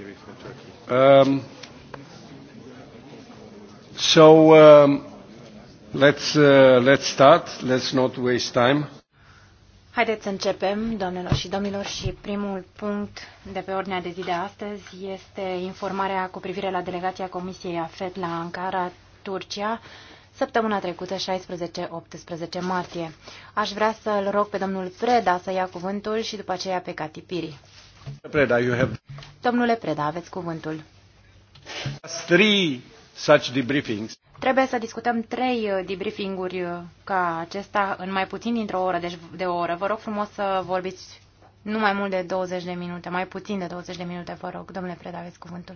theory for Turkey. Um, so um, let's, uh, let's start. Let's not waste time. Haideți să începem, doamnelor și domnilor, și primul punct de pe ordinea de zi de astăzi este informarea cu privire la delegația Comisiei AFET la Ankara, Turcia, săptămâna trecută, 16-18 martie. Aș vrea să-l rog pe domnul Preda să ia cuvântul și după aceea pe Catipiri. Preda, you have... Domnule Preda, aveți cuvântul. Three such debriefings. Trebuie să discutăm trei uh, debriefinguri uh, ca acesta în mai puțin dintr-o oră, deci de o oră. Vă rog frumos să vorbiți nu mai mult de 20 de minute, mai puțin de 20 de minute, vă rog. Domnule Preda, aveți cuvântul.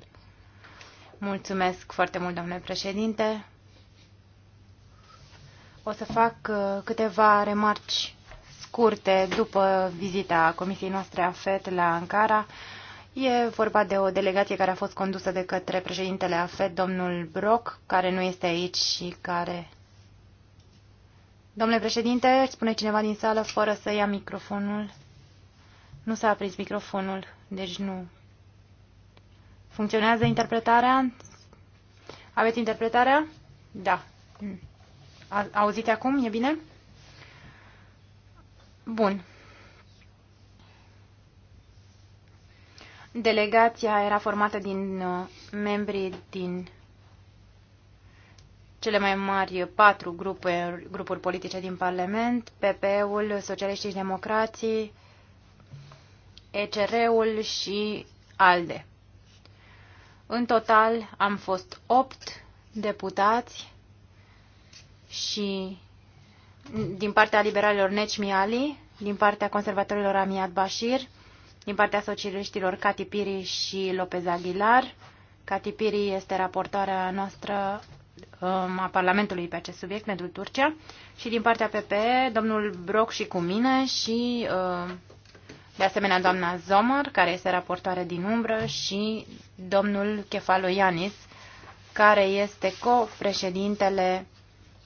Mulțumesc foarte mult, domnule președinte. O să fac uh, câteva remarci scurte după vizita Comisiei noastre AFET la Ankara. E vorba de o delegație care a fost condusă de către președintele AFET, domnul Brock, care nu este aici și care... Domnule președinte, spune cineva din sală fără să ia microfonul. Nu s-a aprins microfonul, deci nu. Funcționează interpretarea? Aveți interpretarea? Da. Auziți acum? E bine? Bun. Delegația era formată din uh, membrii din cele mai mari patru grupuri grupuri politice din Parlament, PP-ul, Socialiștii și Democrații, ECR-ul și ALDE. În total am fost opt deputați și din partea liberalilor Neci Ali, din partea conservatorilor Amiad Bashir, din partea socialiștilor Cati Piri și Lopez Aguilar. Cati Piri este raportoarea noastră um, a Parlamentului pe acest subiect pentru Turcia și din partea PPE, domnul Broc și cu mine și um, de asemenea doamna Zomar, care este raportoare din umbră și domnul Kefalo Ianis, care este co-președintele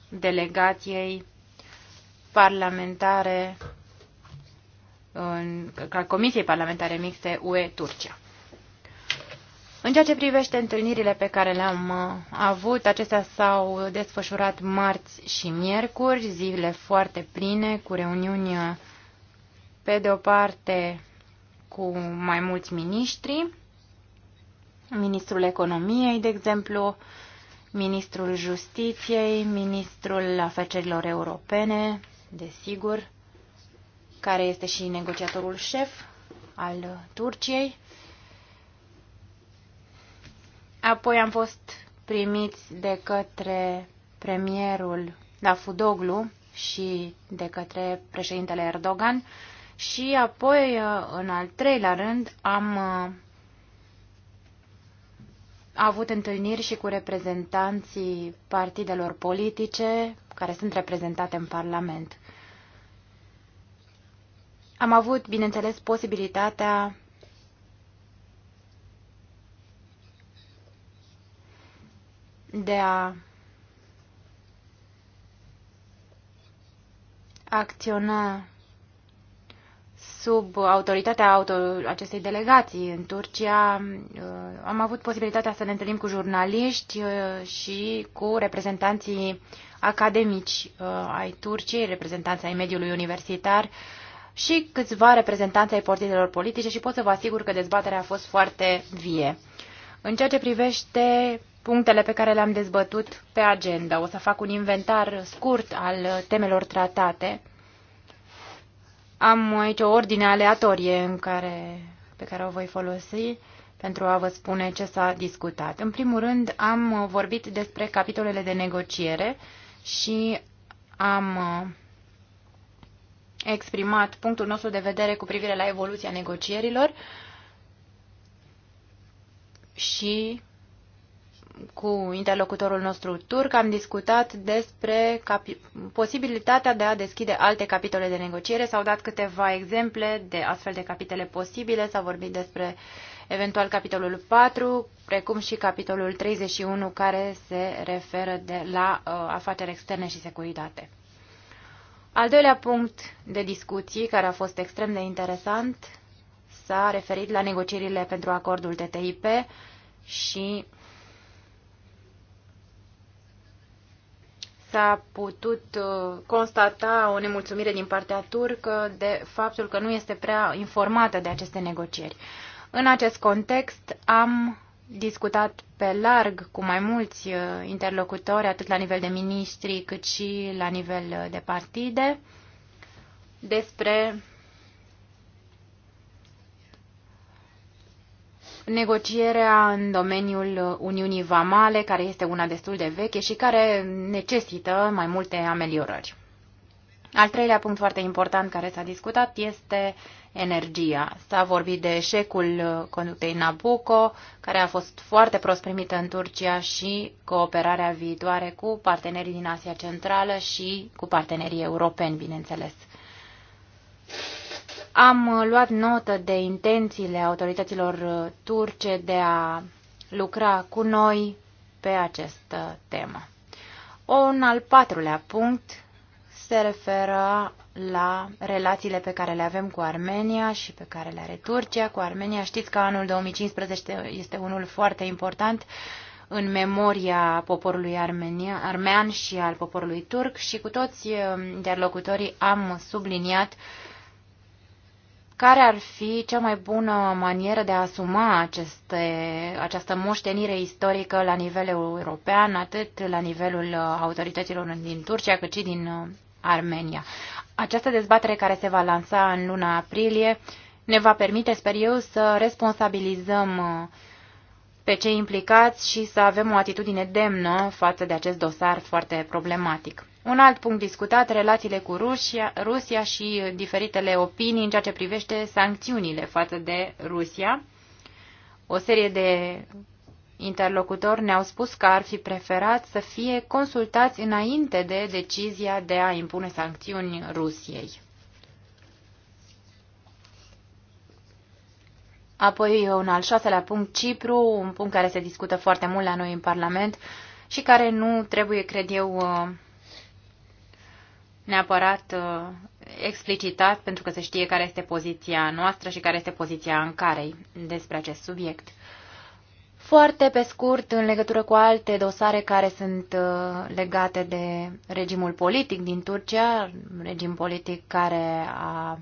delegației parlamentare, în, ca Comisiei Parlamentare Mixte UE-Turcia. În ceea ce privește întâlnirile pe care le-am uh, avut, acestea s-au desfășurat marți și miercuri, zile foarte pline, cu reuniuni uh, pe de o parte cu mai mulți miniștri, ministrul economiei, de exemplu, ministrul justiției, ministrul afacerilor europene, desigur, care este și negociatorul șef al Turciei. Apoi am fost primiți de către premierul Dafudoglu și de către președintele Erdogan și apoi, în al treilea rând, am avut întâlniri și cu reprezentanții partidelor politice care sunt reprezentate în Parlament. Am avut, bineînțeles, posibilitatea de a acționa sub autoritatea auto acestei delegații în Turcia. Uh, am avut posibilitatea să ne întâlnim cu jurnaliști uh, și cu reprezentanții academici uh, ai Turciei, reprezentanții ai mediului universitar, și câțiva reprezentanți ai partidelor politice și pot să vă asigur că dezbaterea a fost foarte vie. În ceea ce privește punctele pe care le-am dezbătut pe agenda, o să fac un inventar scurt al temelor tratate. Am aici o ordine aleatorie în care, pe care o voi folosi pentru a vă spune ce s-a discutat. În primul rând, am vorbit despre capitolele de negociere și am exprimat punctul nostru de vedere cu privire la evoluția negocierilor și cu interlocutorul nostru turc am discutat despre posibilitatea de a deschide alte capitole de negociere. S-au dat câteva exemple de astfel de capitole posibile, s-a vorbit despre eventual capitolul 4, precum și capitolul 31 care se referă de la uh, afaceri externe și securitate. Al doilea punct de discuții, care a fost extrem de interesant, s-a referit la negocierile pentru acordul TTIP și s-a putut uh, constata o nemulțumire din partea turcă de faptul că nu este prea informată de aceste negocieri. În acest context am discutat pe larg cu mai mulți uh, interlocutori, atât la nivel de ministri cât și la nivel uh, de partide, despre negocierea în domeniul Uniunii Vamale, care este una destul de veche și care necesită mai multe ameliorări. Al treilea punct foarte important care s-a discutat este energia. S-a vorbit de eșecul uh, conductei Nabucco, care a fost foarte prost primită în Turcia și cooperarea viitoare cu partenerii din Asia Centrală și cu partenerii europeni, bineînțeles. Am uh, luat notă de intențiile autorităților uh, turce de a lucra cu noi pe această temă. Un al patrulea punct se referă la relațiile pe care le avem cu Armenia și pe care le are Turcia. Cu Armenia știți că anul 2015 este unul foarte important în memoria poporului armenia, armean și al poporului turc și cu toți eh, interlocutorii am subliniat care ar fi cea mai bună manieră de a asuma aceste, această moștenire istorică la nivel european, atât la nivelul eh, autorităților din Turcia, cât și din eh, Armenia. Această dezbatere care se va lansa în luna aprilie ne va permite, sper eu, să responsabilizăm uh, pe cei implicați și să avem o atitudine demnă față de acest dosar foarte problematic. Un alt punct discutat, relațiile cu Rusia, Rusia și diferitele opinii în ceea ce privește sancțiunile față de Rusia. O serie de interlocutori ne-au spus că ar fi preferat să fie consultați înainte de decizia de a impune sancțiuni Rusiei. Apoi un al șaselea punct, Cipru, un punct care se discută foarte mult la noi în Parlament și care nu trebuie, cred eu, neapărat explicitat, pentru că se știe care este poziția noastră și care este poziția Ancarei despre acest subiect. Foarte pe scurt, în legătură cu alte dosare care sunt uh, legate de regimul politic din Turcia, regim politic care a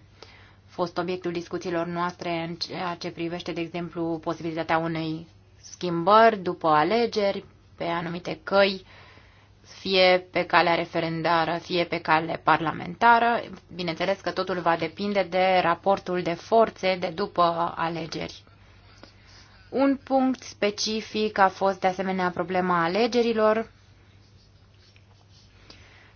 fost obiectul discuțiilor noastre în ceea ce privește, de exemplu, posibilitatea unei schimbări după alegeri pe anumite căi, fie pe calea referendară, fie pe cale parlamentară. Bineînțeles că totul va depinde de raportul de forțe de după alegeri. Un punct specific a fost de asemenea problema alegerilor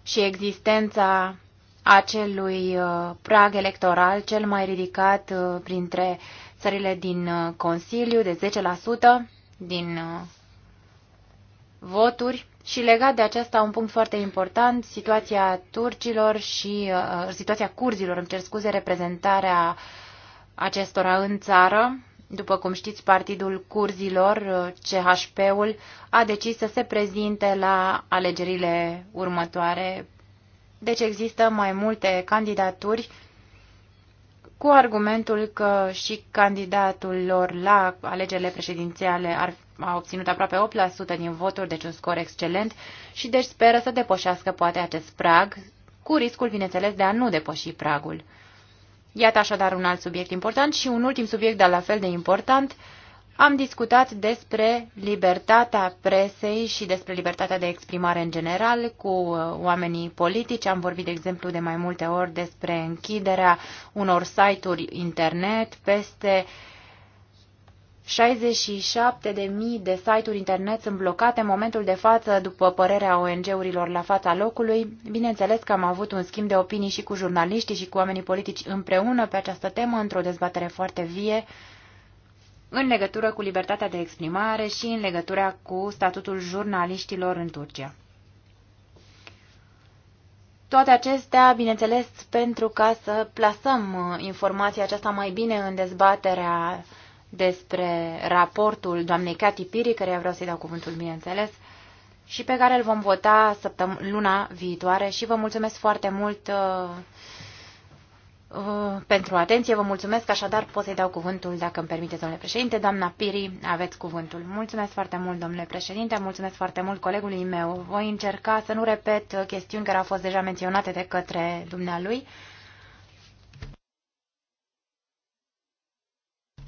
și existența acelui uh, prag electoral cel mai ridicat uh, printre țările din uh, Consiliu de 10% din voturi și legat de aceasta un punct foarte important, situația turcilor și situația curzilor, îmi cer scuze, reprezentarea acestora în țară, după cum știți, Partidul Curzilor, CHP-ul, a decis să se prezinte la alegerile următoare. Deci există mai multe candidaturi cu argumentul că și candidatul lor la alegerile prezidențiale ar, a obținut aproape 8% din voturi, deci un scor excelent, și deci speră să depășească poate acest prag, cu riscul, bineînțeles, de a nu depăși pragul. Iată așadar un alt subiect important și un ultim subiect, dar la fel de important, am discutat despre libertatea presei și despre libertatea de exprimare în general cu uh, oamenii politici. Am vorbit, de exemplu, de mai multe ori despre închiderea unor site-uri internet peste uh, 67.000 de site-uri internet sunt blocate în momentul de față, după părerea ONG-urilor la fața locului. Bineînțeles că am avut un schimb de opinii și cu jurnaliștii și cu oamenii politici împreună pe această temă, într-o dezbatere foarte vie, în legătură cu libertatea de exprimare și în legătura cu statutul jurnaliștilor în Turcia. Toate acestea, bineînțeles, pentru ca să plasăm uh, informația aceasta mai bine în dezbaterea uh, despre raportul doamnei Cati Piri, care vreau să-i dau cuvântul, bineînțeles, și pe care îl vom vota săptăm- luna viitoare și vă mulțumesc foarte mult uh, uh, pentru atenție. Vă mulțumesc, așadar pot să-i dau cuvântul, dacă îmi permite, domnule președinte. Doamna Piri, aveți cuvântul. Mulțumesc foarte mult, domnule președinte, mulțumesc foarte mult colegului meu. Voi încerca să nu repet chestiuni care au fost deja menționate de către dumnealui.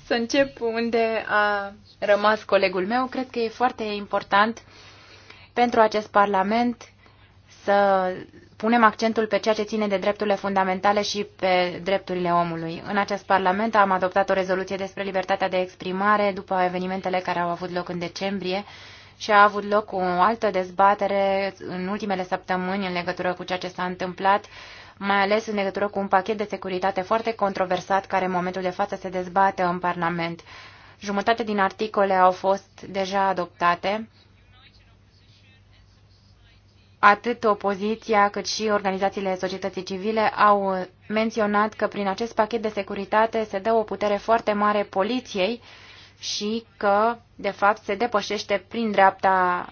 să încep unde a rămas colegul meu. Cred că e foarte important pentru acest Parlament să punem accentul pe ceea ce ține de drepturile fundamentale și pe drepturile omului. În acest Parlament am adoptat o rezoluție despre libertatea de exprimare după evenimentele care au avut loc în decembrie și a avut loc o altă dezbatere în ultimele săptămâni în legătură cu ceea ce s-a întâmplat uh, mai ales în legătură cu un pachet de securitate foarte controversat care în momentul de față se dezbate în Parlament. Jumătate din articole au fost deja adoptate. Atât opoziția cât și organizațiile societății civile au menționat că prin acest pachet de securitate se dă o putere foarte mare poliției și că, de fapt, se depășește prin dreapta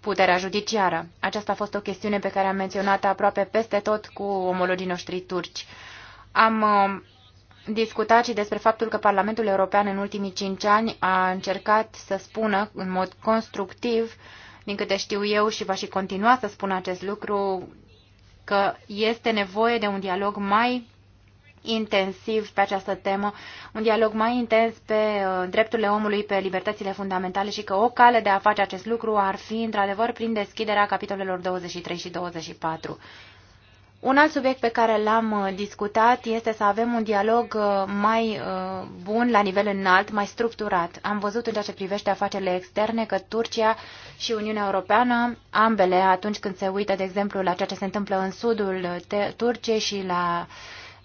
puterea judiciară. Aceasta a fost o chestiune pe care am menționat aproape peste tot cu omologii noștri turci. Am um, discutat și despre faptul că Parlamentul European în ultimii cinci ani a încercat să spună în mod constructiv, din câte știu eu și va și continua să spună acest lucru, că este nevoie de un dialog mai intensiv pe această temă, un dialog mai intens pe uh, drepturile omului, pe libertățile fundamentale și că o cale de a face acest lucru ar fi, într-adevăr, prin deschiderea capitolelor 23 și 24. Un alt subiect pe care l-am uh, discutat este să avem un dialog uh, mai bun la nivel înalt, mai structurat. Am văzut în ceea ce privește afacerile externe că Turcia și Uniunea Europeană, ambele, atunci când se uită, de exemplu, la ceea ce se întâmplă în sudul Turciei și la uh,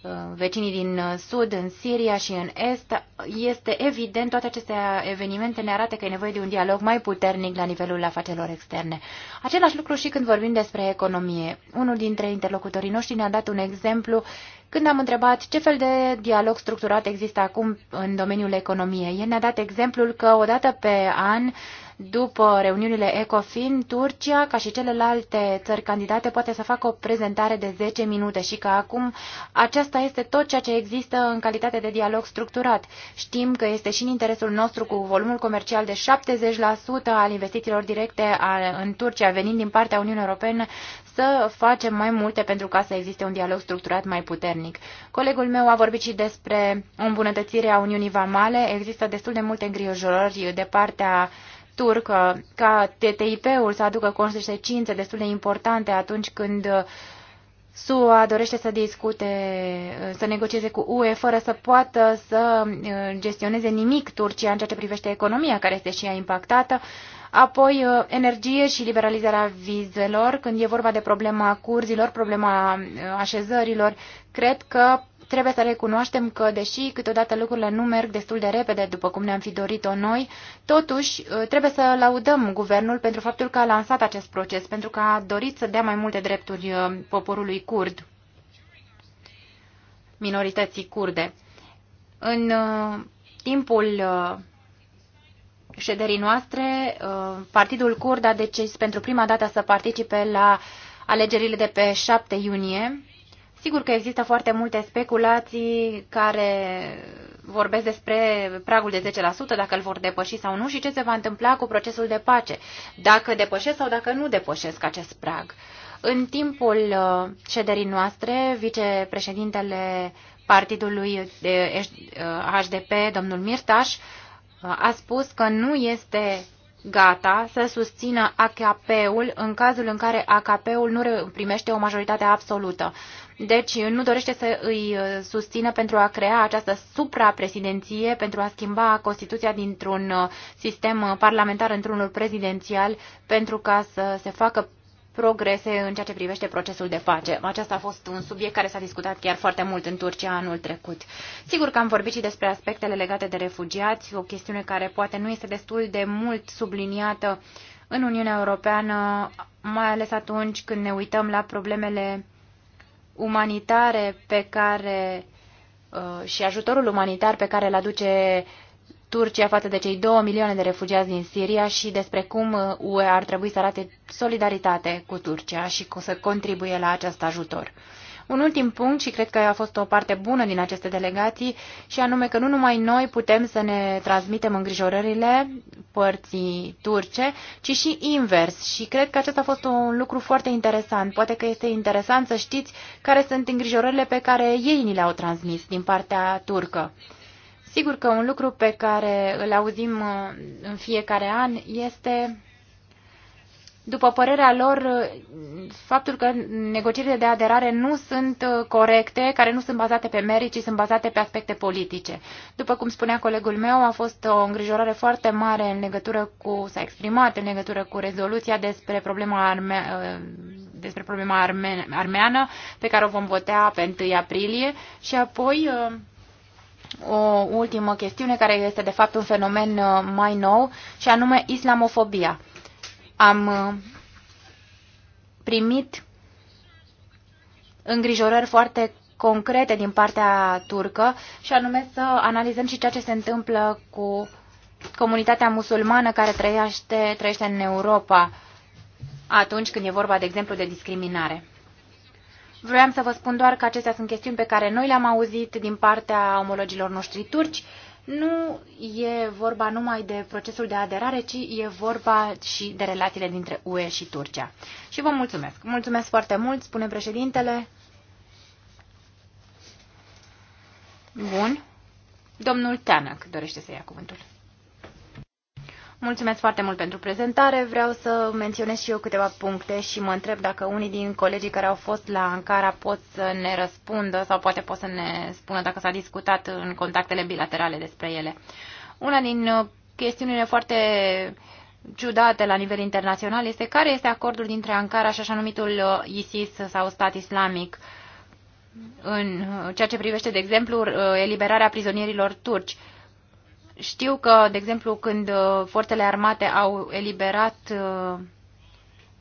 Uh, vecinii din uh, sud, în Siria și în est, este evident, toate aceste evenimente ne arată că e nevoie de un dialog mai puternic la nivelul afacerilor externe. Același lucru și când vorbim despre economie. Unul dintre interlocutorii noștri ne-a dat un exemplu când am întrebat ce fel de dialog structurat există acum în domeniul economiei. El ne-a dat exemplul că odată pe an după reuniunile ECOFIN, Turcia, ca și celelalte țări candidate, poate să facă o prezentare de 10 minute și că acum aceasta este tot ceea ce există în calitate de dialog structurat. Știm că este și în interesul nostru cu volumul comercial de 70% al investițiilor directe în Turcia venind din partea Uniunii Europene să facem mai multe pentru ca să existe un dialog structurat mai puternic. Colegul meu a vorbit și despre o îmbunătățire a Uniunii Vamale. Există destul de multe îngrijorări de partea uh, turcă ca TTIP-ul să aducă consecințe destul de importante atunci când uh, SUA dorește să discute, uh, să negocieze cu UE fără să poată să uh, gestioneze nimic Turcia în ceea ce privește economia care este și ea impactată. Apoi energie și liberalizarea vizelor, când e vorba de problema curzilor, problema așezărilor, cred că Trebuie să recunoaștem că, deși câteodată lucrurile nu merg destul de repede, după cum ne-am fi dorit-o noi, totuși uh, trebuie să laudăm guvernul pentru faptul că a lansat acest proces, pentru că a dorit să dea mai multe drepturi uh, poporului curd, minorității curde. În uh, timpul șederii noastre, Partidul Curd a decis pentru prima dată să participe la alegerile de pe 7 iunie Sigur că există foarte multe speculații care vorbesc despre pragul de 10%, dacă îl vor depăși sau nu și ce se va întâmpla cu procesul de pace, dacă depășesc sau dacă nu depășesc acest prag. În timpul uh, șederii noastre, vicepreședintele partidului HDP, uh, domnul Mirtaș, uh, a spus că nu este gata să susțină AKP-ul în cazul în care AKP-ul nu primește o majoritate absolută. Deci nu dorește să îi uh, susțină pentru a crea această suprapresidenție, pentru a schimba Constituția dintr-un uh, sistem uh, parlamentar într-unul prezidențial, pentru ca să se facă progrese în ceea ce privește procesul de pace. Aceasta a fost un subiect care s-a discutat chiar foarte mult în Turcia anul trecut. Sigur că am vorbit și despre aspectele legate de refugiați, o chestiune care poate nu este destul de mult subliniată în Uniunea Europeană, mai ales atunci când ne uităm la problemele umanitare pe care uh, și ajutorul umanitar pe care îl aduce Turcia față de cei două milioane de refugiați din Siria și despre cum uh, UE ar trebui să arate solidaritate cu Turcia și să contribuie la acest ajutor. Un ultim punct, și cred că a fost o parte bună din aceste delegații, și anume că nu numai noi putem să ne transmitem îngrijorările părții turce, ci și invers. Și cred că acesta a fost un lucru foarte interesant. Poate că este interesant să știți care sunt îngrijorările pe care ei ni le-au transmis din partea turcă. Sigur că un lucru pe care îl auzim uh, în fiecare an este după părerea lor, uh, faptul că negocierile de aderare nu sunt uh, corecte, care nu sunt bazate pe merit, ci sunt bazate pe aspecte politice. După cum spunea colegul meu, a fost o îngrijorare foarte mare în legătură cu, s-a exprimat în legătură cu rezoluția despre problema, arme, uh, despre problema arme, armeană, pe care o vom vota pe 1 aprilie și apoi o ultimă chestiune care este de fapt un fenomen mai nou și anume islamofobia. Am uh, primit îngrijorări foarte concrete din partea turcă și anume să analizăm și ceea ce se întâmplă cu comunitatea musulmană care trăiește, trăiește în Europa atunci când e vorba, de exemplu, de discriminare. Vreau să vă spun doar că acestea sunt chestiuni pe care noi le-am auzit din partea omologilor noștri turci nu e vorba numai de procesul de aderare, ci e vorba și de relațiile dintre UE și Turcia. Și vă mulțumesc. Mulțumesc foarte mult, spune președintele. Bun. Domnul Teanăc dorește să ia cuvântul. Mulțumesc foarte mult pentru prezentare. Vreau să menționez și eu câteva puncte și mă întreb dacă unii din colegii care au fost la Ankara pot să ne răspundă sau poate pot să ne spună dacă s-a discutat în contactele bilaterale despre ele. Una din uh, chestiunile foarte ciudate la nivel internațional este care este acordul dintre Ankara și așa numitul uh, ISIS sau stat islamic în uh, ceea ce privește, de exemplu, eliberarea prizonierilor turci. Știu că, de exemplu, când uh, forțele armate au eliberat uh,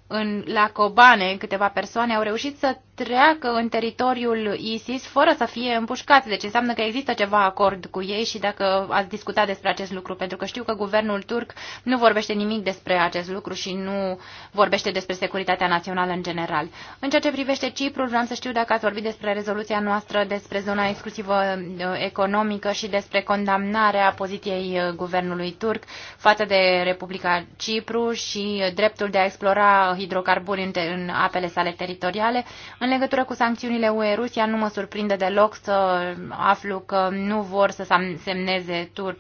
în, la Cobane câteva persoane, au reușit să treacă în teritoriul ISIS fără să fie împușcați. Deci înseamnă că există ceva acord cu ei și dacă ați discutat despre acest lucru, pentru că știu că guvernul turc nu vorbește nimic despre acest lucru și nu vorbește despre securitatea națională în general. În ceea ce privește Ciprul, vreau să știu dacă ați vorbit despre rezoluția noastră despre zona exclusivă uh, economică și despre condamnarea poziției uh, guvernului turc față de Republica Cipru și dreptul de a explora hidrocarburi în apele sale teritoriale. În legătură cu sancțiunile UE Rusia, nu mă surprinde deloc să aflu că nu vor să semneze tur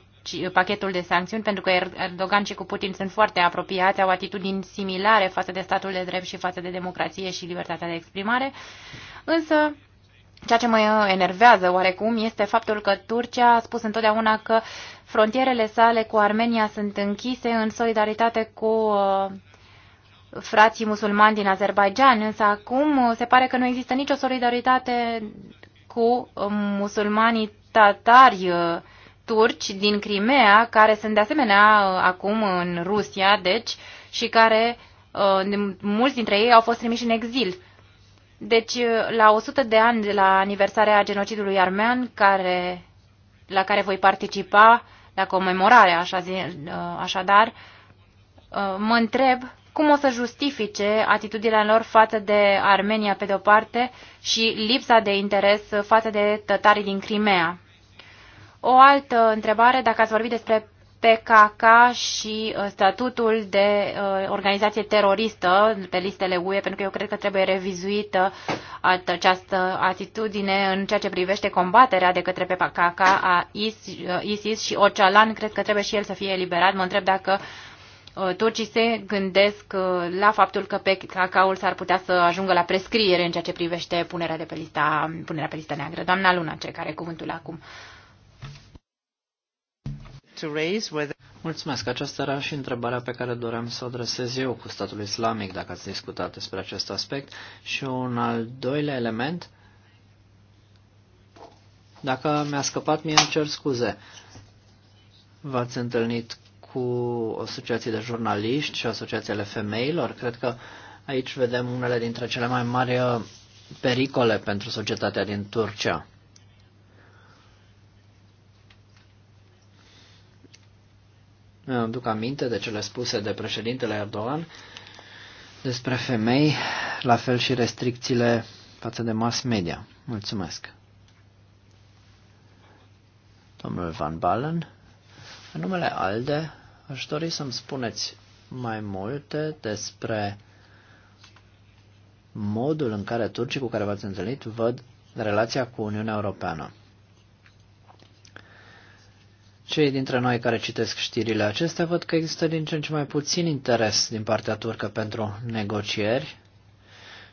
pachetul de sancțiuni, pentru că er- Erdogan și cu Putin sunt foarte apropiați, au atitudini similare față de statul de drept și față de democrație și libertatea de exprimare. Însă, Ceea ce mă enervează oarecum este faptul că Turcia a spus întotdeauna că frontierele sale cu Armenia sunt închise în solidaritate cu uh, frații musulmani din Azerbaijan, însă acum uh, se pare că nu există nicio solidaritate cu uh, musulmanii tatari uh, turci din Crimea, care sunt de asemenea acum în Rusia, deci, și care mulți dintre ei au fost trimiși în exil. Deci, la 100 de ani de la aniversarea genocidului armean, care, la care voi participa, la comemorare, așa zi, așadar, mă întreb cum o să justifice atitudinea lor față de Armenia pe de-o parte și lipsa de interes față de tătarii din Crimea. O altă întrebare, dacă ați vorbit despre PKK și uh, statutul de uh, organizație teroristă pe listele UE, pentru că eu cred că trebuie revizuită această atitudine în ceea ce privește combaterea de către PKK a ISIS uh, și Ocalan, cred că trebuie și el să fie eliberat. Mă întreb dacă Uh, turcii se gândesc uh, la faptul că pe cacaul s-ar putea să ajungă la prescriere în ceea ce privește punerea, de pe lista, punerea pe lista neagră. Doamna ce care cuvântul acum. Mulțumesc. Aceasta era și întrebarea pe care doream să o adresez eu cu statul islamic, dacă ați discutat despre acest aspect. Și un al doilea element, dacă mi-a scăpat, mi-am cer scuze. V-ați întâlnit cu asociații de jurnaliști și asociațiile femeilor. Cred că aici vedem unele dintre cele mai mari uh, pericole pentru societatea din Turcia. Îmi duc aminte de cele spuse de președintele Erdogan despre femei, la fel și restricțiile față de mass media. Mulțumesc. Domnul Van Balen, în numele ALDE, Aș dori să-mi spuneți mai multe despre modul în care turcii cu care v-ați întâlnit văd relația cu Uniunea Europeană. Cei dintre noi care citesc știrile acestea văd că există din ce în ce mai puțin interes din partea turcă pentru negocieri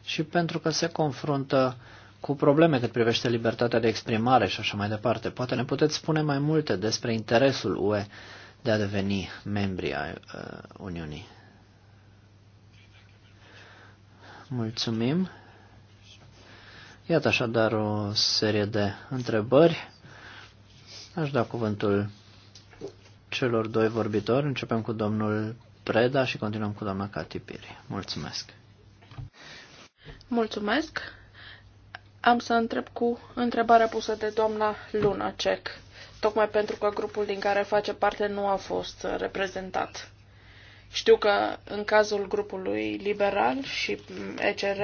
și pentru că se confruntă cu probleme cât privește libertatea de exprimare și așa mai departe. Poate ne puteți spune mai multe despre interesul UE de a deveni membri ai uh, Uniunii. Mulțumim. Iată așadar o serie de întrebări. Aș da cuvântul celor doi vorbitori. Începem cu domnul Preda și continuăm cu doamna Catipiri. Mulțumesc. Mulțumesc. Am să întreb cu întrebarea pusă de doamna Lunacek tocmai pentru că grupul din care face parte nu a fost reprezentat. Știu că în cazul grupului liberal și ECR,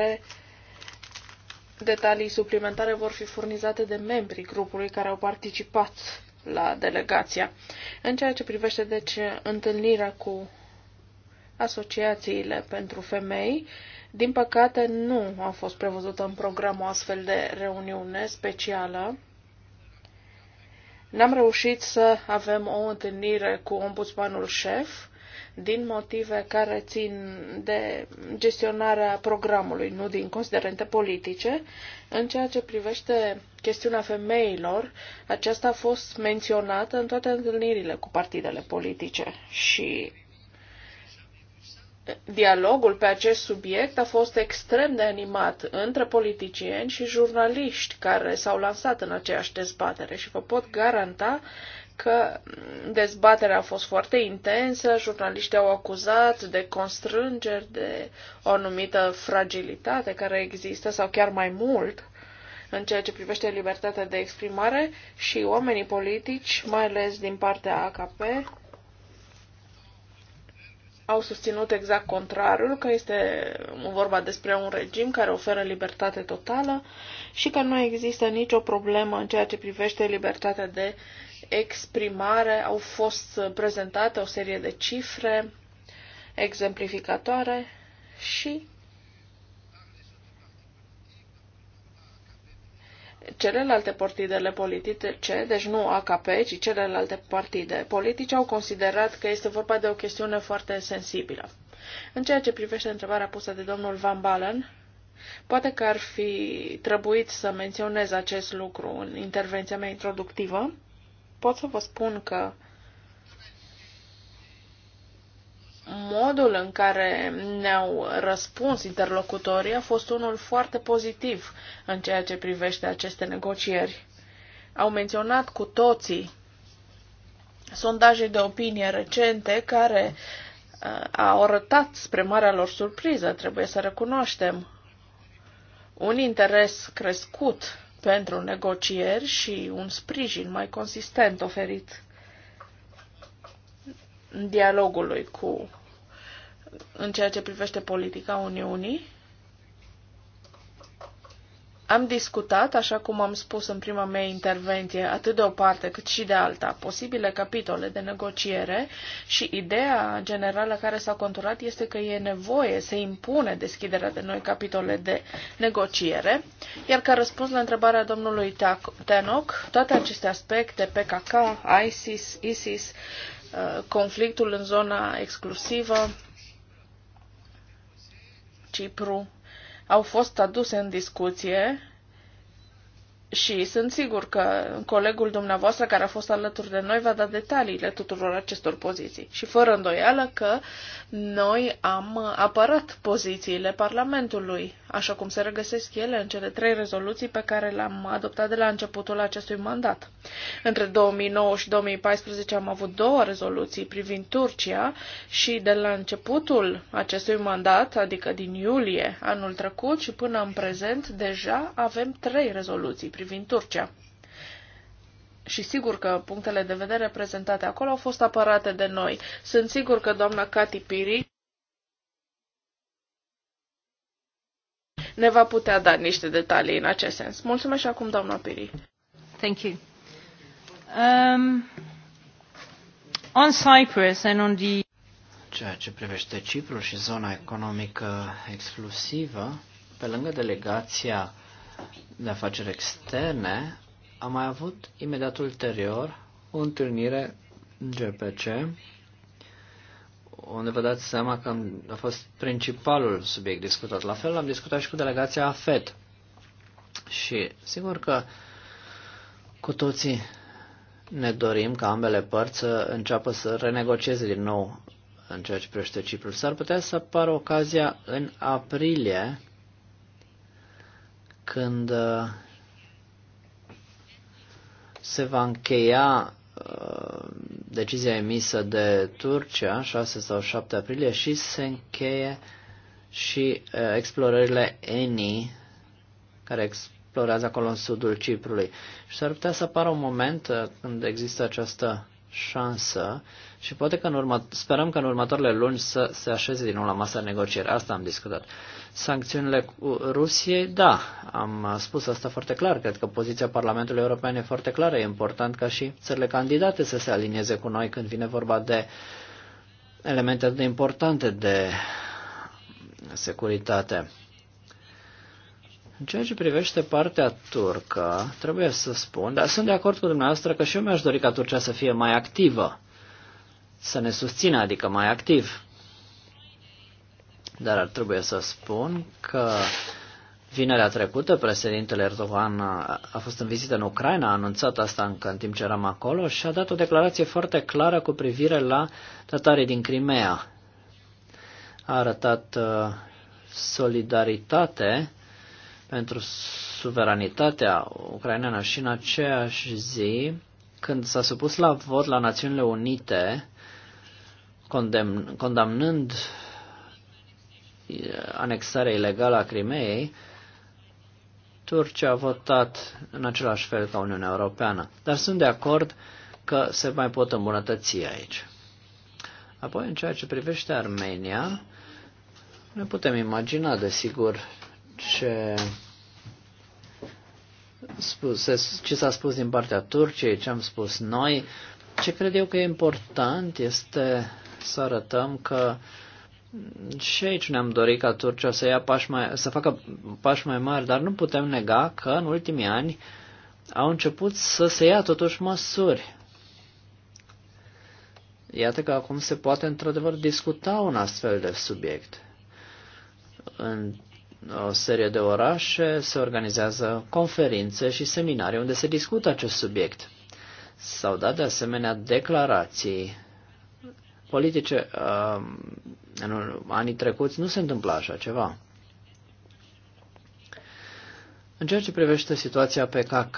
detalii suplimentare vor fi furnizate de membrii grupului care au participat la delegația. În ceea ce privește, deci, întâlnirea cu asociațiile pentru femei, din păcate nu a fost prevăzută în program o astfel de reuniune specială N-am reușit să avem o întâlnire cu ombudsmanul șef din motive care țin de gestionarea programului, nu din considerente politice. În ceea ce privește chestiunea femeilor, aceasta a fost menționată în toate întâlnirile cu partidele politice și dialogul pe acest subiect a fost extrem de animat între politicieni și jurnaliști care s-au lansat în aceeași dezbatere și vă pot garanta că dezbaterea a fost foarte intensă, jurnaliștii au acuzat de constrângeri, de o anumită fragilitate care există sau chiar mai mult în ceea ce privește libertatea de exprimare și oamenii politici, mai ales din partea AKP, au susținut exact contrarul, că este vorba despre un regim care oferă libertate totală și că nu există nicio problemă în ceea ce privește libertatea de exprimare. Au fost prezentate o serie de cifre exemplificatoare și celelalte partidele politice, deci nu AKP, ci celelalte partide politice, au considerat că este vorba de o chestiune foarte sensibilă. În ceea ce privește întrebarea pusă de domnul Van Balen, poate că ar fi trebuit să menționez acest lucru în intervenția mea introductivă. Pot să vă spun că modul în care ne-au răspuns interlocutorii a fost unul foarte pozitiv în ceea ce privește aceste negocieri. Au menționat cu toții sondaje de opinie recente care uh, au arătat spre marea lor surpriză, trebuie să recunoaștem, un interes crescut pentru negocieri și un sprijin mai consistent oferit dialogului cu în ceea ce privește politica Uniunii. Am discutat, așa cum am spus în prima mea intervenție, atât de o parte cât și de alta, posibile capitole de negociere și ideea generală care s-a conturat este că e nevoie, se impune deschiderea de noi capitole de negociere. Iar ca răspuns la întrebarea domnului Tenoc, toate aceste aspecte, PKK, ISIS, ISIS, uh, conflictul în zona exclusivă, Cipru au fost aduse în discuție și sunt sigur că colegul dumneavoastră care a fost alături de noi va da detaliile tuturor acestor poziții. Și fără îndoială că noi am apărat pozițiile Parlamentului, așa cum se regăsesc ele în cele trei rezoluții pe care le-am adoptat de la începutul acestui mandat. Între 2009 și 2014 am avut două rezoluții privind Turcia și de la începutul acestui mandat, adică din iulie anul trecut și până în prezent, deja avem trei rezoluții privind Turcia. Și sigur că punctele de vedere prezentate acolo au fost apărate de noi. Sunt sigur că doamna Cati Piri ne va putea da niște detalii în acest sens. Mulțumesc și acum, doamna Piri. Thank you. Um, on Cyprus and on the... Ceea ce privește Cipru și zona economică exclusivă, pe lângă delegația de afaceri externe, am mai avut imediat ulterior o întâlnire în GPC, unde vă dați seama că a fost principalul subiect discutat. La fel am discutat și cu delegația AFET. Și sigur că cu toții ne dorim ca ambele părți să înceapă să renegocieze din nou în ceea ce privește Ciprul. S-ar putea să apară ocazia în aprilie când uh, se va încheia uh, decizia emisă de Turcia, 6 sau 7 aprilie, și se încheie și uh, explorările ENI, care explorează acolo în sudul Ciprului. Și s-ar putea să apară un moment când există această șansă și poate că în urmă, sperăm că în următoarele luni să se așeze din nou la masa negocieri. Asta am discutat sancțiunile cu Rusiei, da, am spus asta foarte clar, cred că poziția Parlamentului European e foarte clară, e important ca și țările candidate să se alinieze cu noi când vine vorba de elemente atât de importante de securitate. În ceea ce privește partea turcă, trebuie să spun, dar sunt de acord cu dumneavoastră că și eu mi-aș dori ca Turcia să fie mai activă, să ne susțină, adică mai activ. Dar ar trebui să spun că vinerea trecută președintele Erdogan a fost în vizită în Ucraina, a anunțat asta încă în timp ce eram acolo și a dat o declarație foarte clară cu privire la tătarii din Crimea. A arătat uh, solidaritate pentru suveranitatea ucraineană și în aceeași zi, când s-a supus la vot la Națiunile Unite, condamnând Uh, anexarea ilegală a Crimeei, Turcia a votat în același fel ca Uniunea Europeană. Dar sunt de acord că se mai pot îmbunătăți aici. Apoi, în ceea ce privește Armenia, ne putem imagina, desigur, ce, ce s-a spus din partea Turciei, ce am spus noi. Ce cred eu că e important este să arătăm că uh, și aici ne-am dorit ca Turcia să, ia pași mai, să facă pași mai mari, dar nu putem nega că în ultimii ani au început să se ia totuși măsuri. Iată că acum se poate într-adevăr discuta un astfel de subiect. În o serie de orașe se organizează conferințe și seminarii unde se discută acest subiect. S-au dat de asemenea declarații politice, uh, în anii trecuți nu se întâmpla așa ceva. În ceea ce privește situația PKK,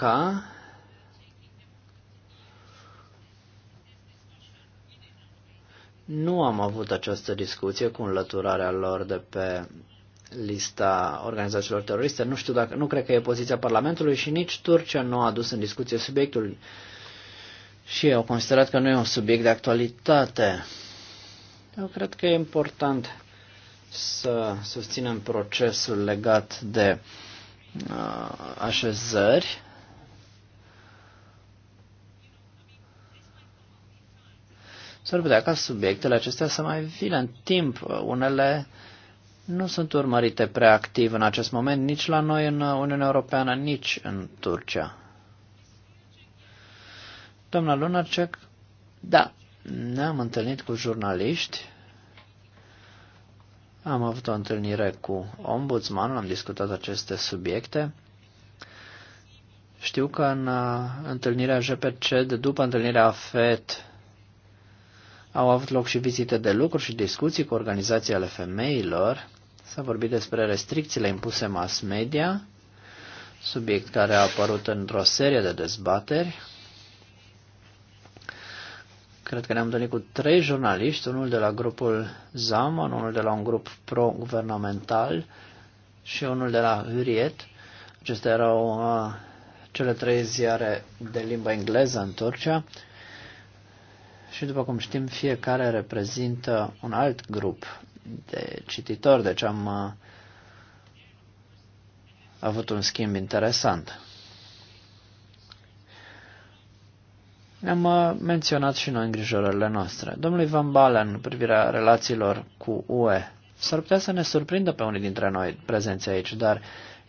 nu am avut această discuție cu înlăturarea lor de pe lista organizațiilor teroriste. Nu știu dacă, nu cred că e poziția Parlamentului și nici Turcia nu a adus în discuție subiectul și au considerat că nu e un subiect de actualitate. Eu cred că e important să susținem procesul legat de uh, așezări. S-ar putea ca subiectele acestea să mai vină în timp. Unele nu sunt urmărite prea activ în acest moment, nici la noi în Uniunea Europeană, nici în Turcia. Doamna Lunarcec, da, ne-am întâlnit cu jurnaliști, am avut o întâlnire cu ombudsmanul, am discutat aceste subiecte. Știu că în uh, întâlnirea JPC, de după întâlnirea FET, au avut loc și vizite de lucru și discuții cu organizații ale femeilor. S-a vorbit despre restricțiile impuse mass media, subiect care a apărut într-o serie de dezbateri. Cred că ne-am întâlnit cu trei jurnaliști, unul de la grupul Zaman, unul de la un grup pro-guvernamental și unul de la Huriet. Acestea erau uh, cele trei ziare de limba engleză în Turcia. Și după cum știm, fiecare reprezintă un alt grup de cititori, deci am uh, avut un schimb interesant. ne Am uh, menționat și noi îngrijorările noastre. Domnului Van Balen, în privirea relațiilor cu UE, s-ar putea să ne surprindă pe unii dintre noi prezenți aici, dar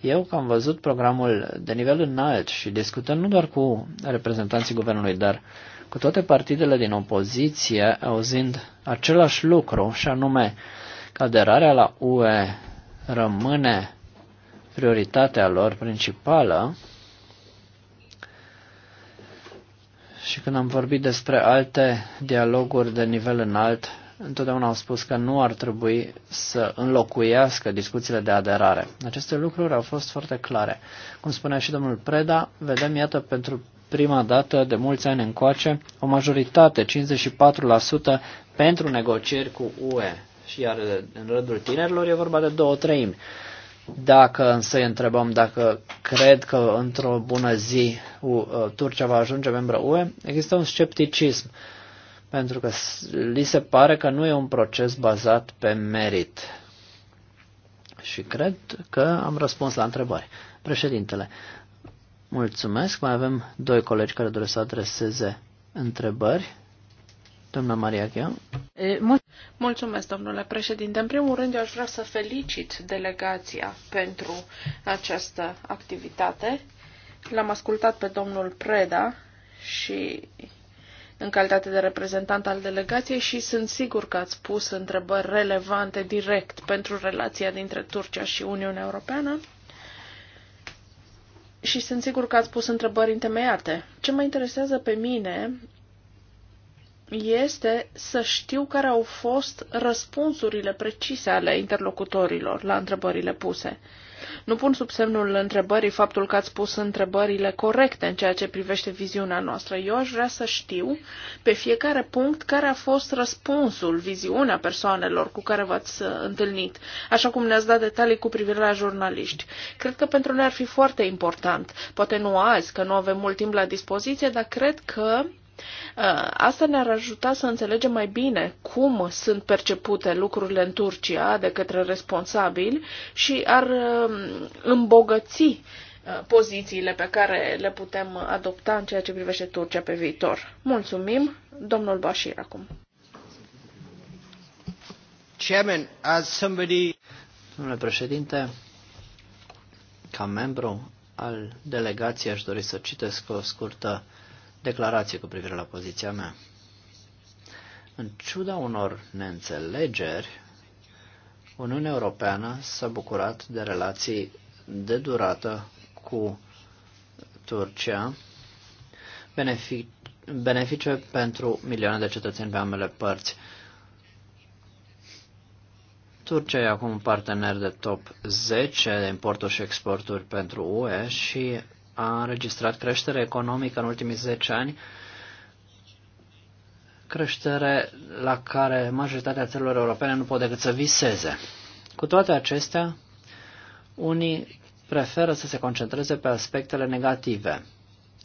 eu că am văzut programul de nivel înalt și discutăm nu doar cu reprezentanții guvernului, dar cu toate partidele din opoziție, auzind același lucru, și anume că aderarea la UE rămâne prioritatea lor principală, și când am vorbit despre alte dialoguri de nivel înalt, întotdeauna au spus că nu ar trebui să înlocuiască discuțiile de aderare. Aceste lucruri au fost foarte clare. Cum spunea și domnul Preda, vedem, iată, pentru prima dată de mulți ani încoace, o majoritate, 54%, pentru negocieri cu UE. Și iar în rândul tinerilor e vorba de două treimi. Dacă însă îi întrebăm dacă cred că într-o bună zi uh, Turcia va ajunge membră UE, există un scepticism, pentru că li se pare că nu e un proces bazat pe merit. Și cred că am răspuns la întrebări. Președintele, mulțumesc. Mai avem doi colegi care doresc să adreseze întrebări. Doamna Maria Chiam. Mulțumesc, domnule președinte. În primul rând, eu aș vrea să felicit delegația pentru această activitate. L-am ascultat pe domnul Preda și în calitate de reprezentant al delegației și sunt sigur că ați pus întrebări relevante direct pentru relația dintre Turcia și Uniunea Europeană și sunt sigur că ați pus întrebări întemeiate. Ce mă interesează pe mine este să știu care au fost răspunsurile precise ale interlocutorilor la întrebările puse. Nu pun sub semnul întrebării faptul că ați pus întrebările corecte în ceea ce privește viziunea noastră. Eu aș vrea să știu pe fiecare punct care a fost răspunsul, viziunea persoanelor cu care v-ați uh, întâlnit, așa cum ne-ați dat detalii cu privire la jurnaliști. Cred că pentru noi ar fi foarte important, poate nu azi, că nu avem mult timp la dispoziție, dar cred că Uh, asta ne-ar ajuta să înțelegem mai bine cum sunt percepute lucrurile în Turcia de către responsabili și ar um, îmbogăți uh, pozițiile pe care le putem adopta în ceea ce privește Turcia pe viitor. Mulțumim, domnul Bashir, acum. Chairman, as somebody... Domnule președinte, ca membru al delegației aș dori să citesc o scurtă declarație cu privire la poziția mea. În ciuda unor neînțelegeri, Uniunea Europeană s-a bucurat de relații de durată cu Turcia, benefic benefice pentru milioane de cetățeni pe ambele părți. Turcia e acum un partener de top 10 de importuri și exporturi pentru UE și a înregistrat creștere economică în ultimii 10 ani, creștere la care majoritatea țărilor europene nu pot decât să viseze. Cu toate acestea, unii preferă să se concentreze pe aspectele negative.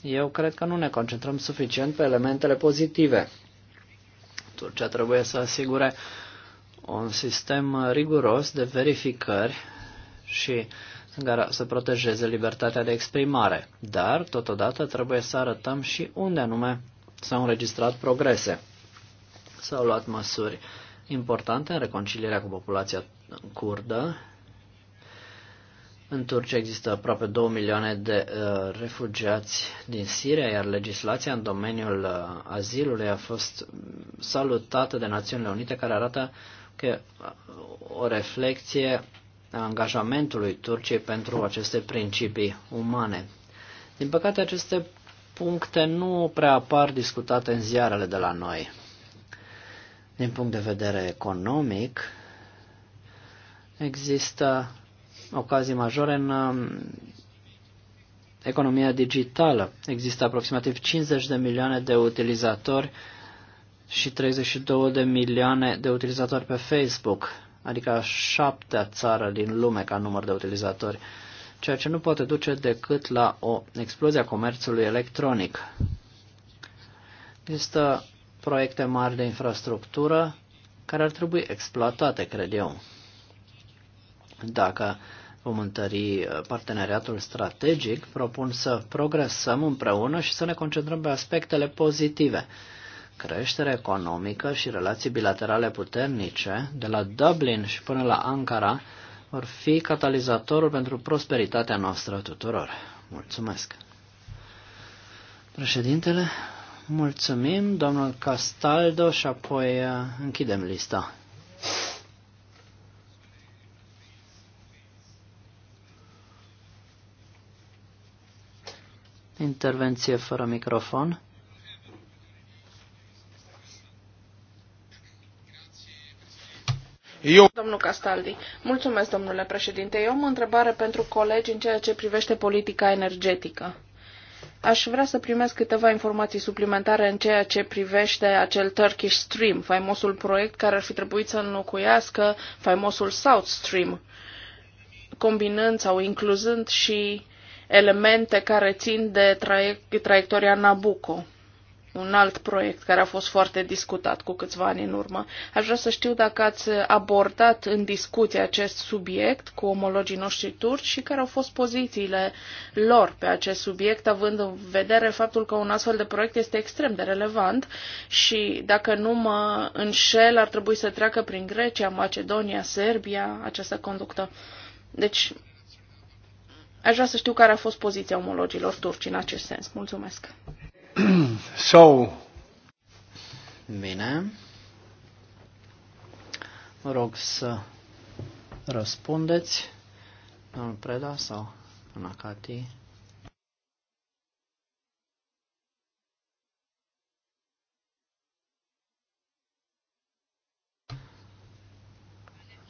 Eu cred că nu ne concentrăm suficient pe elementele pozitive. Turcia trebuie să asigure un sistem riguros de verificări și să protejeze libertatea de exprimare, dar totodată trebuie să arătăm și unde anume s-au înregistrat progrese. S-au luat măsuri importante în reconcilierea cu populația curdă. În Turcia există aproape 2 milioane de uh, refugiați din Siria, iar legislația în domeniul uh, azilului a fost salutată de Națiunile Unite, care arată că uh, o reflecție a angajamentului Turciei pentru aceste principii umane. Din păcate, aceste puncte nu prea apar discutate în ziarele de la noi. Din punct de vedere economic, există ocazii majore în um, economia digitală. Există aproximativ 50 de milioane de utilizatori și 32 de milioane de utilizatori pe Facebook adică a șaptea țară din lume ca număr de utilizatori, ceea ce nu poate duce decât la o explozie a comerțului electronic. Există proiecte mari de infrastructură care ar trebui exploatate, cred eu. Dacă vom întări parteneriatul strategic, propun să progresăm împreună și să ne concentrăm pe aspectele pozitive creștere economică și relații bilaterale puternice de la Dublin și până la Ankara vor fi catalizatorul pentru prosperitatea noastră tuturor. Mulțumesc! Președintele, mulțumim, domnul Castaldo, și apoi uh, închidem lista. Intervenție fără microfon. Eu... Domnul Castaldi, mulțumesc, domnule președinte. Eu am o întrebare pentru colegi în ceea ce privește politica energetică. Aș vrea să primesc câteva informații suplimentare în ceea ce privește acel Turkish Stream, faimosul proiect care ar fi trebuit să înlocuiască faimosul South Stream, combinând sau incluzând și elemente care țin de traiectoria Nabucco un alt proiect care a fost foarte discutat cu câțiva ani în urmă. Aș vrea să știu dacă ați abordat în discuție acest subiect cu omologii noștri turci și care au fost pozițiile lor pe acest subiect, având în vedere faptul că un astfel de proiect este extrem de relevant și, dacă nu mă înșel, ar trebui să treacă prin Grecia, Macedonia, Serbia, această conductă. Deci, Aș vrea să știu care a fost poziția omologilor turci în acest sens. Mulțumesc. so. Bine. Vă rog să răspundeți, domnul Preda sau doamna Cati.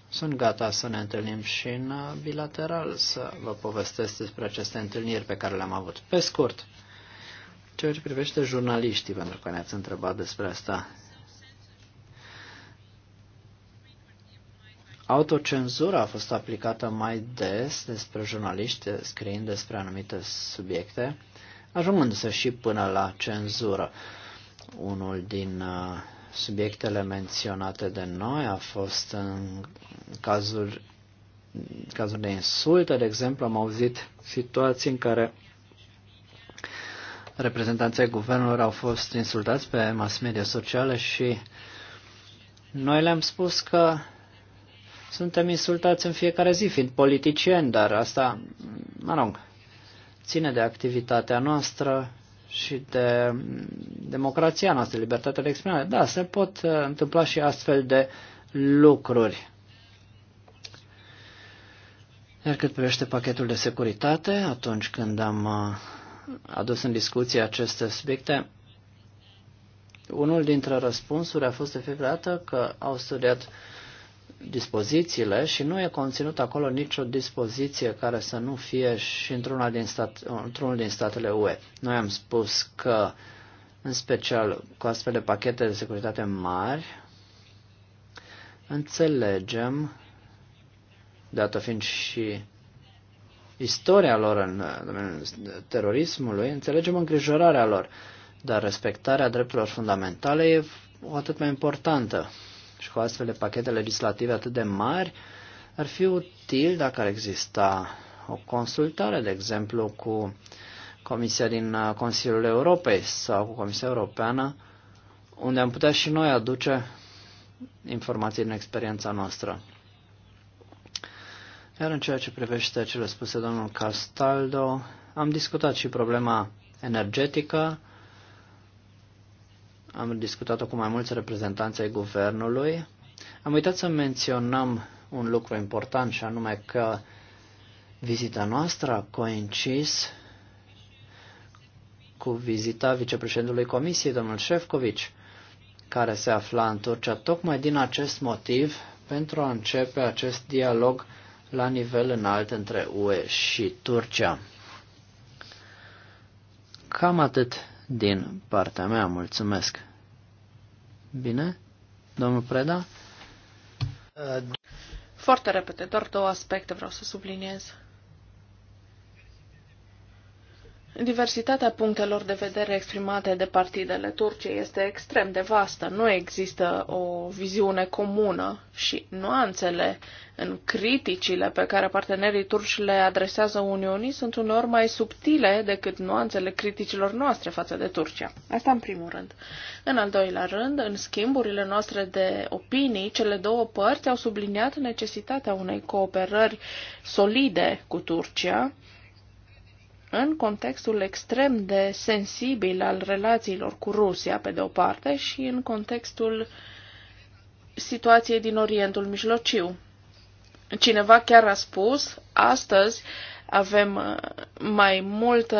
Sunt gata să ne întâlnim și în bilateral, să vă povestesc despre aceste întâlniri pe care le-am avut. Pe scurt, ceea ce privește jurnaliștii, pentru că ne-ați întrebat despre asta. Autocenzura a fost aplicată mai des despre jurnaliști scriind despre anumite subiecte, ajungându-se și până la cenzură. Unul din uh, subiectele menționate de noi a fost în cazuri, cazuri de insultă. de exemplu, am auzit situații în care reprezentanții guvernului au fost insultați pe mass media sociale și noi le-am spus că suntem insultați în fiecare zi, fiind politicieni, dar asta, mă rog, ține de activitatea noastră și de democrația noastră, libertatea de exprimare. Da, se pot uh, întâmpla și astfel de lucruri. Iar cât privește pachetul de securitate, atunci când am uh, adus în discuție aceste subiecte, unul dintre răspunsuri a fost de fiecare dată că au studiat dispozițiile și nu e conținut acolo nicio dispoziție care să nu fie și într-unul din, stat, într din statele UE. Noi am spus că, în special cu astfel de pachete de securitate mari, înțelegem, dată fiind și istoria lor în domeniul terorismului, înțelegem îngrijorarea lor, dar respectarea drepturilor fundamentale e o atât mai importantă. Și cu astfel de pachete legislative atât de mari, ar fi util dacă ar exista o consultare, de exemplu, cu Comisia din uh, Consiliul Europei sau cu Comisia Europeană, unde am putea și noi aduce informații din experiența noastră. Iar în ceea ce privește cele spuse domnul Castaldo, am discutat și problema energetică, am discutat-o cu mai mulți reprezentanți ai guvernului. Am uitat să menționăm un lucru important și anume că vizita noastră a coincis cu vizita vicepreședintelui Comisiei, domnul Șefcovici, care se afla în Turcia tocmai din acest motiv pentru a începe acest dialog la nivel înalt între UE și Turcia. Cam atât din partea mea, mulțumesc. Bine? Domnul Preda? Foarte repede, doar două aspecte vreau să subliniez. Diversitatea punctelor de vedere exprimate de partidele Turciei este extrem de vastă. Nu există o viziune comună și nuanțele în criticile pe care partenerii turci le adresează Uniunii sunt uneori mai subtile decât nuanțele criticilor noastre față de Turcia. Asta în primul rând. În al doilea rând, în schimburile noastre de opinii, cele două părți au subliniat necesitatea unei cooperări solide cu Turcia, în contextul extrem de sensibil al relațiilor cu Rusia, pe de o parte, și în contextul situației din Orientul Mijlociu. Cineva chiar a spus, astăzi avem uh, mai mult,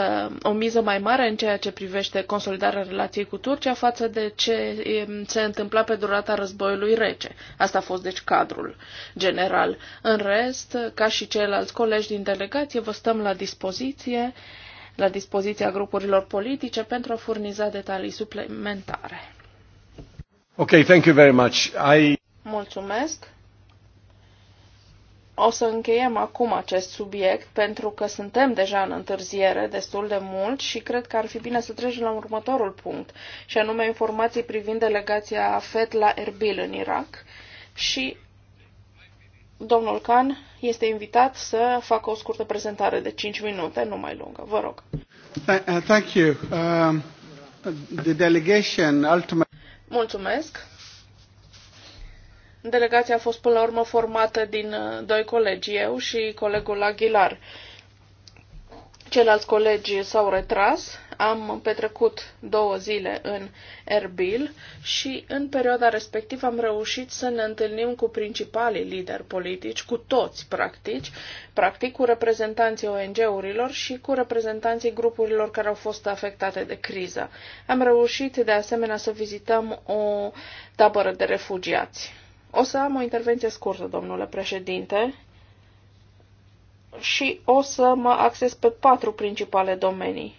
o miză mai mare în ceea ce privește consolidarea relației cu Turcia față de ce um, se întâmpla pe durata războiului rece. Asta a fost deci cadrul general. În rest, ca și ceilalți colegi din delegație, vă stăm la dispoziție la dispoziția grupurilor politice pentru a furniza detalii suplimentare. Okay, thank you very much. I... Mulțumesc. O să încheiem acum acest subiect pentru că suntem deja în întârziere destul de mult și cred că ar fi bine să trecem la următorul punct, și anume informații privind delegația FED la Erbil în Irak. Și domnul Khan este invitat să facă o scurtă prezentare de 5 minute, nu mai lungă. Vă rog. Uh, thank you. Um, the delegation ultimately... Mulțumesc. Delegația a fost până la urmă formată din uh, doi colegi, eu și colegul Aguilar. Ceilalți colegi s-au retras, am petrecut două zile în Erbil și în perioada respectivă am reușit să ne întâlnim cu principalii lideri politici, cu toți practici, practic cu reprezentanții ONG-urilor și cu reprezentanții grupurilor care au fost afectate de criză. Am reușit de asemenea să vizităm o tabără de refugiați. O să am o intervenție scurtă, domnule președinte, și o să mă axez pe patru principale domenii.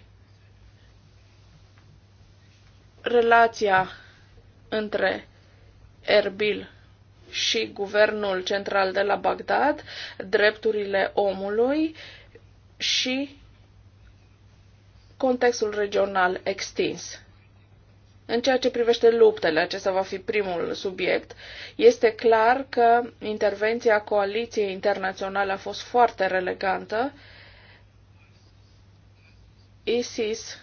Relația între Erbil și guvernul central de la Bagdad, drepturile omului și contextul regional extins. În ceea ce privește luptele, acesta va fi primul subiect, este clar că intervenția coaliției internaționale a fost foarte relegantă. ISIS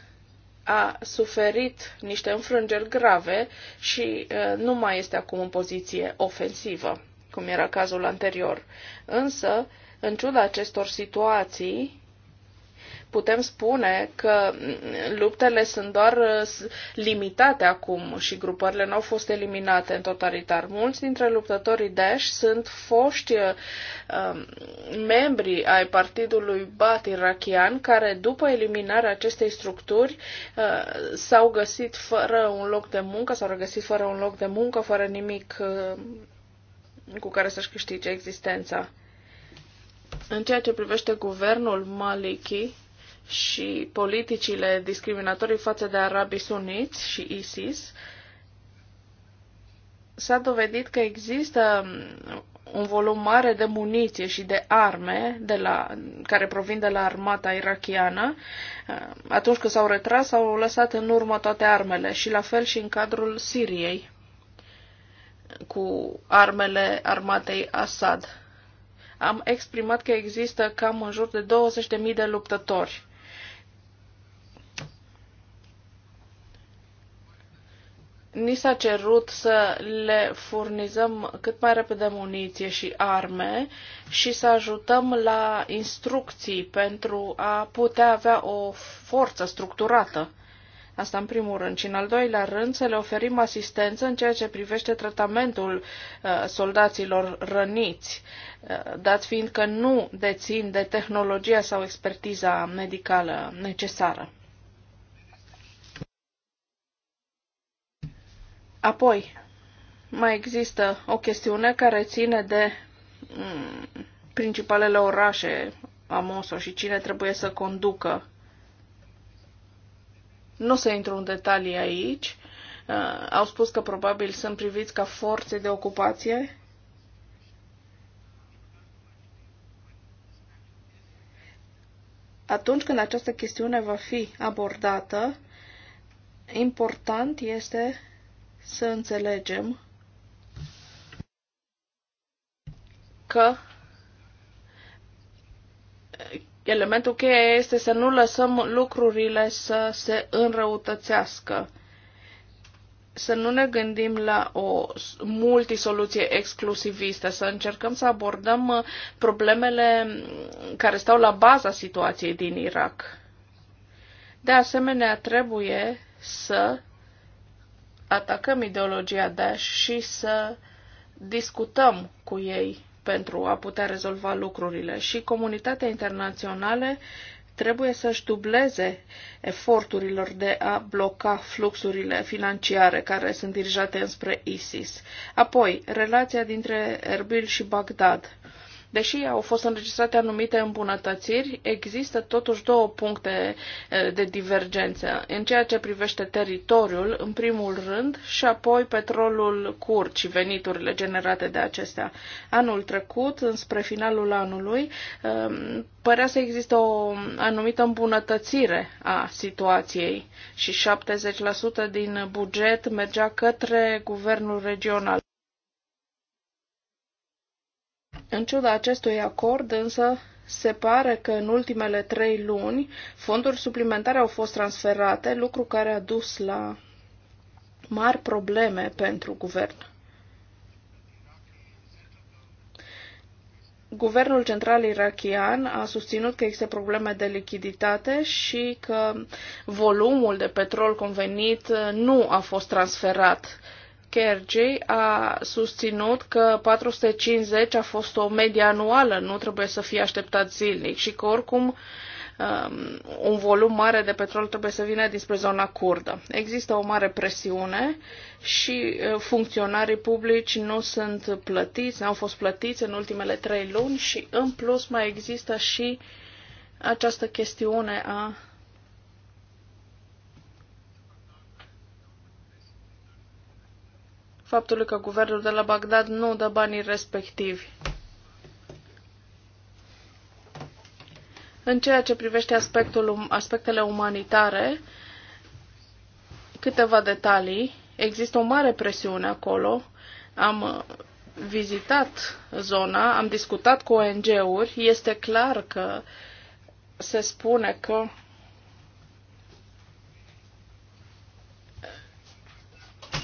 a suferit niște înfrângeri grave și uh, nu mai este acum în poziție ofensivă, cum era cazul anterior. Însă, în ciuda acestor situații, putem spune că luptele sunt doar uh, limitate acum și grupările nu au fost eliminate în totalitar. Mulți dintre luptătorii Daesh sunt foști uh, um, membri ai partidului Bat irachian care după eliminarea acestei structuri uh, s-au găsit fără un loc de muncă, s-au regăsit fără un loc de muncă, fără nimic uh, cu care să-și câștige existența. În ceea ce privește guvernul Maliki, și politicile discriminatorii față de arabii suniți și ISIS, s-a dovedit că există un volum mare de muniție și de arme de la, care provin de la armata irachiană. Atunci când s-au retras, au lăsat în urmă toate armele și la fel și în cadrul Siriei cu armele armatei Assad. Am exprimat că există cam în jur de 20.000 de luptători ni s-a cerut să le furnizăm cât mai repede muniție și arme și să ajutăm la instrucții pentru a putea avea o forță structurată. Asta în primul rând. Și în al doilea rând să le oferim asistență în ceea ce privește tratamentul uh, soldaților răniți, uh, dat fiind că nu dețin de tehnologia sau expertiza medicală necesară. Apoi, mai există o chestiune care ține de mm, principalele orașe Amoso și cine trebuie să conducă. Nu o să intru în detalii aici. Uh, au spus că probabil sunt priviți ca forțe de ocupație. Atunci când această chestiune va fi abordată, important este să înțelegem că elementul cheie este să nu lăsăm lucrurile să se înrăutățească. Să nu ne gândim la o multisoluție exclusivistă, să încercăm să abordăm uh, problemele care stau la baza situației din Irak. De asemenea, trebuie să atacăm ideologia Daesh și să discutăm cu ei pentru a putea rezolva lucrurile. Și comunitatea internațională trebuie să-și dubleze eforturilor de a bloca fluxurile financiare care sunt dirijate înspre ISIS. Apoi, relația dintre Erbil și Bagdad. Deși au fost înregistrate anumite îmbunătățiri, există totuși două puncte de divergență. În ceea ce privește teritoriul, în primul rând, și apoi petrolul curt și veniturile generate de acestea. Anul trecut, înspre finalul anului, părea să există o anumită îmbunătățire a situației și 70% din buget mergea către guvernul regional. În ciuda acestui acord, însă, se pare că în ultimele trei luni fonduri suplimentare au fost transferate, lucru care a dus la mari probleme pentru guvern. Guvernul central irachian a susținut că există probleme de lichiditate și că volumul de petrol convenit nu a fost transferat Kerji a susținut că 450 a fost o medie anuală, nu trebuie să fie așteptat zilnic și că oricum um, un volum mare de petrol trebuie să vină dinspre zona curdă. Există o mare presiune și uh, funcționarii publici nu sunt plătiți, nu au fost plătiți în ultimele trei luni și în plus mai există și această chestiune a faptului că guvernul de la Bagdad nu dă banii respectivi. În ceea ce privește aspectul, um- aspectele umanitare, câteva detalii. Există o mare presiune acolo. Am uh, vizitat zona, am discutat cu ONG-uri. Este clar că se spune că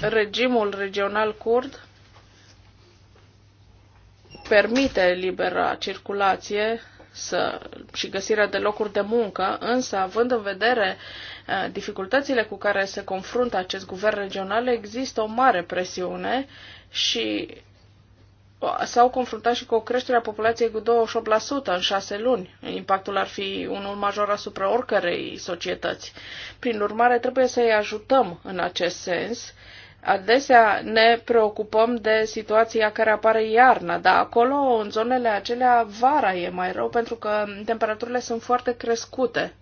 regimul regional kurd permite libera circulație să, și găsirea de locuri de muncă, însă având în vedere eh, dificultățile cu care se confruntă acest guvern regional, există o mare presiune și s-au confruntat și cu o creștere a populației cu 28% în șase luni. Impactul ar fi unul major asupra oricărei societăți. Prin urmare, trebuie să-i ajutăm în acest sens Adesea ne preocupăm de situația care apare iarna, dar acolo, în zonele acelea, vara e mai rău pentru că temperaturile sunt foarte crescute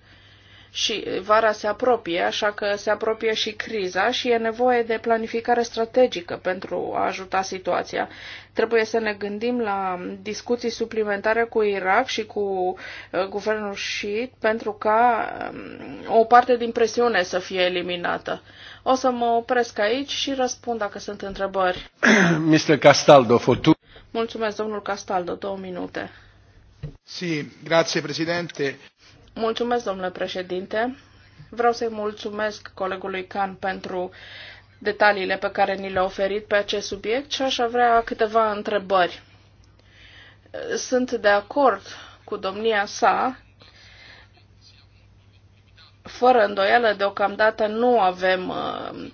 și vara se apropie, așa că se apropie și criza și e nevoie de planificare strategică pentru a ajuta situația. Trebuie să ne gândim la discuții suplimentare cu Irak și cu uh, guvernul Shiit pentru ca um, o parte din presiune să fie eliminată. O să mă opresc aici și răspund dacă sunt întrebări. Mr. Castaldo, fotu. Mulțumesc, domnul Castaldo, două minute. Sì, grazie Presidente. Mulțumesc, domnule președinte. Vreau să-i mulțumesc colegului Can pentru detaliile pe care ni le-a oferit pe acest subiect și aș avea câteva întrebări. Sunt de acord cu domnia sa fără îndoială, deocamdată nu avem uh,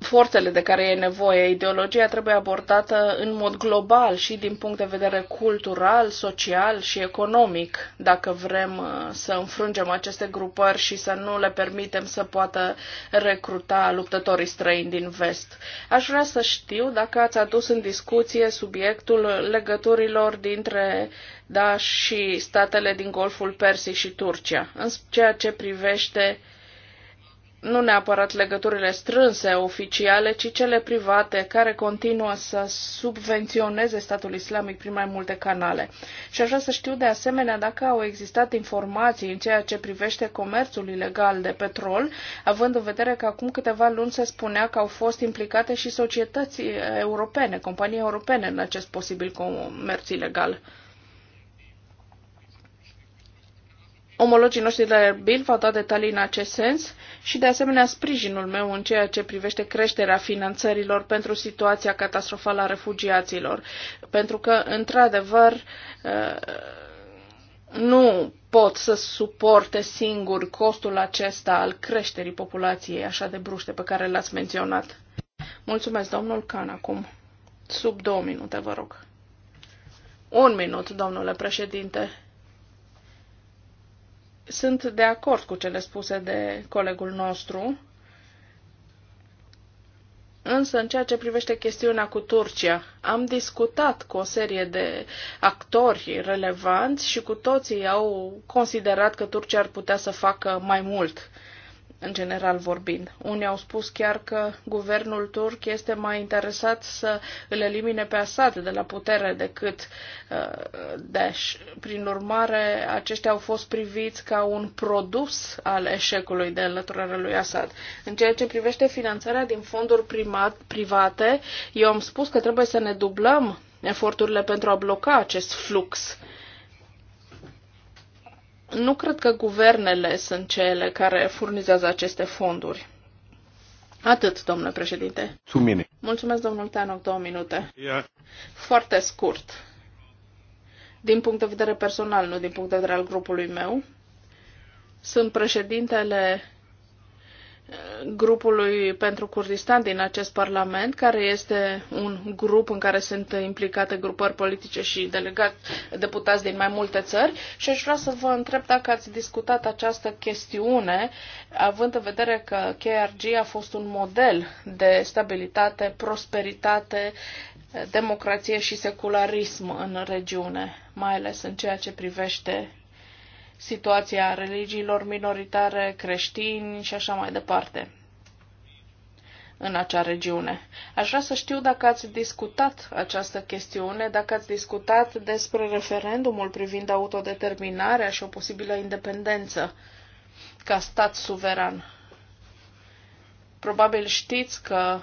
forțele de care e nevoie. Ideologia trebuie abordată în mod global și din punct de vedere cultural, social și economic, dacă vrem uh, să înfrângem aceste grupări și să nu le permitem să poată recruta luptătorii străini din vest. Aș vrea să știu dacă ați adus în discuție subiectul legăturilor dintre Daesh și statele din Golful Persic și Turcia, în ceea ce privește uh, nu neapărat legăturile strânse oficiale, ci cele private care continuă să subvenționeze statul islamic prin mai multe canale. Și aș vrea să știu de asemenea dacă au existat informații în ceea ce privește comerțul ilegal de petrol, având în vedere că acum câteva luni se spunea că au fost implicate și societăți europene, companii europene în acest posibil comerț ilegal. Omologii noștri de la Bill v-au dat detalii în acest sens și, de asemenea, sprijinul meu în ceea ce privește creșterea finanțărilor pentru situația catastrofală a refugiaților. Pentru că, într-adevăr, uh, nu pot să suporte singur costul acesta al creșterii populației așa de bruște pe care l-ați menționat. Mulțumesc, domnul Can, acum. Sub două minute, vă rog. Un minut, domnule președinte. Sunt de acord cu cele spuse de colegul nostru, Însă, în ceea ce privește chestiunea cu Turcia, am discutat cu o serie de actori relevanți și cu toții au considerat că Turcia ar putea să facă mai mult în general vorbind. Unii au spus chiar că guvernul turc este mai interesat să îl elimine pe Assad de la putere decât uh, Daesh. Prin urmare, aceștia au fost priviți ca un produs al eșecului de înlăturare lui Assad. În ceea ce privește finanțarea din fonduri primat, private, eu am spus că trebuie să ne dublăm eforturile pentru a bloca acest flux nu cred că guvernele sunt cele care furnizează aceste fonduri. Atât, domnule președinte. Sumine. Mulțumesc, domnul Teanoc, două minute. Yeah. Foarte scurt. Din punct de vedere personal, nu din punct de vedere al grupului meu, sunt președintele grupului pentru Kurdistan din acest parlament, care este un grup în care sunt implicate grupări politice și delegați, deputați din mai multe țări și aș vrea să vă întreb dacă ați discutat această chestiune, având în vedere că KRG a fost un model de stabilitate, prosperitate, democrație și secularism în regiune, mai ales în ceea ce privește situația religiilor minoritare, creștini și așa mai departe în acea regiune. Aș vrea să știu dacă ați discutat această chestiune, dacă ați discutat despre referendumul privind autodeterminarea și o posibilă independență ca stat suveran. Probabil știți că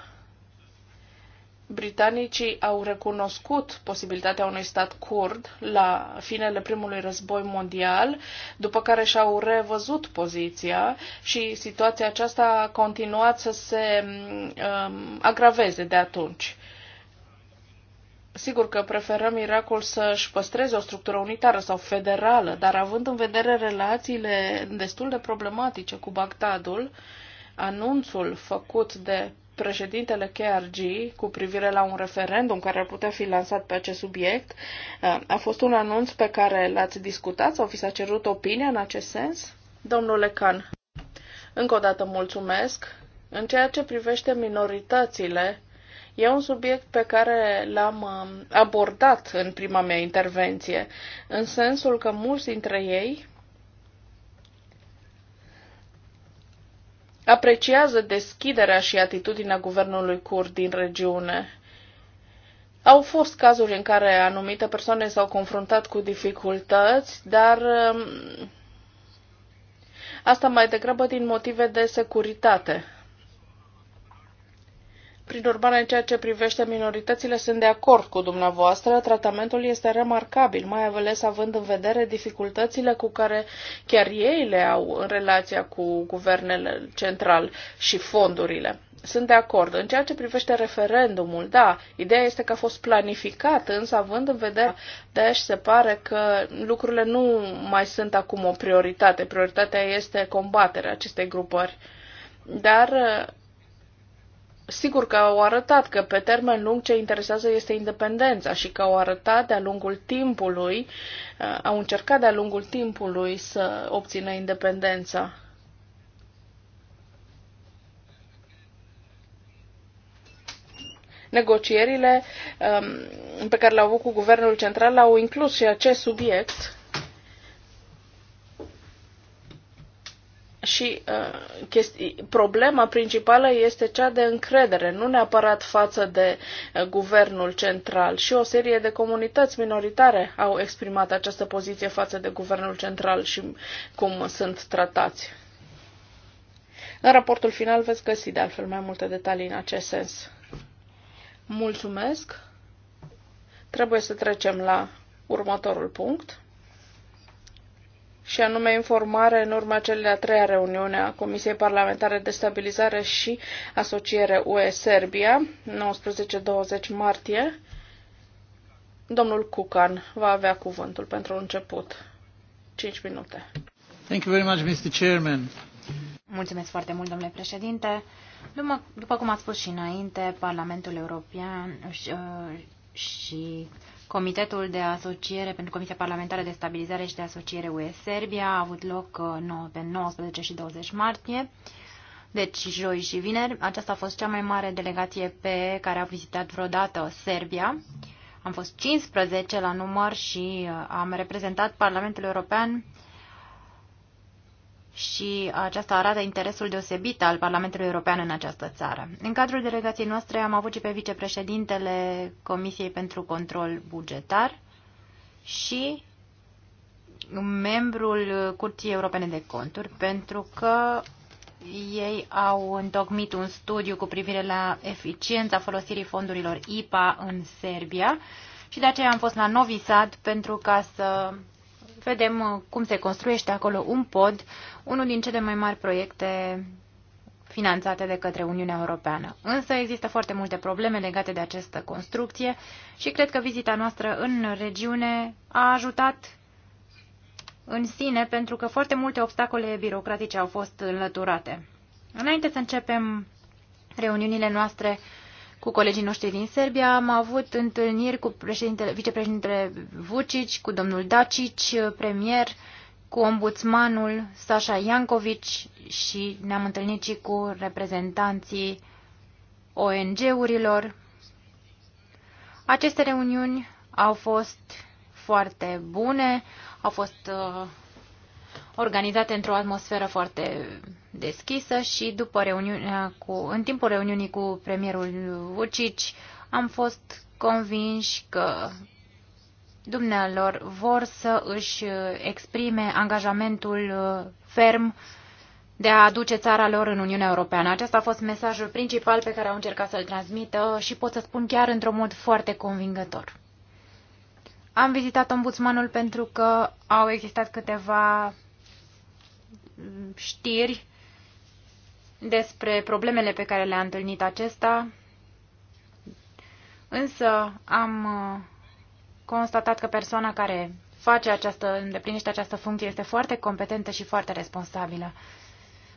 britanicii au recunoscut posibilitatea unui stat curd la finele primului război mondial, după care și-au revăzut poziția și situația aceasta a continuat să se um, agraveze de atunci. Sigur că preferăm Irakul să-și păstreze o structură unitară sau federală, dar având în vedere relațiile destul de problematice cu Bagdadul, anunțul făcut de președintele KRG cu privire la un referendum care ar putea fi lansat pe acest subiect. Uh, a fost un anunț pe care l-ați discutat sau vi s-a cerut opinia în acest sens? Domnule Can, încă o dată mulțumesc. În ceea ce privește minoritățile, e un subiect pe care l-am um, abordat în prima mea intervenție, în sensul că mulți dintre ei apreciază deschiderea și atitudinea guvernului curd din regiune. Au fost cazuri în care anumite persoane s-au confruntat cu dificultăți, dar um, asta mai degrabă din motive de securitate. Prin urmare, în ceea ce privește minoritățile, sunt de acord cu dumneavoastră. Tratamentul este remarcabil, mai ales având în vedere dificultățile cu care chiar ei le au în relația cu guvernele central și fondurile. Sunt de acord. În ceea ce privește referendumul, da, ideea este că a fost planificat, însă având în vedere, deci se pare că lucrurile nu mai sunt acum o prioritate. Prioritatea este combaterea acestei grupări. Dar Sigur că au arătat că pe termen lung ce interesează este independența și că au arătat de-a lungul timpului, uh, au încercat de-a lungul timpului să obțină independența. Negocierile um, pe care le-au avut cu Guvernul Central au inclus și acest subiect Și uh, chestii, problema principală este cea de încredere, nu neapărat față de uh, guvernul central. Și o serie de comunități minoritare au exprimat această poziție față de guvernul central și cum sunt tratați. În raportul final veți găsi de altfel mai multe detalii în acest sens. Mulțumesc! Trebuie să trecem la următorul punct și anume informare în urma celei de-a treia reuniune a Comisiei Parlamentare de Stabilizare și Asociere UE-Serbia, 19-20 martie. Domnul Cucan va avea cuvântul pentru început. 5 minute. Thank you very much, Mr. Chairman. Mulțumesc foarte mult, domnule președinte. După, după cum a spus și înainte, Parlamentul European și, uh, și Comitetul de asociere pentru Comisia Parlamentară de Stabilizare și de Asociere UE Serbia a avut loc uh, pe 19 și 20 martie, deci joi și vineri. Aceasta a fost cea mai mare delegație pe care a vizitat vreodată Serbia. Am fost 15 la număr și uh, am reprezentat Parlamentul European și aceasta arată interesul deosebit al Parlamentului European în această țară. În cadrul delegației noastre am avut și pe vicepreședintele Comisiei pentru Control Bugetar și membrul Curții Europene de Conturi, pentru că ei au întocmit un studiu cu privire la eficiența folosirii fondurilor IPA în Serbia și de aceea am fost la Novi Sad pentru ca să Vedem uh, cum se construiește acolo un pod, unul din cele mai mari proiecte finanțate de către Uniunea Europeană. Însă există foarte multe probleme legate de această construcție și cred că vizita noastră în regiune a ajutat în sine pentru că foarte multe obstacole birocratice au fost înlăturate. Înainte să începem reuniunile noastre cu colegii noștri din Serbia. Am avut întâlniri cu președintele, vicepreședintele Vucic, cu domnul Dacici, premier, cu ombudsmanul Sasha Iancovici și ne-am întâlnit și cu reprezentanții ONG-urilor. Aceste reuniuni au fost foarte bune, au fost uh, organizate într-o atmosferă foarte deschisă și după reuniunea cu, în timpul reuniunii cu premierul Vucic am fost convinși că dumnealor vor să își exprime angajamentul uh, ferm de a aduce țara lor în Uniunea Europeană. Acesta a fost mesajul principal pe care au încercat să-l transmită și pot să spun chiar într-un mod foarte convingător. Am vizitat ombudsmanul pentru că au existat câteva știri despre problemele pe care le-a întâlnit acesta, însă am uh, constatat că persoana care face această, îndeplinește această funcție este foarte competentă și foarte responsabilă.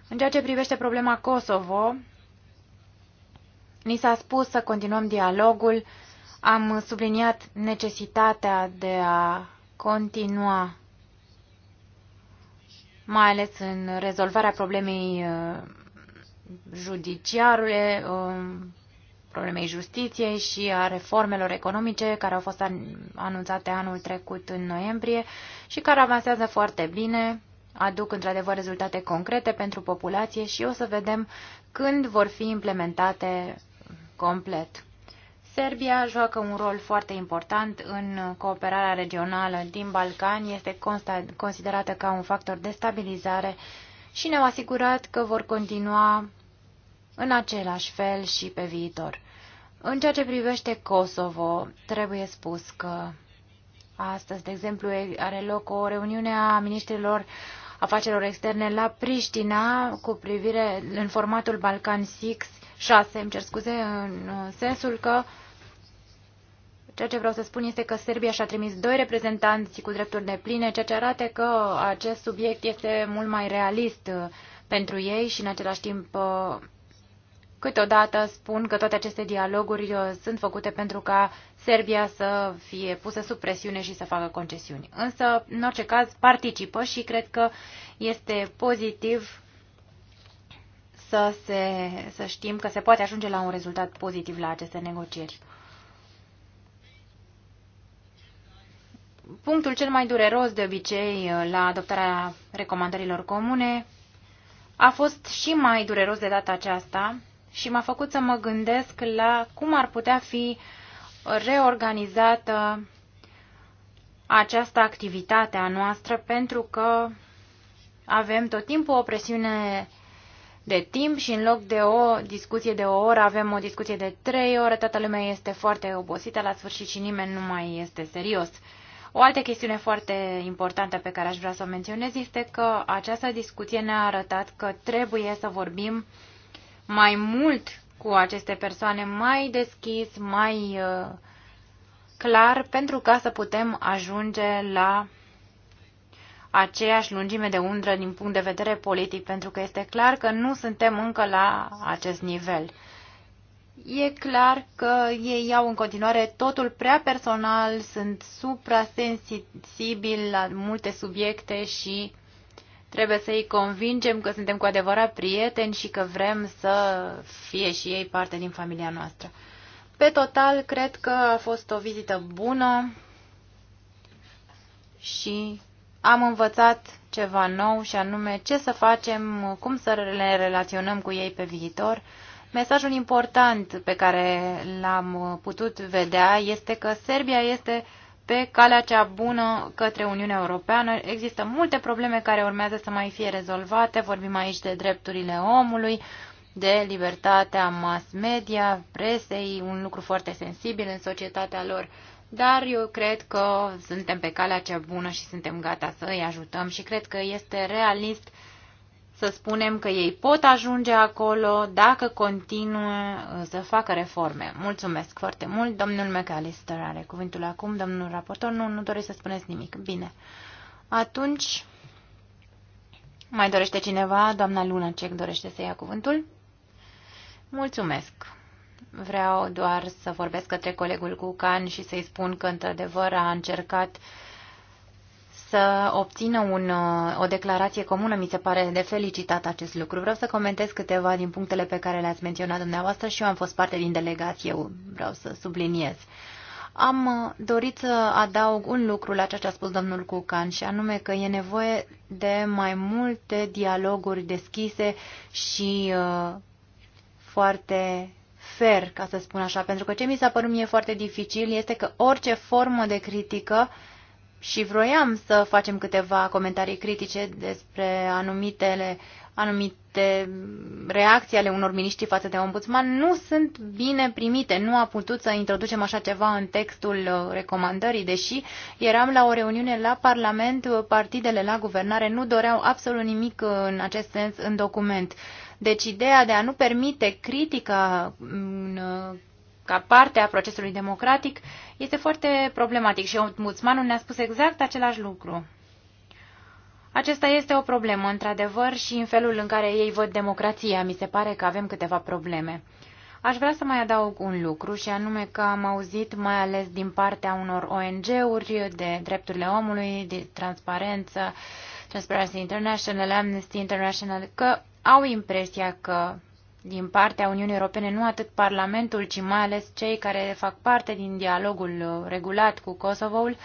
În ceea ce privește problema Kosovo, ni s-a spus să continuăm dialogul, am subliniat necesitatea de a continua, mai ales în rezolvarea problemei uh, judiciarului, um, problemei justiției și a reformelor economice care au fost anunțate anul trecut în noiembrie și care avansează foarte bine, aduc într-adevăr rezultate concrete pentru populație și o să vedem când vor fi implementate complet. Serbia joacă un rol foarte important în cooperarea regională din Balcani, este considerată ca un factor de stabilizare și ne-au asigurat că vor continua în același fel și pe viitor. În ceea ce privește Kosovo, trebuie spus că astăzi, de exemplu, are loc o reuniune a ministrilor afacerilor externe la Priștina cu privire în formatul Balcan 6, îmi cer scuze, în sensul că Ceea ce vreau să spun este că Serbia și-a trimis doi reprezentanți cu drepturi de pline, ceea ce arată că acest subiect este mult mai realist pentru ei și în același timp Câteodată spun că toate aceste dialoguri uh, sunt făcute pentru ca Serbia să fie pusă sub presiune și să facă concesiuni. Însă, în orice caz, participă și cred că este pozitiv să, se, să știm că se poate ajunge la un rezultat pozitiv la aceste negocieri. Punctul cel mai dureros de obicei uh, la adoptarea recomandărilor comune a fost și mai dureros de data aceasta și m-a făcut să mă gândesc la cum ar putea fi reorganizată această activitate a noastră pentru că avem tot timpul o presiune de timp și în loc de o discuție de o oră avem o discuție de trei ore, toată lumea este foarte obosită la sfârșit și nimeni nu mai este serios. O altă chestiune foarte importantă pe care aș vrea să o menționez este că această discuție ne-a arătat că trebuie să vorbim uh, mai mult cu aceste persoane, mai deschis, mai uh, clar, pentru ca să putem ajunge la aceeași lungime de undră din punct de vedere politic, pentru că este clar că nu suntem încă la acest nivel. E clar că ei iau în continuare totul prea personal, sunt suprasensibili la multe subiecte și Trebuie să-i convingem că suntem cu adevărat prieteni și că vrem să fie și ei parte din familia noastră. Pe total, cred că a fost o vizită bună și am învățat ceva nou și anume ce să facem, cum să le relaționăm cu ei pe viitor. Mesajul important pe care l-am putut vedea este că Serbia este pe calea cea bună către Uniunea Europeană. Există multe probleme care urmează să mai fie rezolvate. Vorbim aici de drepturile omului, de libertatea mass media, presei, un lucru foarte sensibil în societatea lor. Dar eu cred că suntem pe calea cea bună și suntem gata să îi ajutăm și cred că este realist uh, să spunem că ei pot ajunge acolo dacă continuă uh, să facă reforme. Mulțumesc foarte mult. Domnul McAllister are cuvântul acum. Domnul raportor, nu, nu doresc să spuneți nimic. Bine. Atunci, mai dorește cineva? Doamna Lunacek dorește să ia cuvântul? Mulțumesc. Vreau doar să vorbesc către colegul Cucan și să-i spun că, într-adevăr, a încercat uh, să obțină un, uh, o declarație comună. Mi se pare de felicitat acest lucru. Vreau să comentez câteva din punctele pe care le-ați menționat dumneavoastră și eu am fost parte din delegație, vreau să subliniez. Am uh, dorit să adaug un lucru la ceea ce a spus domnul Cucan și anume că e nevoie de mai multe dialoguri deschise și uh, foarte fer, ca să spun așa, pentru că ce mi s-a părut mie foarte dificil este că orice formă de critică uh, și vroiam să facem câteva comentarii critice despre anumitele, anumite reacții ale unor miniștri față de ombudsman. Nu sunt bine primite, nu a putut să introducem așa ceva în textul uh, recomandării, deși eram la o reuniune la Parlament, uh, partidele la guvernare nu doreau absolut nimic uh, în acest sens în document. Deci ideea de a nu permite critica în mm, ca parte a procesului democratic este foarte problematic și ombudsmanul ne-a spus exact același lucru. Acesta este o problemă, într-adevăr, și în felul în care ei văd democrația. Mi se pare că avem câteva probleme. Aș vrea să mai adaug un lucru și anume că am auzit mai ales din partea unor ONG-uri de drepturile omului, de transparență, Transparency International, Amnesty International, că au impresia că din partea Uniunii Europene, nu atât Parlamentul, ci mai ales cei care fac parte din dialogul uh, regulat cu Kosovoul.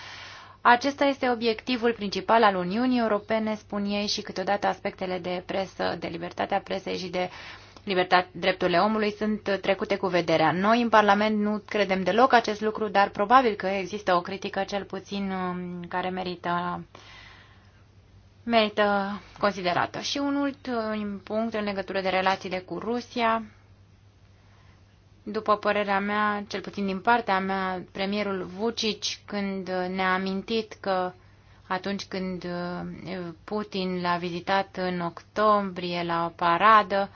Acesta este obiectivul principal al Uniunii Europene, spun ei, și câteodată aspectele de presă, de libertatea presei și de libertate, drepturile omului sunt uh, trecute cu vederea. Noi în Parlament nu credem deloc acest lucru, dar probabil că există o critică cel puțin um, care merită uh, merită considerată. Și un ultim punct în legătură de relațiile cu Rusia. După părerea mea, cel puțin din partea mea, premierul Vucic, când ne-a amintit că atunci când eh, Putin l-a vizitat în octombrie la o paradă,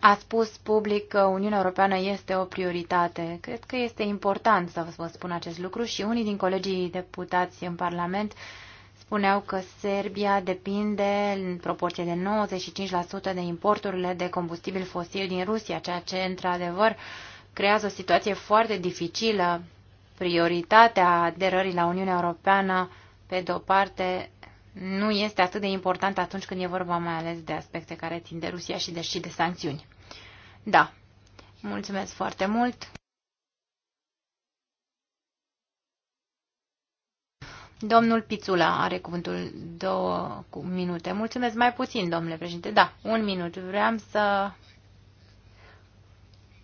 a spus public că Uniunea Europeană este o prioritate. Cred că este important să vă spun acest lucru și unii din colegii deputați în Parlament uh, spuneau că Serbia depinde în proporție de 95% de importurile de combustibil fosil din Rusia, ceea ce, într-adevăr, creează o situație foarte dificilă. Prioritatea aderării la Uniunea Europeană, pe de-o parte, nu este atât de importantă atunci când e vorba mai ales de aspecte care țin de Rusia și de, și de sancțiuni. Da, mulțumesc foarte mult! Domnul Pițula are cuvântul două minute. Mulțumesc mai puțin, domnule președinte. Da, un minut. Vreau să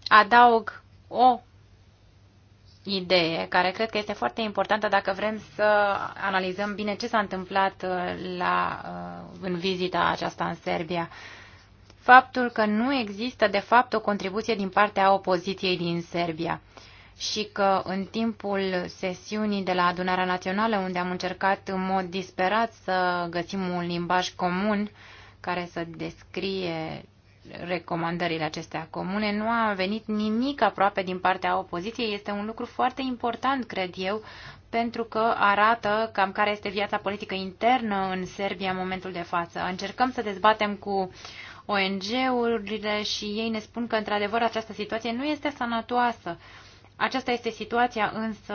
adaug o idee care cred că este foarte importantă dacă vrem să analizăm bine ce s-a întâmplat uh, la, uh, în vizita aceasta în Serbia. Faptul că nu există, de fapt, o contribuție din partea opoziției din Serbia. Uh, și că în timpul sesiunii de la adunarea națională, unde am încercat în mod disperat să găsim un limbaj comun care să descrie recomandările acestea comune, nu a venit nimic aproape din partea opoziției. Este un lucru foarte important, cred eu, pentru că arată cam care este viața politică internă în Serbia în momentul de față. Încercăm să dezbatem cu ONG-urile și ei ne spun că, într-adevăr, această situație nu este sănătoasă aceasta este situația însă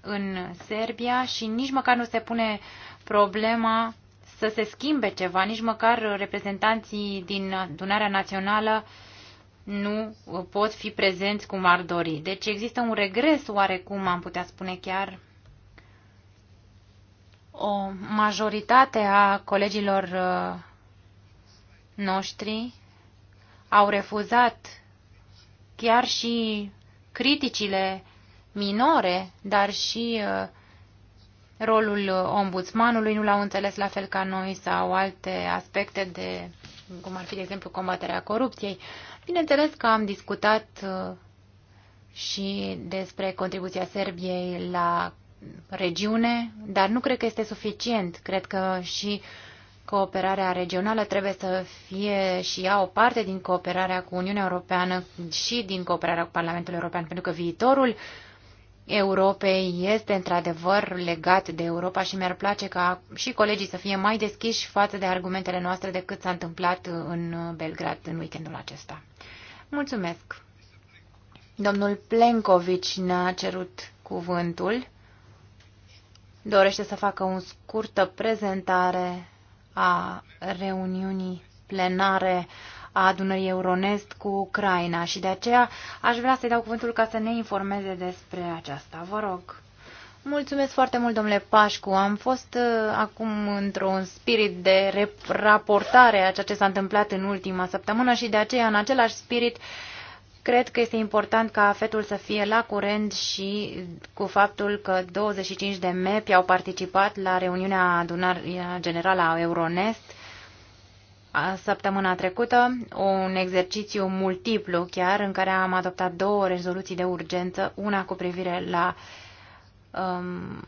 în Serbia și nici măcar nu se pune problema să se schimbe ceva, nici măcar reprezentanții din Dunarea Națională nu pot fi prezenți cum ar dori. Deci există un regres oarecum, am putea spune chiar, o majoritate a colegilor uh, noștri au refuzat chiar și criticile minore, dar și uh, rolul ombudsmanului nu l-au înțeles la fel ca noi sau alte aspecte de, cum ar fi, de exemplu, combaterea corupției. Bineînțeles că am discutat uh, și despre contribuția Serbiei la regiune, dar nu cred că este suficient. Cred că și uh, Cooperarea regională trebuie să fie și ea o parte din cooperarea cu Uniunea Europeană și din cooperarea cu Parlamentul European, pentru că viitorul Europei este într-adevăr legat de Europa și mi-ar place ca și colegii să fie mai deschiși față de argumentele noastre decât s-a întâmplat în Belgrad în weekendul acesta. Mulțumesc! Domnul Plenkovici ne-a cerut cuvântul. Dorește să facă o scurtă prezentare a reuniunii plenare a adunării Euronest cu Ucraina și de aceea aș vrea să-i dau cuvântul ca să ne informeze despre aceasta. Vă rog. Mulțumesc foarte mult, domnule Pașcu. Am fost uh, acum într-un spirit de raportare a ceea ce s-a întâmplat în ultima săptămână și de aceea, în același spirit, uh, Cred că este important ca fetul să fie la curent și cu faptul că 25 de MEPI au participat la reuniunea adunării generală a Euronest săptămâna trecută, un exercițiu multiplu chiar, în care am adoptat două rezoluții de urgență, una cu privire la um,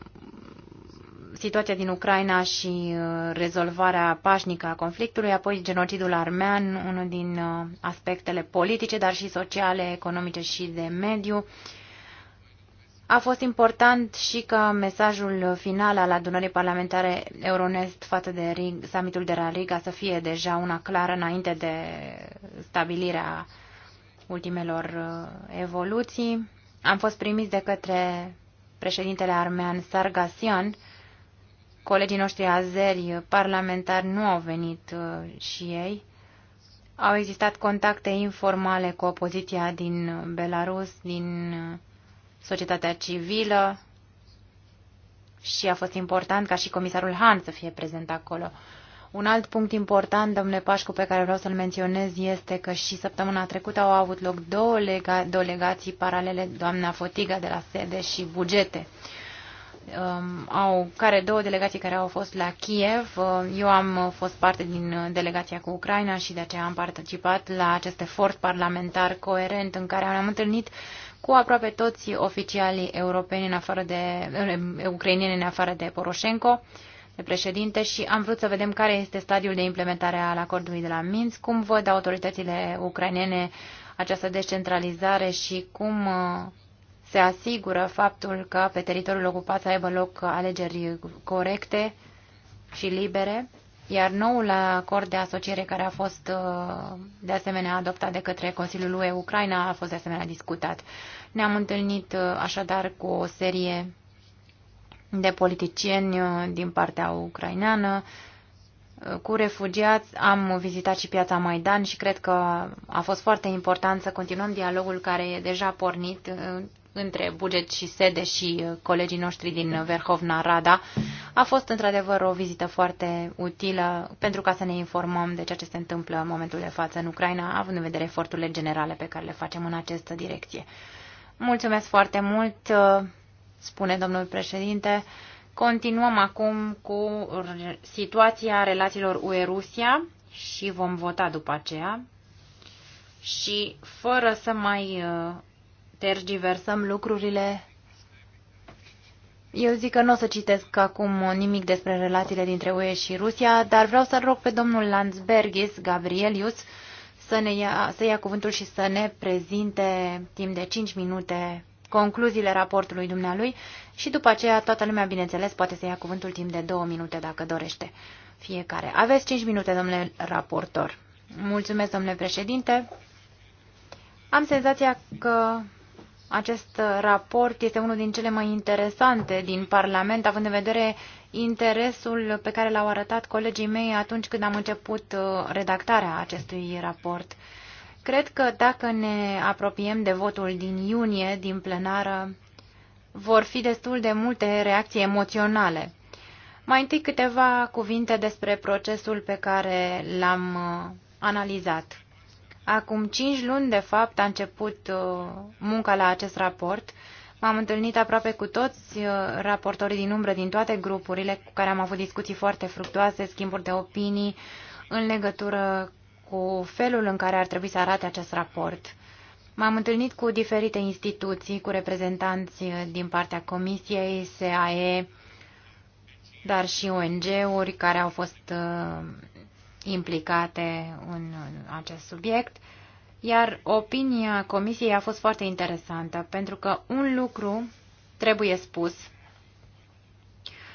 situația din Ucraina și uh, rezolvarea pașnică a conflictului, apoi genocidul armean, unul din uh, aspectele politice, dar și sociale, economice și de mediu. A fost important și ca mesajul final al adunării parlamentare Euronest față de Rig, summitul de la Riga să fie deja una clară înainte de stabilirea ultimelor uh, evoluții. Am fost primiți de către președintele armean Sargasian Colegii noștri azeri parlamentari nu au venit uh, și ei. Au existat contacte informale cu opoziția din Belarus, din uh, societatea civilă și a fost important ca și comisarul Han să fie prezent acolo. Un alt punct important, domnule Pașcu, pe care vreau să-l menționez este că și săptămâna trecută au avut loc două lega- delegații paralele, doamna Fotiga de la sede și bugete um, au, care două delegații care au fost la Kiev. Uh, eu am fost parte din uh, delegația cu Ucraina și de aceea am participat la acest efort parlamentar coerent în care am întâlnit cu aproape toți oficialii europeni în afară de, uh, ucrainieni în afară de Poroșenko, de președinte, și am vrut să vedem care este stadiul de implementare al acordului de la Minsk, cum văd autoritățile ucrainene această descentralizare și cum uh, se asigură faptul că pe teritoriul ocupat să aibă loc alegeri corecte și libere, iar noul acord de asociere care a fost uh, de asemenea adoptat de către Consiliul UE Ucraina a fost de asemenea discutat. Ne-am întâlnit uh, așadar cu o serie de politicieni uh, din partea ucraineană, cu refugiați, am vizitat și piața Maidan și cred că a fost foarte important să continuăm dialogul care e deja pornit între buget și sede și uh, colegii noștri din uh, Verhovna Rada a fost într-adevăr o vizită foarte utilă pentru ca să ne informăm de ceea ce se întâmplă în momentul de față în Ucraina, având în vedere eforturile generale pe care le facem în această direcție. Mulțumesc foarte mult, uh, spune domnul președinte. Continuăm acum cu situația relațiilor UE-Rusia și vom vota după aceea. Și fără să mai tergiversăm lucrurile. Eu zic că nu o să citesc acum nimic despre relațiile dintre UE și Rusia, dar vreau să rog pe domnul Landsbergis, Gabrielius, să, ne ia, să ia cuvântul și să ne prezinte timp de 5 minute concluziile raportului dumnealui și după aceea toată lumea, bineînțeles, poate să ia cuvântul timp de 2 minute dacă dorește fiecare. Aveți 5 minute, domnule raportor. Mulțumesc, domnule președinte. Am senzația că acest raport este unul din cele mai interesante din Parlament, având în vedere interesul pe care l-au arătat colegii mei atunci când am început uh, redactarea acestui raport. Cred că dacă ne apropiem de votul din iunie, din plenară, vor fi destul de multe reacții emoționale. Mai întâi câteva cuvinte despre procesul pe care l-am uh, analizat. Acum cinci luni, de fapt, a început uh, munca la acest raport. M-am întâlnit aproape cu toți uh, raportorii din umbră din toate grupurile cu care am avut discuții foarte fructuoase, schimburi de opinii în legătură cu felul în care ar trebui să arate acest raport. M-am întâlnit cu diferite instituții, cu reprezentanți uh, din partea Comisiei, SAE, dar și ONG-uri care au fost implicate în acest subiect, iar opinia comisiei a fost foarte interesantă, pentru că un lucru trebuie spus,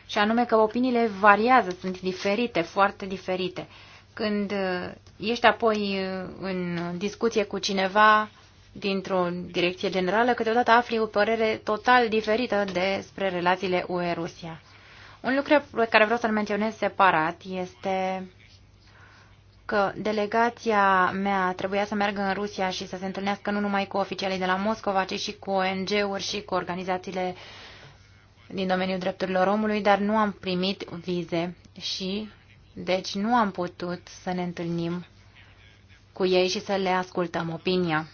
și anume că opiniile variază, sunt diferite, foarte diferite. Când uh, ești apoi uh, în discuție cu cineva dintr-o direcție generală, câteodată afli o părere total diferită despre relațiile UE-Rusia. Un lucru pe care vreau să-l menționez separat este că delegația mea trebuia să meargă în Rusia și să se întâlnească nu numai cu oficialii de la Moscova, ci și cu ONG-uri și cu organizațiile din domeniul drepturilor omului, dar nu am primit vize și deci nu am putut să ne întâlnim cu ei și să le ascultăm opinia.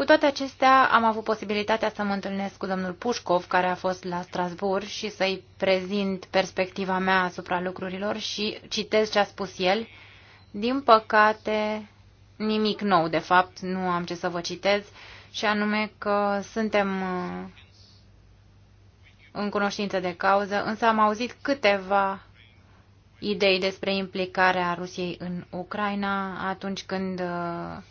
Cu toate acestea, am avut posibilitatea să mă întâlnesc cu domnul Pușcov, care a fost la Strasburg, și să-i prezint perspectiva mea asupra lucrurilor și citez ce a spus el. Din păcate, nimic nou, de fapt, nu am ce să vă citez, și anume că suntem uh, în cunoștință de cauză, însă am auzit câteva idei despre implicarea Rusiei în Ucraina atunci când uh,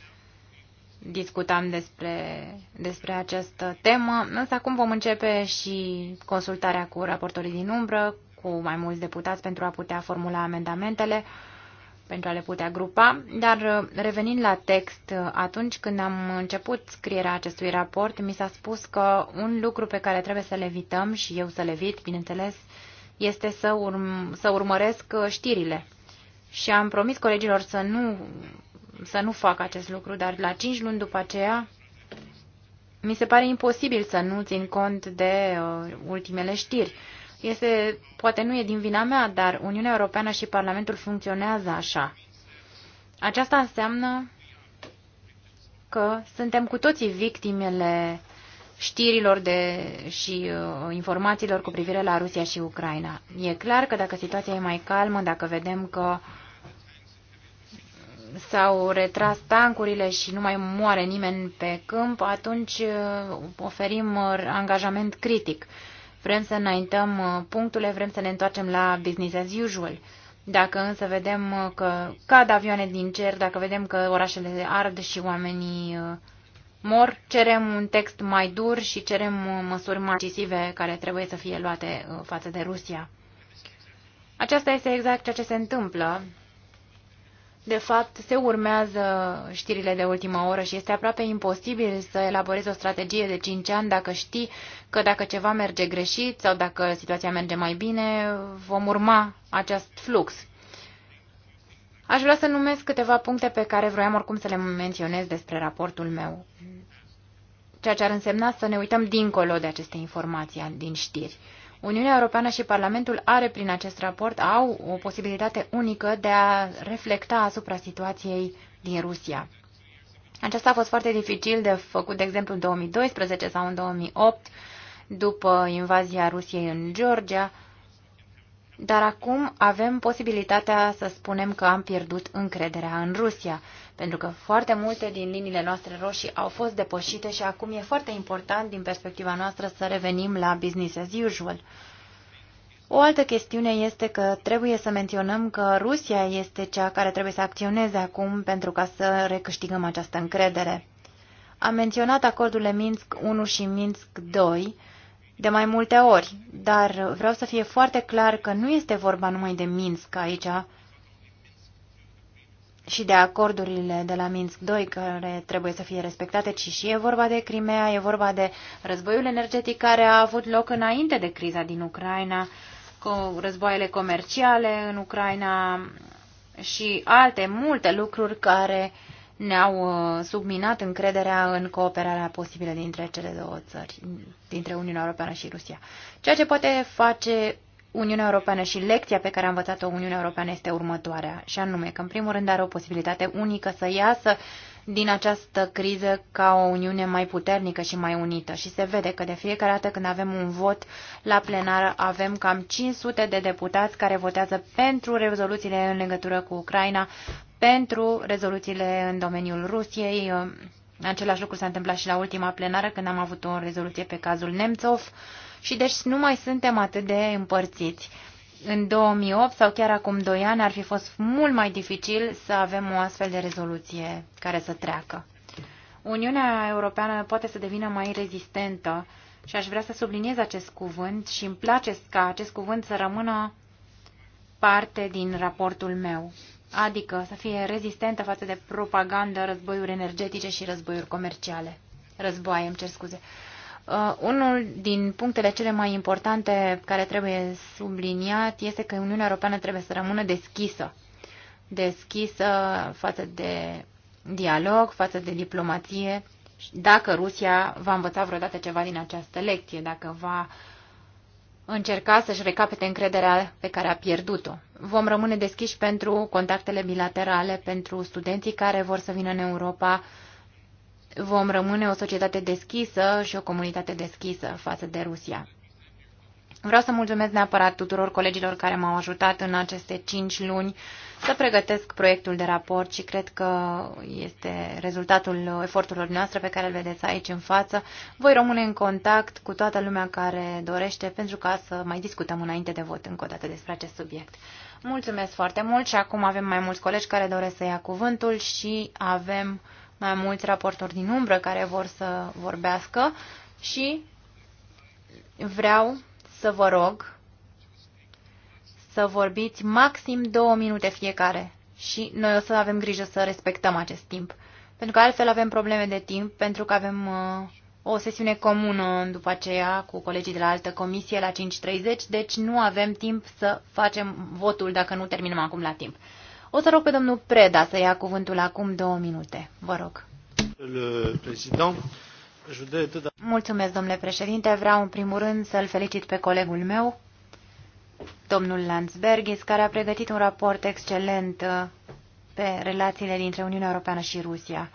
discutam despre, despre această temă, însă acum vom începe și consultarea cu raportorii din umbră, cu mai mulți deputați pentru a putea formula amendamentele, pentru a le putea grupa, dar revenind la text, atunci când am început scrierea acestui raport, mi s-a spus că un lucru pe care trebuie să le evităm și eu să le evit, bineînțeles, este să, urm- să urmăresc știrile. Și am promis colegilor să nu să nu fac acest lucru, dar la cinci luni după aceea mi se pare imposibil să nu țin cont de uh, ultimele știri. Este, poate nu e din vina mea, dar Uniunea Europeană și Parlamentul funcționează așa. Aceasta înseamnă că suntem cu toții victimele știrilor de, și uh, informațiilor cu privire la Rusia și Ucraina. E clar că dacă situația e mai calmă, dacă vedem că uh, s-au retras tancurile și nu mai moare nimeni pe câmp, atunci uh, oferim uh, angajament critic. Vrem să înaintăm uh, punctele, vrem să ne întoarcem la business as usual. Dacă însă vedem că cad avioane din cer, dacă vedem că orașele ard și oamenii mor, cerem un text mai dur și cerem măsuri decisive care trebuie să fie luate față de Rusia. Aceasta este exact ceea ce se întâmplă de fapt, se urmează știrile de ultima oră și este aproape imposibil să elaborezi o strategie de 5 ani dacă știi că dacă ceva merge greșit sau dacă situația merge mai bine, vom urma acest flux. Aș vrea să numesc câteva puncte pe care vroiam oricum să le menționez despre raportul meu, ceea ce ar însemna să ne uităm dincolo de aceste informații din știri. Uniunea Europeană și Parlamentul are prin acest raport au o posibilitate unică de a reflecta asupra situației din Rusia. Aceasta a fost foarte dificil de făcut, de exemplu, în 2012 sau în 2008, după invazia Rusiei în Georgia, dar acum avem posibilitatea să spunem că am pierdut încrederea în Rusia, pentru că foarte multe din liniile noastre roșii au fost depășite și acum e foarte important din perspectiva noastră să revenim la business as usual. O altă chestiune este că trebuie să menționăm că Rusia este cea care trebuie să acționeze acum pentru ca să recâștigăm această încredere. Am menționat acordurile Minsk 1 și Minsk 2, de mai multe ori, dar vreau să fie foarte clar că nu este vorba numai de Minsk aici și de acordurile de la Minsk 2 care trebuie să fie respectate, ci și e vorba de Crimea, e vorba de războiul energetic care a avut loc înainte de criza din Ucraina, cu războaiele comerciale în Ucraina și alte multe lucruri care uh, ne-au uh, subminat încrederea în cooperarea posibilă dintre cele două țări, dintre Uniunea Europeană și Rusia. Ceea ce poate face Uniunea Europeană și lecția pe care a învățat-o Uniunea Europeană este următoarea, și anume că, în primul rând, are o posibilitate unică să iasă din această criză ca o Uniune mai puternică și mai unită. Și se vede că de fiecare dată când avem un vot la plenară, avem cam 500 de deputați care votează pentru rezoluțiile în legătură cu Ucraina, pentru rezoluțiile în domeniul Rusiei. Același lucru s-a întâmplat și la ultima plenară când am avut o rezoluție pe cazul Nemțov și deci nu mai suntem atât de împărțiți în 2008 sau chiar acum 2 ani ar fi fost mult mai dificil să avem o astfel de rezoluție care să treacă. Uniunea Europeană poate să devină mai rezistentă și aș vrea să subliniez acest cuvânt și îmi place ca acest cuvânt să rămână parte din raportul meu, adică să fie rezistentă față de propagandă, războiuri energetice și războiuri comerciale. Războaie, îmi cer scuze. Uh, Uh, unul din punctele cele mai importante care trebuie subliniat este că Uniunea Europeană trebuie să rămână deschisă. Deschisă față de dialog, față de diplomație. Dacă Rusia va învăța vreodată ceva din această lecție, dacă va încerca să-și recapete încrederea pe care a pierdut-o. Vom rămâne deschiși pentru contactele bilaterale, pentru studenții care vor să vină în Europa, uh, vom rămâne o societate deschisă și o comunitate deschisă față de Rusia. Vreau să mulțumesc neapărat tuturor colegilor care m-au ajutat în aceste cinci luni să pregătesc proiectul de raport și cred că este rezultatul eforturilor noastre pe care îl vedeți aici în față. Voi rămâne în contact cu toată lumea care dorește pentru ca să mai discutăm înainte de vot încă o dată despre acest subiect. Mulțumesc foarte mult și acum avem mai mulți colegi care doresc să ia cuvântul și avem mai mulți raportori din umbră care vor să vorbească și vreau să vă rog să vorbiți maxim două minute fiecare și noi o să avem grijă să respectăm acest timp. Pentru că altfel avem probleme de timp, pentru că avem uh, o sesiune comună după aceea cu colegii de la altă comisie la 5.30, deci nu avem timp să facem votul dacă nu terminăm acum la timp. O să rog pe domnul Preda să ia cuvântul acum două minute. Vă rog. Mulțumesc, domnule președinte. Vreau în primul rând să-l felicit pe colegul meu, domnul Landsbergis, care a pregătit un raport excelent uh, pe relațiile dintre Uniunea Europeană și Rusia.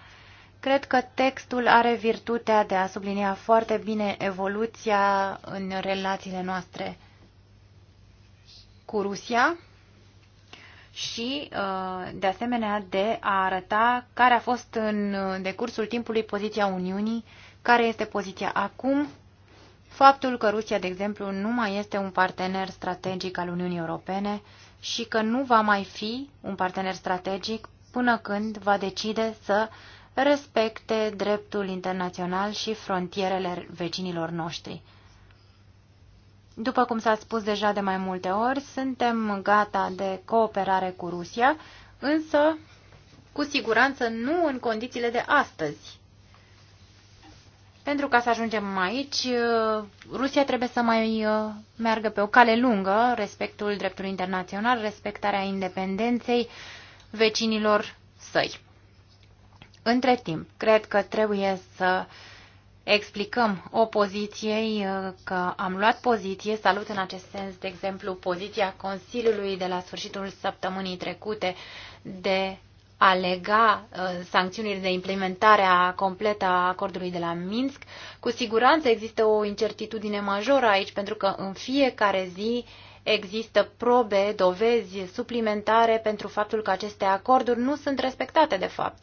Cred că textul are virtutea de a sublinia foarte bine evoluția în relațiile noastre cu Rusia și, uh, de asemenea, de a arăta care a fost în decursul timpului poziția Uniunii, care este poziția acum, faptul că Rusia, de exemplu, nu mai este un partener strategic al Uniunii Europene și că nu va mai fi un partener strategic până când va decide să respecte dreptul internațional și frontierele vecinilor noștri. După cum s-a spus deja de mai multe ori, suntem gata de cooperare cu Rusia, însă cu siguranță nu în condițiile de astăzi. Pentru ca să ajungem aici, Rusia trebuie să mai uh, meargă pe o cale lungă, respectul dreptului internațional, respectarea independenței vecinilor săi. Între timp, cred că trebuie să uh, explicăm opoziției uh, că am luat poziție. Salut în acest sens, de exemplu, poziția Consiliului de la sfârșitul săptămânii trecute de a lega uh, sancțiunile de implementare a completă a acordului de la Minsk. Cu siguranță există o incertitudine majoră aici, pentru că în fiecare zi există probe, dovezi suplimentare pentru faptul că aceste acorduri nu sunt respectate de fapt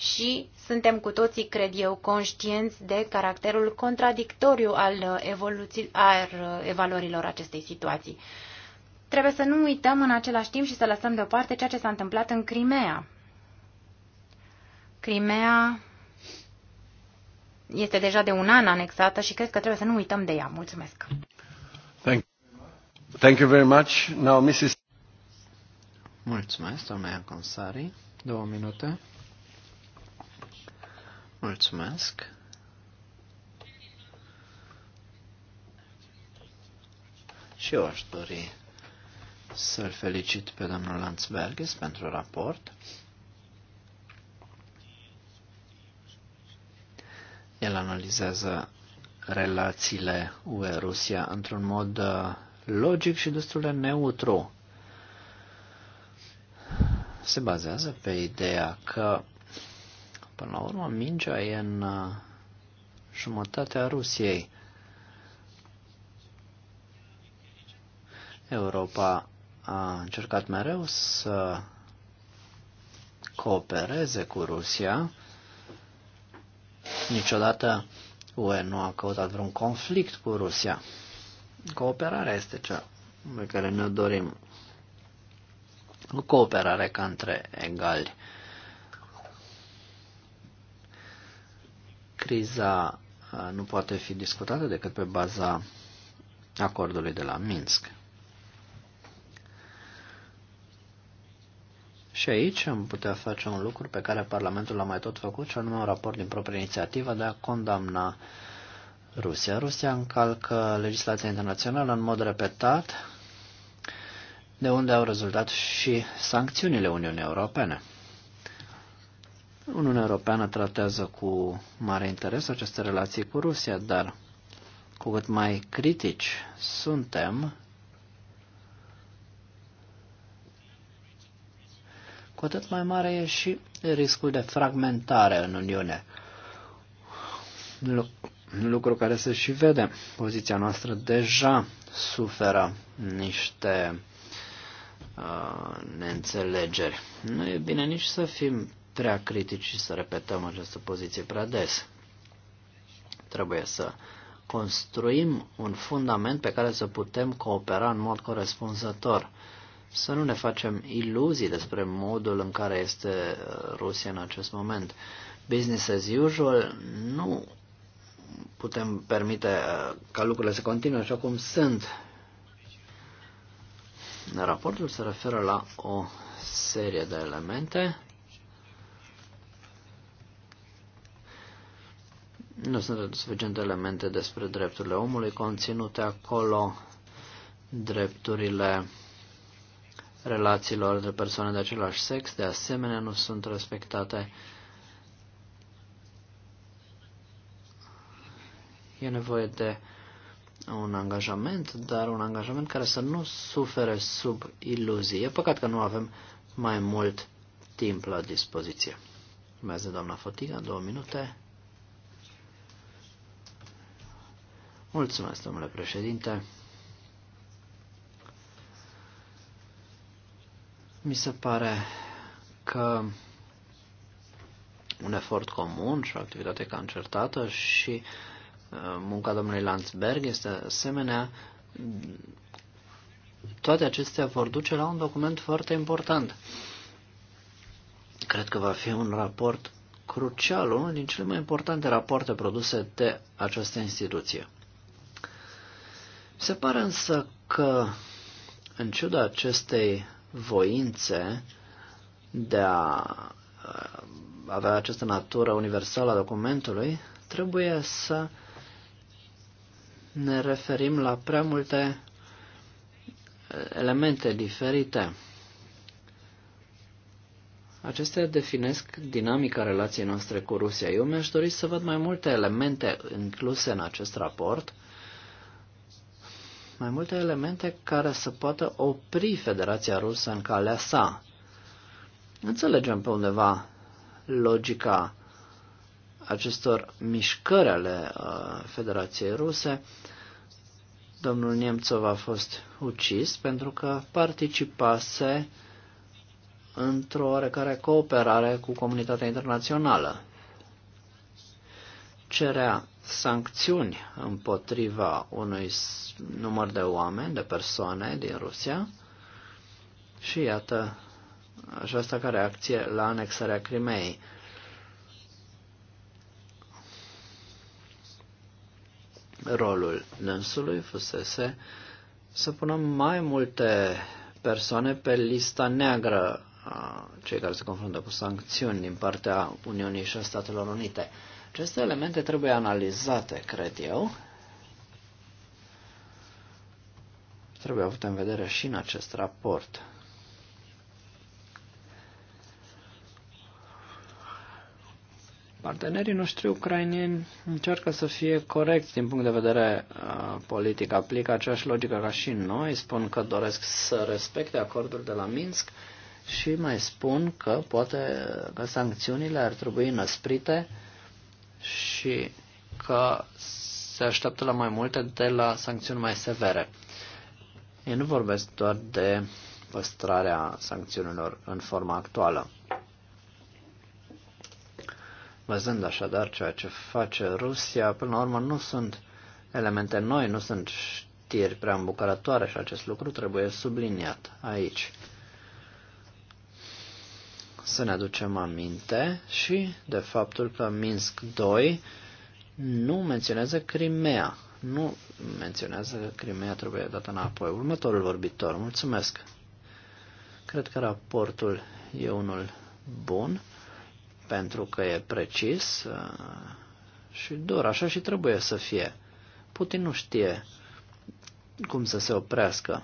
și suntem cu toții, cred eu, conștienți de caracterul contradictoriu al, uh, evoluții, al uh, evaluărilor acestei situații. Trebuie să nu uităm în același timp și să lăsăm deoparte ceea ce s-a întâmplat în Crimea. Crimea este deja de un an anexată și cred că trebuie să nu uităm de ea. Mulțumesc. Thank, Thank you very much. Now, Mrs. Mulțumesc, doamna Consari. Două minute. Mulțumesc. Și eu aș dori să-l felicit pe domnul Landsbergis pentru raport. El analizează relațiile UE-Rusia într-un mod uh, logic și destul de neutru. Se bazează pe ideea că Până la urmă, mingea e în uh, jumătatea Rusiei. Europa a încercat mereu să coopereze cu Rusia. Niciodată UE nu a căutat vreun conflict cu Rusia. Cooperarea este cea pe care ne dorim. O cooperare ca între egali. Criza uh, nu poate fi discutată decât pe baza acordului de la Minsk. Și aici am putea face un lucru pe care Parlamentul l-a mai tot făcut, și anume un raport din proprie inițiativă de a condamna Rusia. Rusia încalcă legislația internațională în mod repetat, de unde au rezultat și sancțiunile Uniunii Europene. Uniunea Europeană tratează cu mare interes aceste relații cu Rusia, dar cu cât mai critici suntem, cu atât mai mare e și riscul de fragmentare în Uniune. Lucru care se și vede. Poziția noastră deja suferă niște uh, neînțelegeri. Nu e bine nici să fim prea critici și să repetăm această poziție prea des. Trebuie să construim un fundament pe care să putem coopera în mod corespunzător. Să nu ne facem iluzii despre modul în care este uh, Rusia în acest moment. Business as usual nu putem permite uh, ca lucrurile să continue așa cum sunt. Raportul se referă la o serie de elemente Nu sunt suficient elemente despre drepturile omului conținute acolo, drepturile relațiilor de persoane de același sex, de asemenea, nu sunt respectate. E nevoie de un angajament, dar un angajament care să nu sufere sub iluzii. E păcat că nu avem mai mult timp la dispoziție. Urmează doamna Fotiga, două minute. Mulțumesc, domnule președinte. Mi se pare că un efort comun și o activitate concertată și uh, munca domnului Landsberg este asemenea. Toate acestea vor duce la un document foarte important. Cred că va fi un raport crucial, unul din cele mai importante rapoarte produse de această instituție. Se pare însă că, în ciuda acestei voințe de a uh, avea această natură universală a documentului, trebuie să ne referim la prea multe uh, elemente diferite. Acestea definesc dinamica relației noastre cu Rusia. Eu mi-aș dori să văd mai multe elemente incluse în acest raport mai multe elemente care să poată opri Federația Rusă în calea sa. Înțelegem pe undeva logica acestor mișcări ale uh, Federației Ruse. Domnul Nemțov a fost ucis pentru că participase într-o oarecare cooperare cu comunitatea internațională. Cerea sancțiuni împotriva unui număr de oameni, de persoane din Rusia și iată și asta ca reacție la anexarea Crimeei. Rolul dânsului fusese să pună mai multe persoane pe lista neagră a cei care se confruntă cu sancțiuni din partea Uniunii și a Statelor Unite. Aceste elemente trebuie analizate, cred eu. Trebuie avut în vedere și în acest raport. Partenerii noștri ucrainieni încearcă să fie corecți din punct de vedere uh, politic, aplică aceeași logică ca și noi, spun că doresc să respecte acordul de la Minsk și mai spun că poate că sancțiunile ar trebui năsprite uh, și că se așteaptă la mai multe de la sancțiuni mai severe. Eu nu vorbesc doar de păstrarea sancțiunilor în forma actuală. Văzând așadar ceea ce face Rusia, până la urmă nu sunt elemente noi, nu sunt știri prea îmbucărătoare și acest lucru trebuie subliniat aici să ne aducem aminte și de faptul că Minsk 2 nu menționează Crimea. Nu menționează că Crimea trebuie dată înapoi. Următorul vorbitor, mulțumesc. Cred că raportul e unul bun pentru că e precis uh, și dur, așa și trebuie să fie. Putin nu știe cum să se oprească.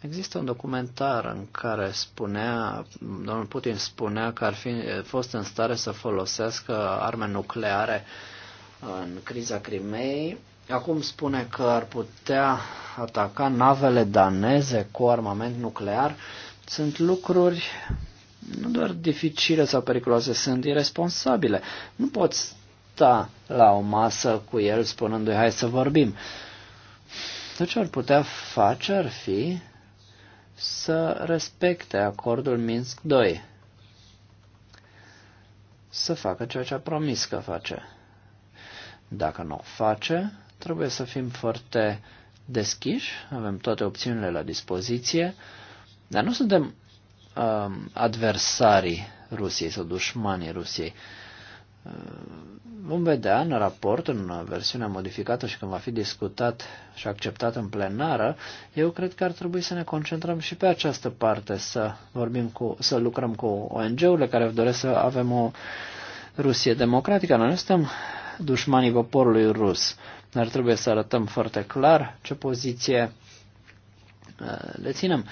Există un documentar în care spunea, domnul Putin spunea că ar fi fost în stare să folosească arme nucleare în criza Crimeei. Acum spune că ar putea ataca navele daneze cu armament nuclear. Sunt lucruri nu doar dificile sau periculoase, sunt irresponsabile. Nu poți sta la o masă cu el spunându-i hai să vorbim. Tot deci ce ar putea face ar fi să respecte acordul Minsk 2, să facă ceea ce a promis că face. Dacă nu o face, trebuie să fim foarte deschiși, avem toate opțiunile la dispoziție, dar nu suntem um, adversarii Rusiei sau dușmanii Rusiei. Vom vedea în raport, în versiunea modificată și când va fi discutat și acceptat în plenară, eu cred că ar trebui să ne concentrăm și pe această parte, să vorbim cu, să lucrăm cu ONG-urile care doresc să avem o Rusie democratică. Noi nu suntem dușmanii poporului rus, dar trebuie să arătăm foarte clar ce poziție uh, le ținem.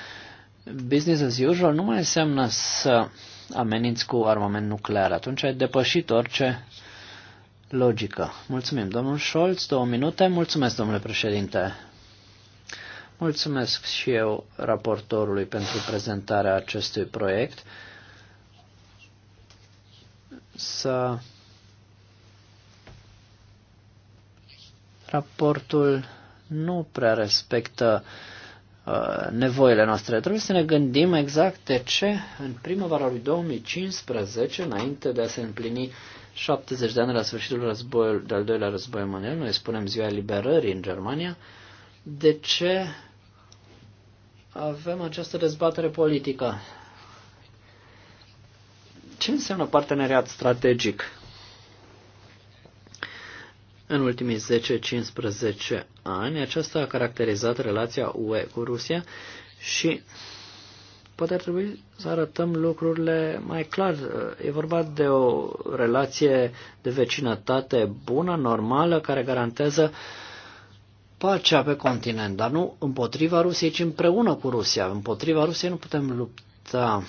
Business as usual nu mai înseamnă să ameninți cu armament nuclear. Atunci ai depășit orice uh, logică. Mulțumim, domnul Scholz, două minute. Mulțumesc, domnule președinte. Mulțumesc și eu raportorului pentru prezentarea acestui proiect. Să raportul nu prea respectă uh, nevoile noastre. Trebuie să ne gândim exact de ce în primăvara lui 2015, înainte de a se împlini 70 de ani la sfârșitul războiului, de-al doilea război mondial, noi spunem ziua eliberării în Germania, de ce avem această dezbatere politică? Ce înseamnă parteneriat strategic? În ultimii 10-15 ani, aceasta a caracterizat relația UE cu Rusia și poate ar trebui să arătăm lucrurile mai clar. E vorba de o relație de vecinătate bună, normală, care garantează pacea pe continent, dar nu împotriva Rusiei, ci împreună cu Rusia. Împotriva Rusiei nu putem lupta.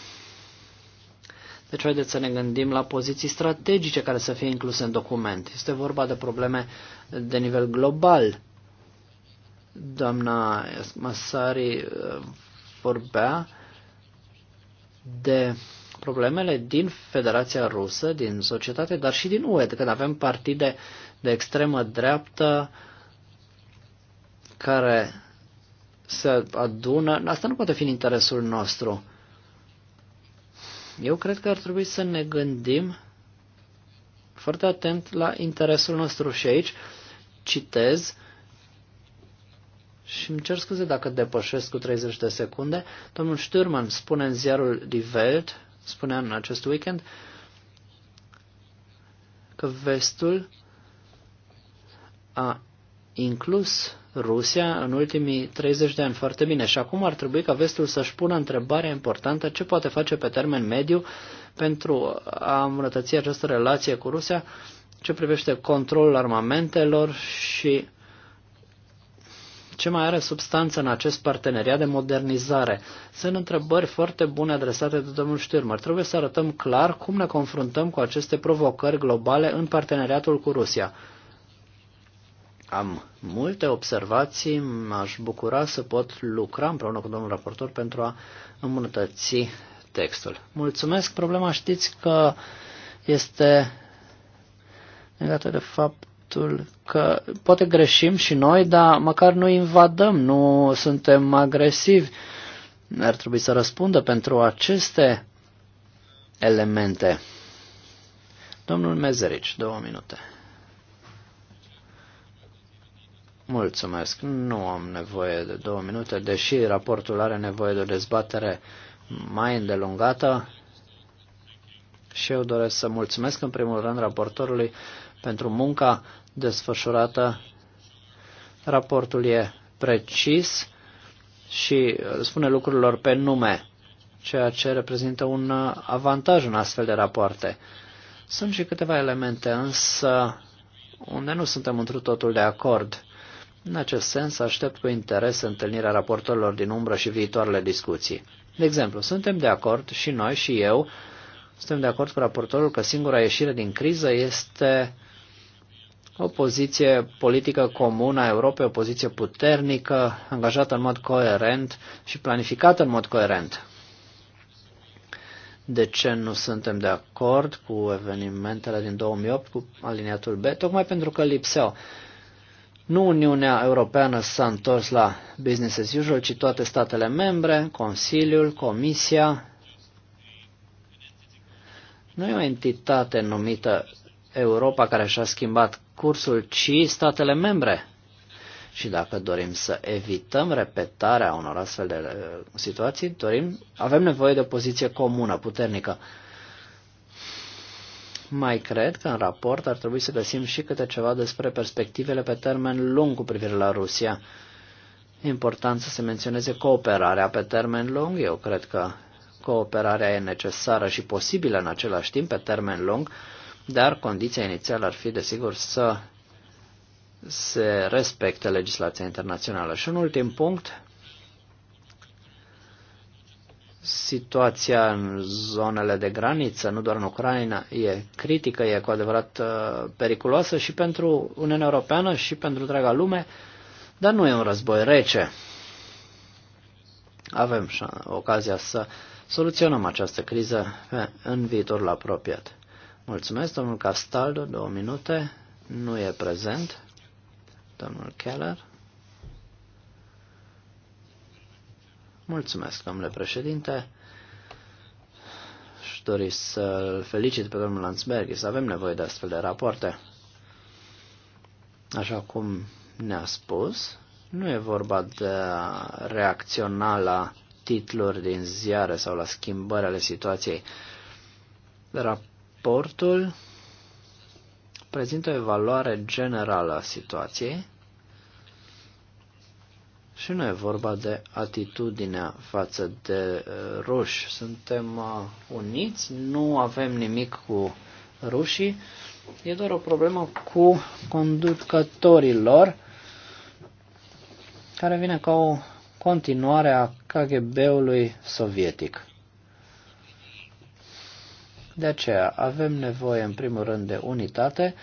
Deci haideți să ne gândim la poziții strategice care să fie incluse în document. Este vorba de probleme de nivel global. Doamna Masari uh, vorbea de problemele din Federația Rusă, din societate, dar și din UE, când avem partide de extremă dreaptă care se adună. Asta nu poate fi în interesul nostru. Eu cred că ar trebui să ne gândim foarte atent la interesul nostru și aici citez uh, și îmi cer scuze dacă depășesc cu 30 de secunde, domnul Stürman spune în ziarul Die Welt, spunea în acest weekend, că vestul a inclus Rusia în ultimii 30 de ani foarte bine și acum ar trebui ca vestul să-și pună întrebarea importantă ce poate face pe termen mediu pentru a îmbunătăți această relație cu Rusia ce privește controlul armamentelor și ce mai are substanță în acest parteneriat de modernizare? Sunt întrebări foarte bune adresate de domnul Stürmer. Trebuie să arătăm clar cum ne confruntăm cu aceste provocări globale în parteneriatul cu Rusia. Am multe observații, m-aș bucura să pot lucra împreună cu domnul raportor pentru a îmbunătăți textul. Mulțumesc, problema știți că este legată de fapt faptul că poate greșim și noi, dar măcar nu invadăm, nu suntem agresivi. Ar trebui să răspundă pentru aceste elemente. Domnul Mezerici, două minute. Mulțumesc. Nu am nevoie de două minute, deși raportul are nevoie de o dezbatere mai îndelungată. Și eu doresc să mulțumesc în primul rând raportorului pentru munca desfășurată. Raportul e precis și uh, spune lucrurilor pe nume, ceea ce reprezintă un uh, avantaj în astfel de rapoarte. Sunt și câteva elemente, însă, unde nu suntem întru totul de acord. În acest sens, aștept cu interes întâlnirea raportorilor din umbră și viitoarele discuții. De exemplu, suntem de acord și noi și eu, suntem de acord cu raportorul că singura ieșire din criză este o poziție politică comună a Europei, o poziție puternică, angajată în mod coerent și planificată în mod coerent. De ce nu suntem de acord cu evenimentele din 2008, cu aliniatul B? Tocmai pentru că lipseau. Nu Uniunea Europeană s-a întors la business as usual, ci toate statele membre, Consiliul, Comisia. Nu e o entitate numită Europa care și-a schimbat cursul, ci statele membre. Și dacă dorim să evităm repetarea unor astfel de uh, situații, dorim, avem nevoie de o poziție comună, puternică. Mai cred că în raport ar trebui să găsim și câte ceva despre perspectivele pe termen lung cu privire la Rusia. E important să se menționeze cooperarea pe termen lung. Eu cred că cooperarea e necesară și posibilă în același timp pe termen lung dar condiția inițială ar fi, desigur, să se respecte legislația internațională. Și un ultim punct, situația în zonele de graniță, nu doar în Ucraina, e critică, e cu adevărat uh, periculoasă și pentru Uniunea Europeană și pentru întreaga lume, dar nu e un război rece. Avem ocazia să soluționăm această criză în viitorul apropiat. Mulțumesc, domnul Castaldo, două minute. Nu e prezent. Domnul Keller. Mulțumesc, domnule președinte. Și dori să-l felicit pe domnul Să Avem nevoie de astfel de rapoarte. Așa cum ne-a spus, nu e vorba de a reacționa la titluri din ziare sau la schimbări ale situației. Dar Raportul prezintă o evaluare generală a situației și nu e vorba de atitudinea față de uh, ruși. Suntem uh, uniți, nu avem nimic cu rușii, e doar o problemă cu conducătorii lor, care vine ca o continuare a KGB-ului sovietic. De aceea avem nevoie în primul rând de unitate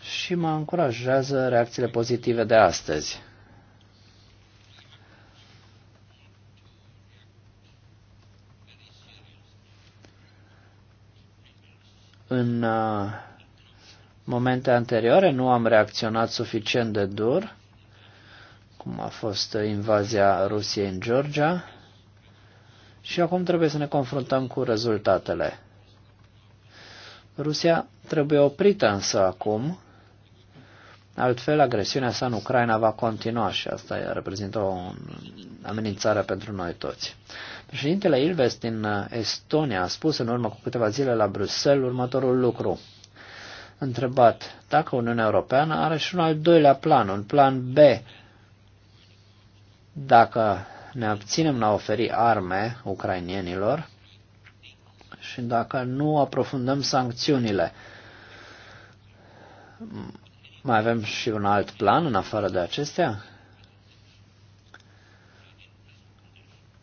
și mă încurajează reacțiile pozitive de astăzi. În uh, momente anterioare nu am reacționat suficient de dur, cum a fost invazia Rusiei în Georgia, și acum trebuie să ne confruntăm cu rezultatele. Rusia trebuie oprită însă acum, altfel agresiunea sa în Ucraina va continua și asta reprezintă o amenințare pentru noi toți. Președintele Ilves din Estonia a spus în urmă cu câteva zile la Bruxelles următorul lucru. Întrebat dacă Uniunea Europeană are și un al doilea plan, un plan B, dacă ne abținem la oferi arme ucrainienilor, și dacă nu aprofundăm sancțiunile. Mai avem și un alt plan în afară de acestea?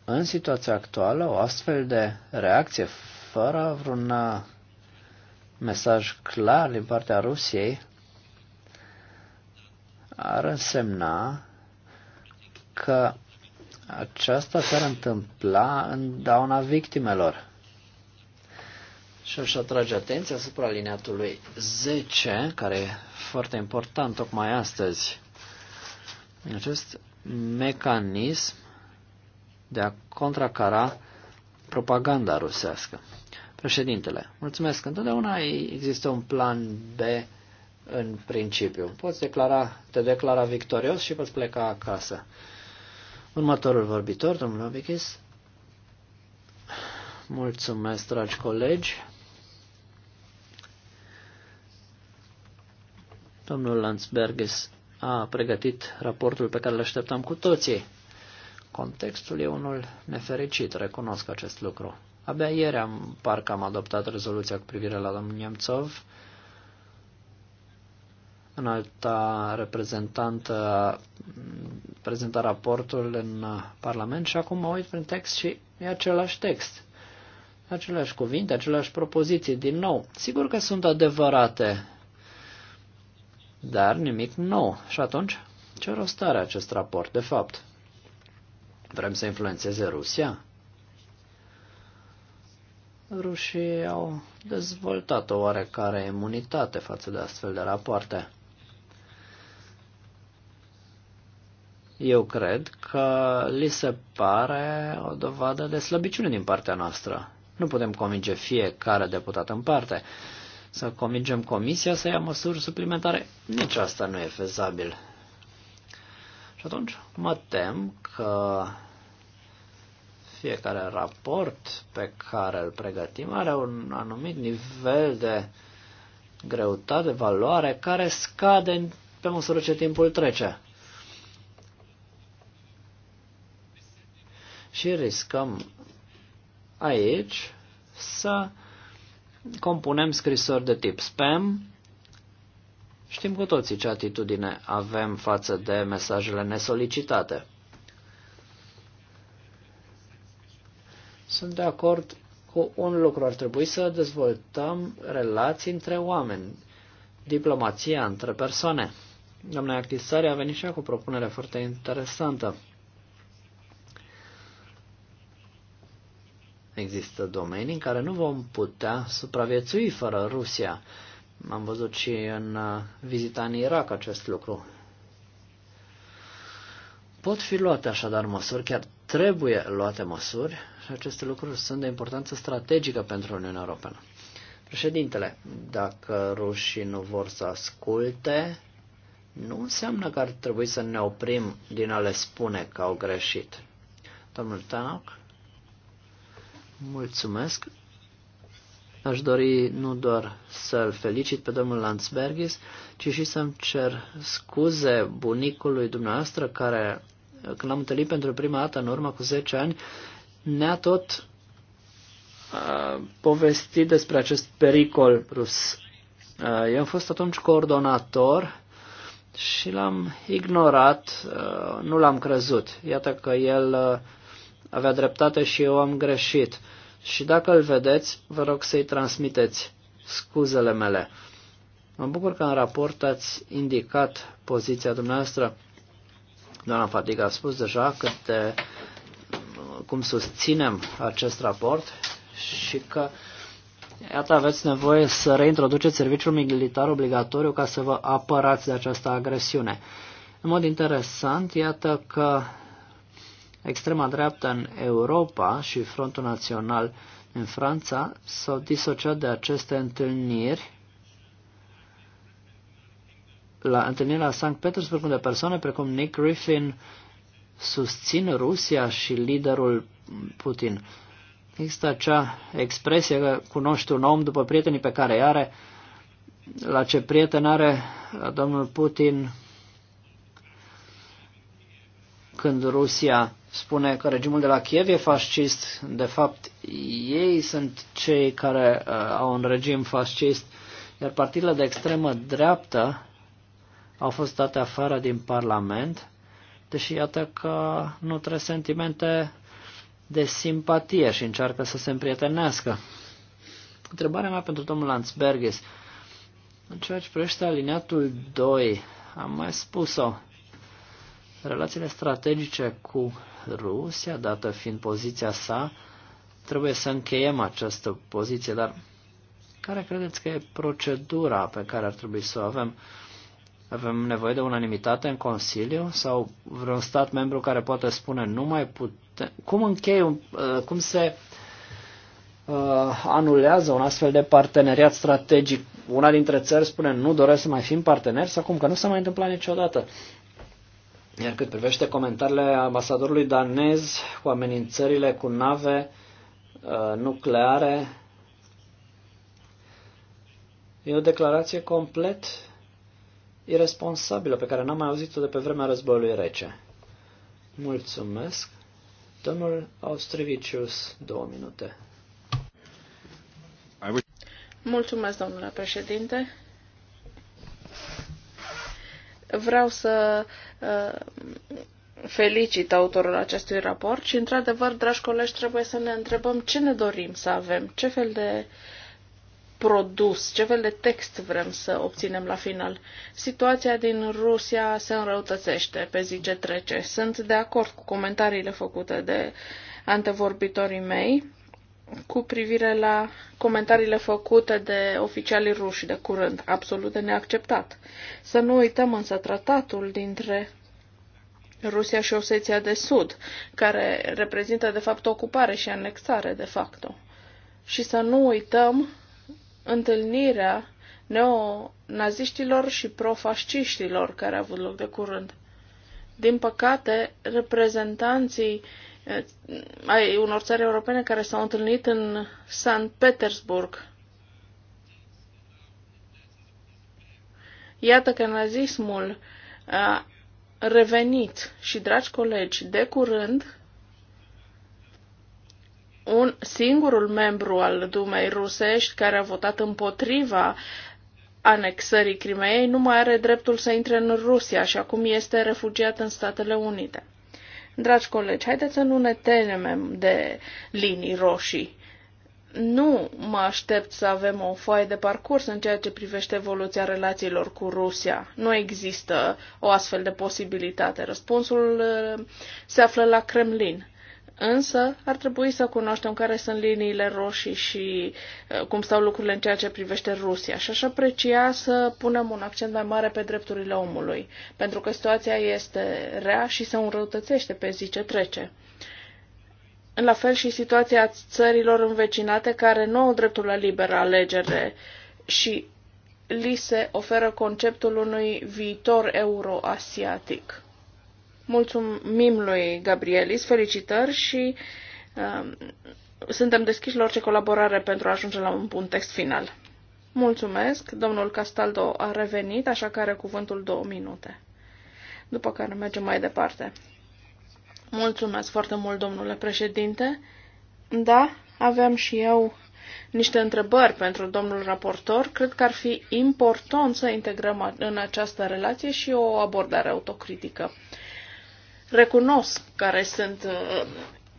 În situația actuală, o astfel de reacție fără vreun mesaj clar din partea Rusiei ar însemna că aceasta s-ar întâmpla în dauna victimelor. Și aș atrage atenția asupra alineatului 10, care e foarte important tocmai astăzi. Acest mecanism de a contracara propaganda rusească. Președintele, mulțumesc. Întotdeauna există un plan B în principiu. Poți declara, te declara victorios și poți pleca acasă. Următorul vorbitor, domnul Obichis. Mulțumesc, dragi colegi. Domnul Landsbergis a pregătit raportul pe care îl așteptam cu toții. Contextul e unul nefericit, recunosc acest lucru. Abia ieri am, parcă am adoptat rezoluția cu privire la domnul Nemțov, în alta reprezentantă prezenta raportul în Parlament și acum mă uit prin text și e același text. Aceleași cuvinte, aceleași propoziții, din nou. Sigur că sunt adevărate, dar nimic nou. Și atunci, ce rost are acest raport, de fapt? Vrem să influențeze Rusia? Rușii au dezvoltat o oarecare imunitate față de astfel de rapoarte. Eu cred că li se pare o dovadă de slăbiciune din partea noastră. Nu putem convinge fiecare deputat în parte să convingem comisia să ia măsuri suplimentare. Nici asta nu e fezabil. Și atunci mă tem că fiecare raport pe care îl pregătim are un anumit nivel de greutate, valoare, care scade pe măsură ce timpul trece. Și riscăm aici să compunem scrisori de tip spam. Știm cu toții ce atitudine avem față de mesajele nesolicitate. Sunt de acord cu un lucru. Ar trebui să dezvoltăm relații între oameni, diplomația între persoane. Doamna Actisari a venit și cu o propunere foarte interesantă. Există domenii în care nu vom putea supraviețui fără Rusia. Am văzut și în uh, vizita în Irak acest lucru. Pot fi luate așadar măsuri, chiar trebuie luate măsuri și aceste lucruri sunt de importanță strategică pentru Uniunea Europeană. Președintele, dacă rușii nu vor să asculte, nu înseamnă că ar trebui să ne oprim din a le spune că au greșit. Domnul Tanac? Mulțumesc. Aș dori nu doar să-l felicit pe domnul Landsbergis, ci și să-mi cer scuze bunicului dumneavoastră care, când l-am întâlnit pentru prima dată în urmă cu 10 ani, ne-a tot uh, povestit despre acest pericol rus. Uh, eu am fost atunci coordonator și l-am ignorat, uh, nu l-am crezut. Iată că el uh, avea dreptate și eu am greșit. Și dacă îl vedeți, vă rog să-i transmiteți scuzele mele. Mă bucur că în raport ați indicat poziția dumneavoastră. Doamna Fadiga a spus deja câte, cum susținem acest raport și că iată aveți nevoie să reintroduceți serviciul militar obligatoriu ca să vă apărați de această agresiune. În mod interesant, iată că Extrema dreaptă în Europa și Frontul Național în Franța s-au disociat de aceste întâlniri la întâlnirea la Sankt Petersburg, unde persoane precum Nick Griffin susțin Rusia și liderul Putin. Există acea expresie că cunoști un om după prietenii pe care îi are, la ce prieten are domnul Putin când Rusia spune că regimul de la Kiev e fascist, de fapt ei sunt cei care uh, au un regim fascist, iar partidele de extremă dreaptă au fost date afară din Parlament, deși iată că nu trebuie sentimente de simpatie și încearcă să se împrietenească. Întrebarea mea pentru domnul Landsbergis. În ceea ce privește aliniatul 2, am mai spus-o, Relațiile strategice cu Rusia, dată fiind poziția sa, trebuie să încheiem această poziție, dar care credeți că e procedura pe care ar trebui să o avem? Avem nevoie de unanimitate în Consiliu sau vreun stat membru care poate spune nu mai putem? Cum închei, uh, cum se uh, anulează un astfel de parteneriat strategic? Una dintre țări spune nu doresc să mai fim parteneri sau cum? Că nu s-a mai întâmplat niciodată. Iar cât privește comentariile ambasadorului danez cu amenințările cu nave uh, nucleare, e o declarație complet irresponsabilă pe care n-am mai auzit-o de pe vremea războiului rece. Mulțumesc. Domnul Austrivicius, două minute. Mulțumesc, domnule președinte. Vreau să uh, felicit autorul acestui raport și, într-adevăr, dragi colegi, trebuie să ne întrebăm ce ne dorim să avem, ce fel de produs, ce fel de text vrem să obținem la final. Situația din Rusia se înrăutățește pe zi ce trece. Sunt de acord cu comentariile făcute de antevorbitorii mei cu privire la comentariile făcute de oficialii ruși de curând, absolut de neacceptat. Să nu uităm însă tratatul dintre Rusia și Oseția de Sud, care reprezintă de fapt ocupare și anexare de facto. Și să nu uităm întâlnirea neonaziștilor și profasciștilor care a avut loc de curând. Din păcate, reprezentanții uh, ai unor țări europene care s-au întâlnit în San Petersburg. Iată că nazismul a revenit și, dragi colegi, de curând un singurul membru al Dumei rusești care a votat împotriva anexării Crimeei nu mai are dreptul să intre în Rusia și acum este refugiat în Statele Unite. Dragi colegi, haideți să nu ne temem de linii roșii. Nu mă aștept să avem o foaie de parcurs în ceea ce privește evoluția relațiilor cu Rusia. Nu există o astfel de posibilitate. Răspunsul uh, se află la Kremlin. Însă ar trebui să cunoaștem care sunt liniile roșii și uh, cum stau lucrurile în ceea ce privește Rusia și aș aprecia să punem un accent mai mare pe drepturile omului, pentru că situația este rea și se înrăutățește pe zi ce trece. La fel și situația țărilor învecinate care nu au dreptul la liberă alegere și li se oferă conceptul unui viitor euroasiatic. Mulțumim lui Gabrielis, felicitări și uh, suntem deschiși la orice colaborare pentru a ajunge la un bun text final. Mulțumesc, domnul Castaldo a revenit, așa că are cuvântul două minute. După care mergem mai departe. Mulțumesc foarte mult, domnule președinte. Da, aveam și eu niște întrebări pentru domnul raportor. Cred că ar fi important să integrăm în această relație și o abordare autocritică recunosc care sunt uh,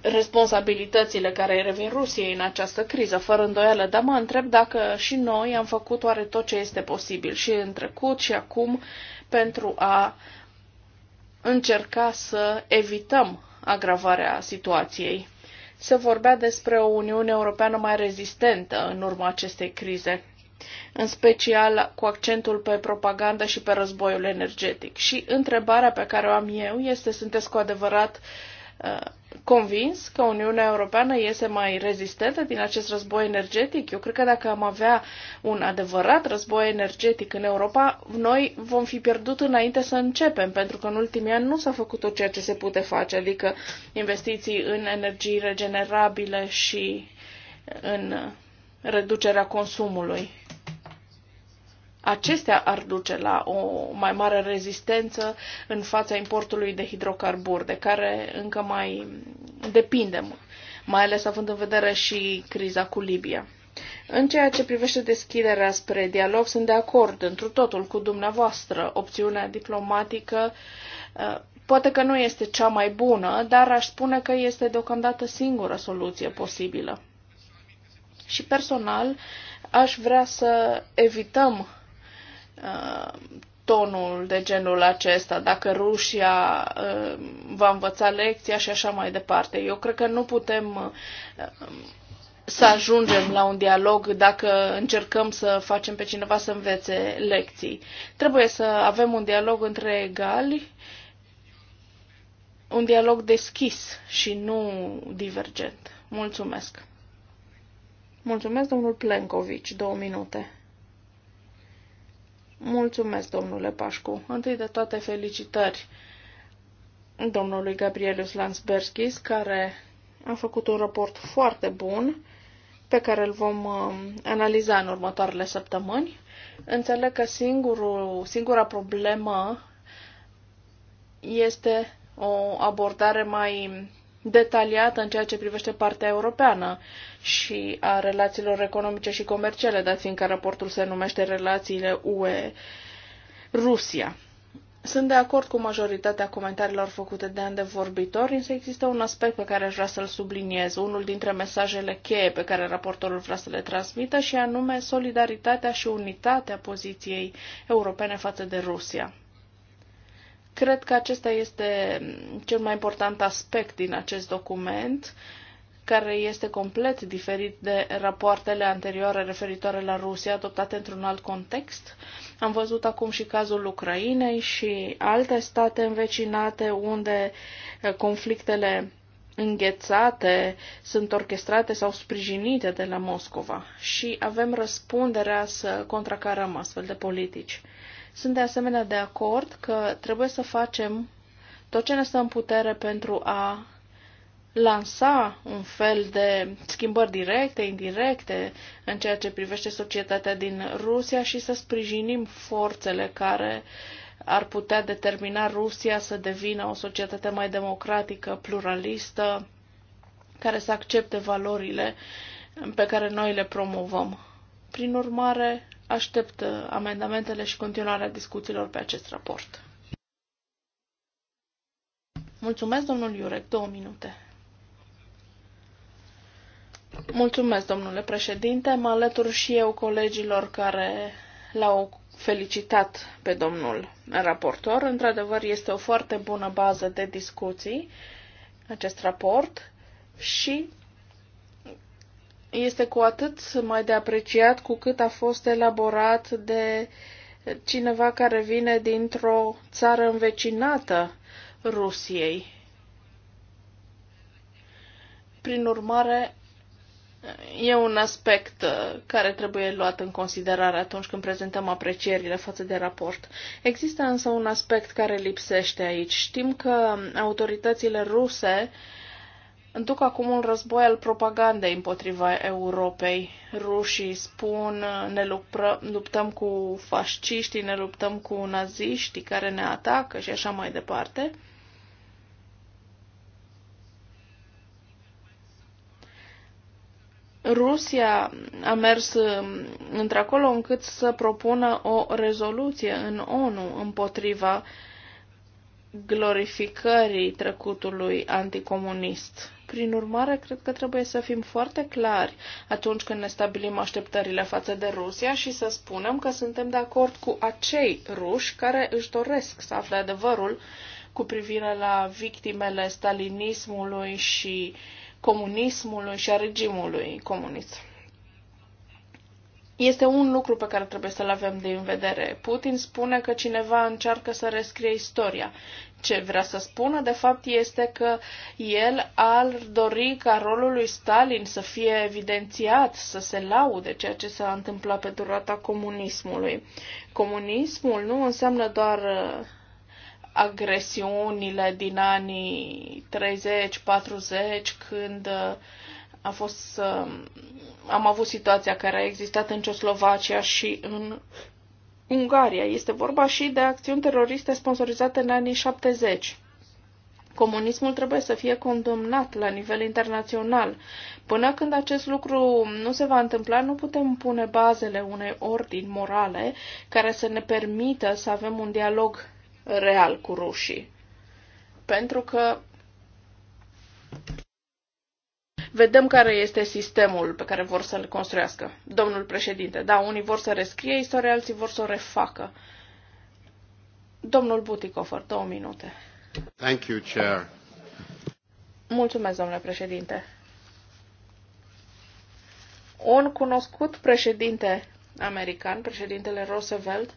responsabilitățile care revin Rusiei în această criză, fără îndoială, dar mă întreb dacă și noi am făcut oare tot ce este posibil și în trecut și acum pentru a încerca să evităm agravarea situației. Se vorbea despre o Uniune Europeană mai rezistentă în urma acestei crize în special cu accentul pe propagandă și pe războiul energetic. Și întrebarea pe care o am eu este, sunteți cu adevărat uh, convins că Uniunea Europeană iese mai rezistentă din acest război energetic? Eu cred că dacă am avea un adevărat război energetic în Europa, noi vom fi pierdut înainte să începem, pentru că în ultimii ani nu s-a făcut tot ceea ce se pute face, adică investiții în energii regenerabile și în reducerea consumului. Acestea ar duce la o mai mare rezistență în fața importului de hidrocarburi, de care încă mai depindem, mai ales având în vedere și criza cu Libia. În ceea ce privește deschiderea spre dialog, sunt de acord întru totul cu dumneavoastră. Opțiunea diplomatică uh, poate că nu este cea mai bună, dar aș spune că este deocamdată singura soluție posibilă. Și personal, aș vrea să evităm Uh, tonul de genul acesta, dacă Rusia uh, va învăța lecția și așa mai departe. Eu cred că nu putem uh, să ajungem la un dialog dacă încercăm să facem pe cineva să învețe lecții. Trebuie să avem un dialog între egali, un dialog deschis și nu divergent. Mulțumesc! Mulțumesc, domnul Plenkovici, două minute. Mulțumesc, domnule Pașcu. Întâi de toate felicitări domnului Gabrielius Lansberskis, care a făcut un raport foarte bun pe care îl vom um, analiza în următoarele săptămâni. Înțeleg că singurul, singura problemă este o abordare mai detaliată în ceea ce privește partea europeană și a relațiilor economice și comerciale, dat fiindcă raportul se numește Relațiile UE-Rusia. Sunt de acord cu majoritatea comentariilor făcute de ani de vorbitori, însă există un aspect pe care aș vrea să-l subliniez, unul dintre mesajele cheie pe care raportorul vrea să le transmită și anume solidaritatea și unitatea poziției europene față de Rusia. Cred că acesta este cel mai important aspect din acest document, care este complet diferit de rapoartele anterioare referitoare la Rusia, adoptate într-un alt context. Am văzut acum și cazul Ucrainei și alte state învecinate unde eh, conflictele înghețate sunt orchestrate sau sprijinite de la Moscova și avem răspunderea să contracarăm astfel de politici. Sunt de asemenea de acord că trebuie să facem tot ce ne stă în putere pentru a lansa un fel de schimbări directe, indirecte în ceea ce privește societatea din Rusia și să sprijinim forțele care ar putea determina Rusia să devină o societate mai democratică, pluralistă, care să accepte valorile pe care noi le promovăm. Prin urmare, Aștept uh, amendamentele și continuarea discuțiilor pe acest raport. Mulțumesc, domnul Iurec. Două minute. Mulțumesc, domnule președinte. Mă alătur și eu colegilor care l-au felicitat pe domnul raportor. Într-adevăr, este o foarte bună bază de discuții acest raport și este cu atât mai de apreciat cu cât a fost elaborat de cineva care vine dintr-o țară învecinată Rusiei. Prin urmare, e un aspect uh, care trebuie luat în considerare atunci când prezentăm aprecierile față de raport. Există însă un aspect care lipsește aici. Știm că autoritățile ruse uh, Înduc acum un război al propagandei împotriva Europei. Rușii spun ne lupră, luptăm cu fasciștii, ne luptăm cu naziștii care ne atacă și așa mai departe. Rusia a mers într-acolo încât să propună o rezoluție în ONU împotriva uh, glorificării trecutului anticomunist. Prin urmare, cred că trebuie să fim foarte clari atunci când ne stabilim așteptările față de Rusia și să spunem că suntem de acord cu acei ruși care își doresc să afle adevărul cu privire la victimele stalinismului și comunismului și a regimului comunist este un lucru pe care trebuie să-l avem de în vedere. Putin spune că cineva încearcă să rescrie istoria. Ce vrea să spună, de fapt, este că el ar dori ca rolul lui Stalin să fie evidențiat, să se laude ceea ce s-a întâmplat pe durata comunismului. Comunismul nu înseamnă doar uh, agresiunile din anii 30-40, când uh, a fost, um, am avut situația care a existat în Ceoslovacia și în Ungaria. Este vorba și de acțiuni teroriste sponsorizate în anii 70. Comunismul trebuie să fie condamnat la nivel internațional. Până când acest lucru nu se va întâmpla, nu putem pune bazele unei ordini morale care să ne permită să avem un dialog real cu rușii. Pentru că vedem care este sistemul pe care vor să-l construiască. Domnul președinte, da, unii vor să rescrie istoria, alții vor să o refacă. Domnul Butikofer, două minute. Thank you, Chair. Mulțumesc, domnule președinte. Un cunoscut președinte american, președintele Roosevelt,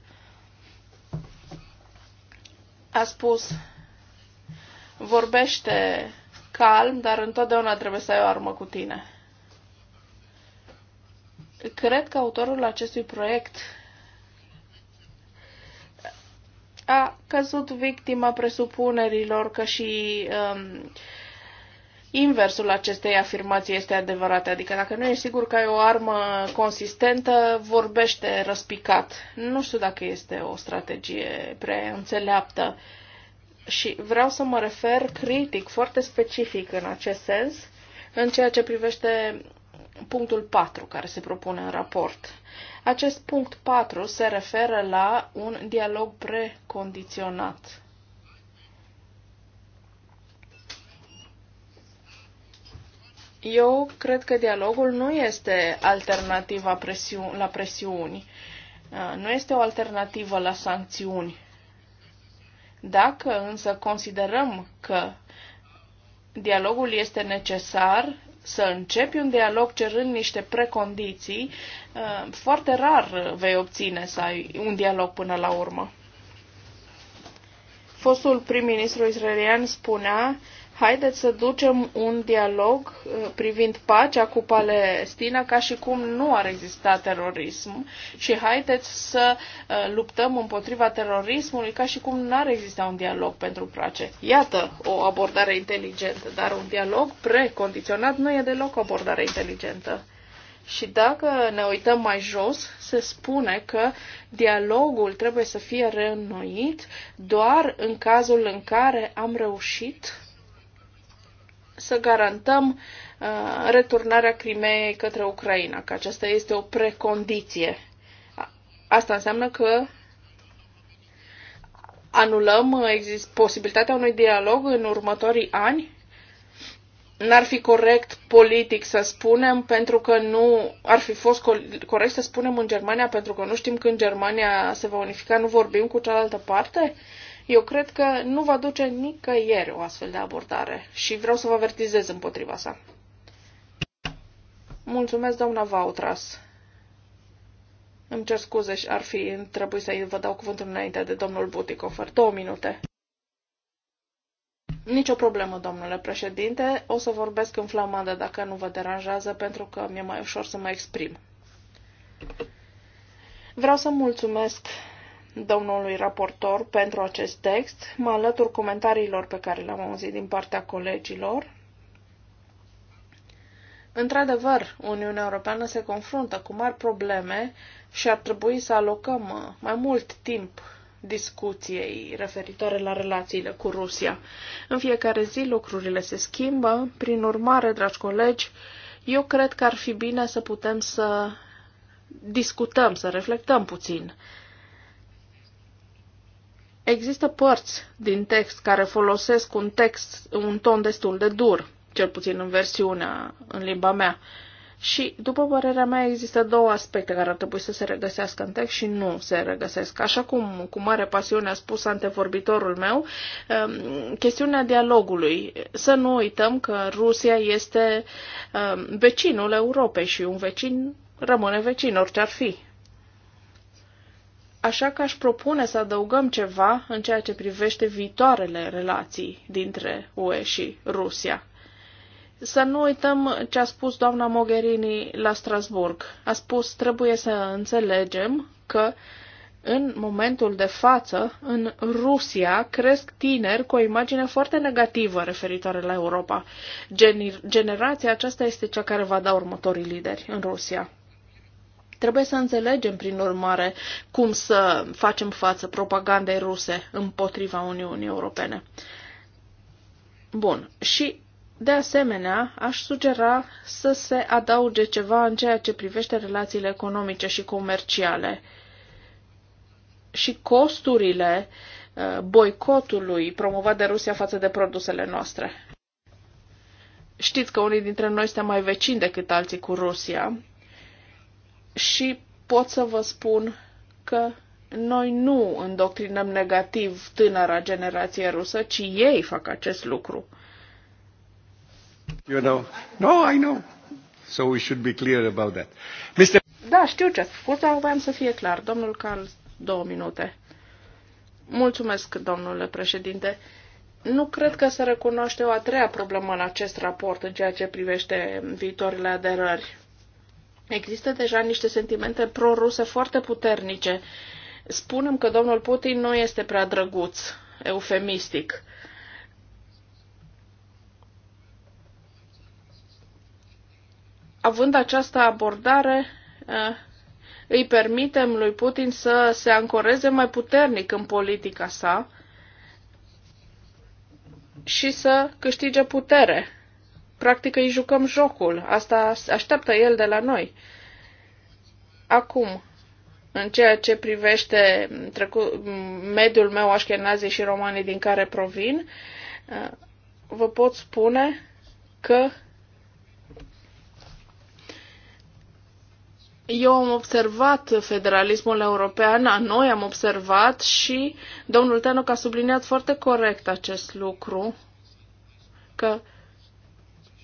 a spus, vorbește calm, dar întotdeauna trebuie să ai o armă cu tine. Cred că autorul acestui proiect a căzut victima presupunerilor că și um, inversul acestei afirmații este adevărat. Adică dacă nu ești sigur că ai o armă consistentă, vorbește răspicat. Nu știu dacă este o strategie prea înțeleaptă. Uh, și vreau să mă refer critic, foarte specific în acest sens, în ceea ce privește punctul 4 care se propune în raport. Acest punct 4 se referă la un dialog precondiționat. Eu cred că dialogul nu este alternativa presiu- la presiuni, uh, nu este o alternativă la sancțiuni dacă însă considerăm că dialogul este necesar, să începi un dialog cerând niște precondiții, uh, foarte rar vei obține să ai un dialog până la urmă. Fostul prim-ministru israelian spunea haideți să ducem un dialog uh, privind pacea cu Palestina ca și cum nu ar exista terorism și haideți să uh, luptăm împotriva terorismului ca și cum n-ar exista un dialog pentru pace. Iată o abordare inteligentă, dar un dialog precondiționat nu e deloc o abordare inteligentă. Și dacă ne uităm mai jos, se spune că dialogul trebuie să fie reînnoit doar în cazul în care am reușit să garantăm uh, returnarea Crimeei către Ucraina, că aceasta este o precondiție. Asta înseamnă că anulăm uh, exist, posibilitatea unui dialog în următorii ani. N-ar fi corect politic să spunem, pentru că nu ar fi fost corect să spunem în Germania, pentru că nu știm când Germania se va unifica, nu vorbim cu cealaltă parte. Uh, eu cred că nu va duce nicăieri o astfel de abordare și vreau să vă avertizez împotriva sa. Mulțumesc, doamna Vautras. Îmi cer scuze și ar fi trebuit să vă dau cuvântul înainte de domnul Buticofer. Două minute. Nicio problemă, domnule președinte. O să vorbesc în flamandă dacă nu vă deranjează, pentru că mi-e mai ușor să mă exprim. Vreau să mulțumesc domnului raportor pentru acest text. Mă alătur comentariilor pe care le-am auzit din partea colegilor. Într-adevăr, Uniunea Europeană se confruntă cu mari probleme și ar trebui să alocăm mai mult timp discuției referitoare la relațiile cu Rusia. În fiecare zi lucrurile se schimbă, prin urmare, dragi colegi, eu cred că ar fi bine să putem să discutăm, să reflectăm puțin Există părți din text care folosesc un text, un ton destul de dur, cel puțin în versiunea, în limba mea. Și, după părerea mea, există două aspecte care ar trebui să se regăsească în text și nu se regăsesc. Așa cum cu mare pasiune a spus antevorbitorul meu, um, chestiunea dialogului. Să nu uităm că Rusia este um, vecinul Europei și un vecin rămâne vecin, orice ar fi. Așa că aș propune să adăugăm ceva în ceea ce privește viitoarele relații dintre UE și Rusia. Să nu uităm ce a spus doamna Mogherini la Strasburg. A spus trebuie să înțelegem că în momentul de față, în Rusia, cresc tineri cu o imagine foarte negativă referitoare la Europa. Generația aceasta este cea care va da următorii lideri în Rusia. Trebuie să înțelegem, prin urmare, cum să facem față propagandei ruse împotriva Uniunii Europene. Bun. Și, de asemenea, aș sugera să se adauge ceva în ceea ce privește relațiile economice și comerciale și costurile uh, boicotului promovat de Rusia față de produsele noastre. Știți că unii dintre noi suntem mai vecini decât alții cu Rusia și pot să vă spun că noi nu îndoctrinăm negativ tânăra generație rusă, ci ei fac acest lucru. You know. No, I know. So we should be clear about that. Mr. Da, știu ce a spus, dar voiam să fie clar. Domnul Carl, două minute. Mulțumesc, domnule președinte. Nu cred că se recunoaște o a treia problemă în acest raport în ceea ce privește viitorile aderări Există deja niște sentimente pro-ruse foarte puternice. Spunem că domnul Putin nu este prea drăguț, eufemistic. Având această abordare, eh, îi permitem lui Putin să se ancoreze mai puternic în politica sa și să câștige putere practic îi jucăm jocul. Asta așteaptă el de la noi. Acum, în ceea ce privește trecu- mediul meu așchenazii și romanii din care provin, uh, vă pot spune că eu am observat federalismul european, a noi am observat și domnul Tenoc a subliniat foarte corect acest lucru, că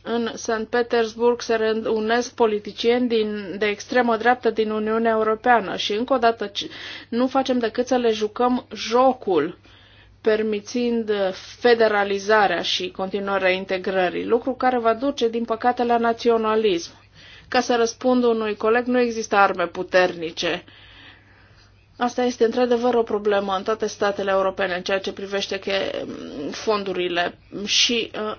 în St. Petersburg se reunesc politicieni din, de extremă dreaptă din Uniunea Europeană și încă o dată nu facem decât să le jucăm jocul permițind federalizarea și continuarea integrării, lucru care va duce, din păcate, la naționalism. Ca să răspund unui coleg, nu există arme puternice. Asta este într-adevăr o problemă în toate statele europene în ceea ce privește fondurile și uh,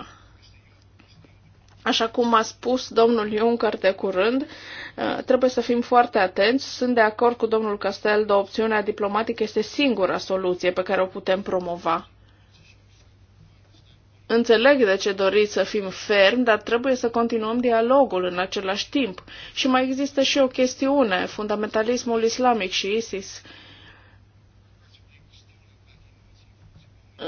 Așa cum a spus domnul Juncker de curând, uh, trebuie să fim foarte atenți. Sunt de acord cu domnul Castel, de opțiunea diplomatică este singura soluție pe care o putem promova. Înțeleg de ce doriți să fim ferm, dar trebuie să continuăm dialogul în același timp. Și mai există și o chestiune, fundamentalismul islamic și ISIS.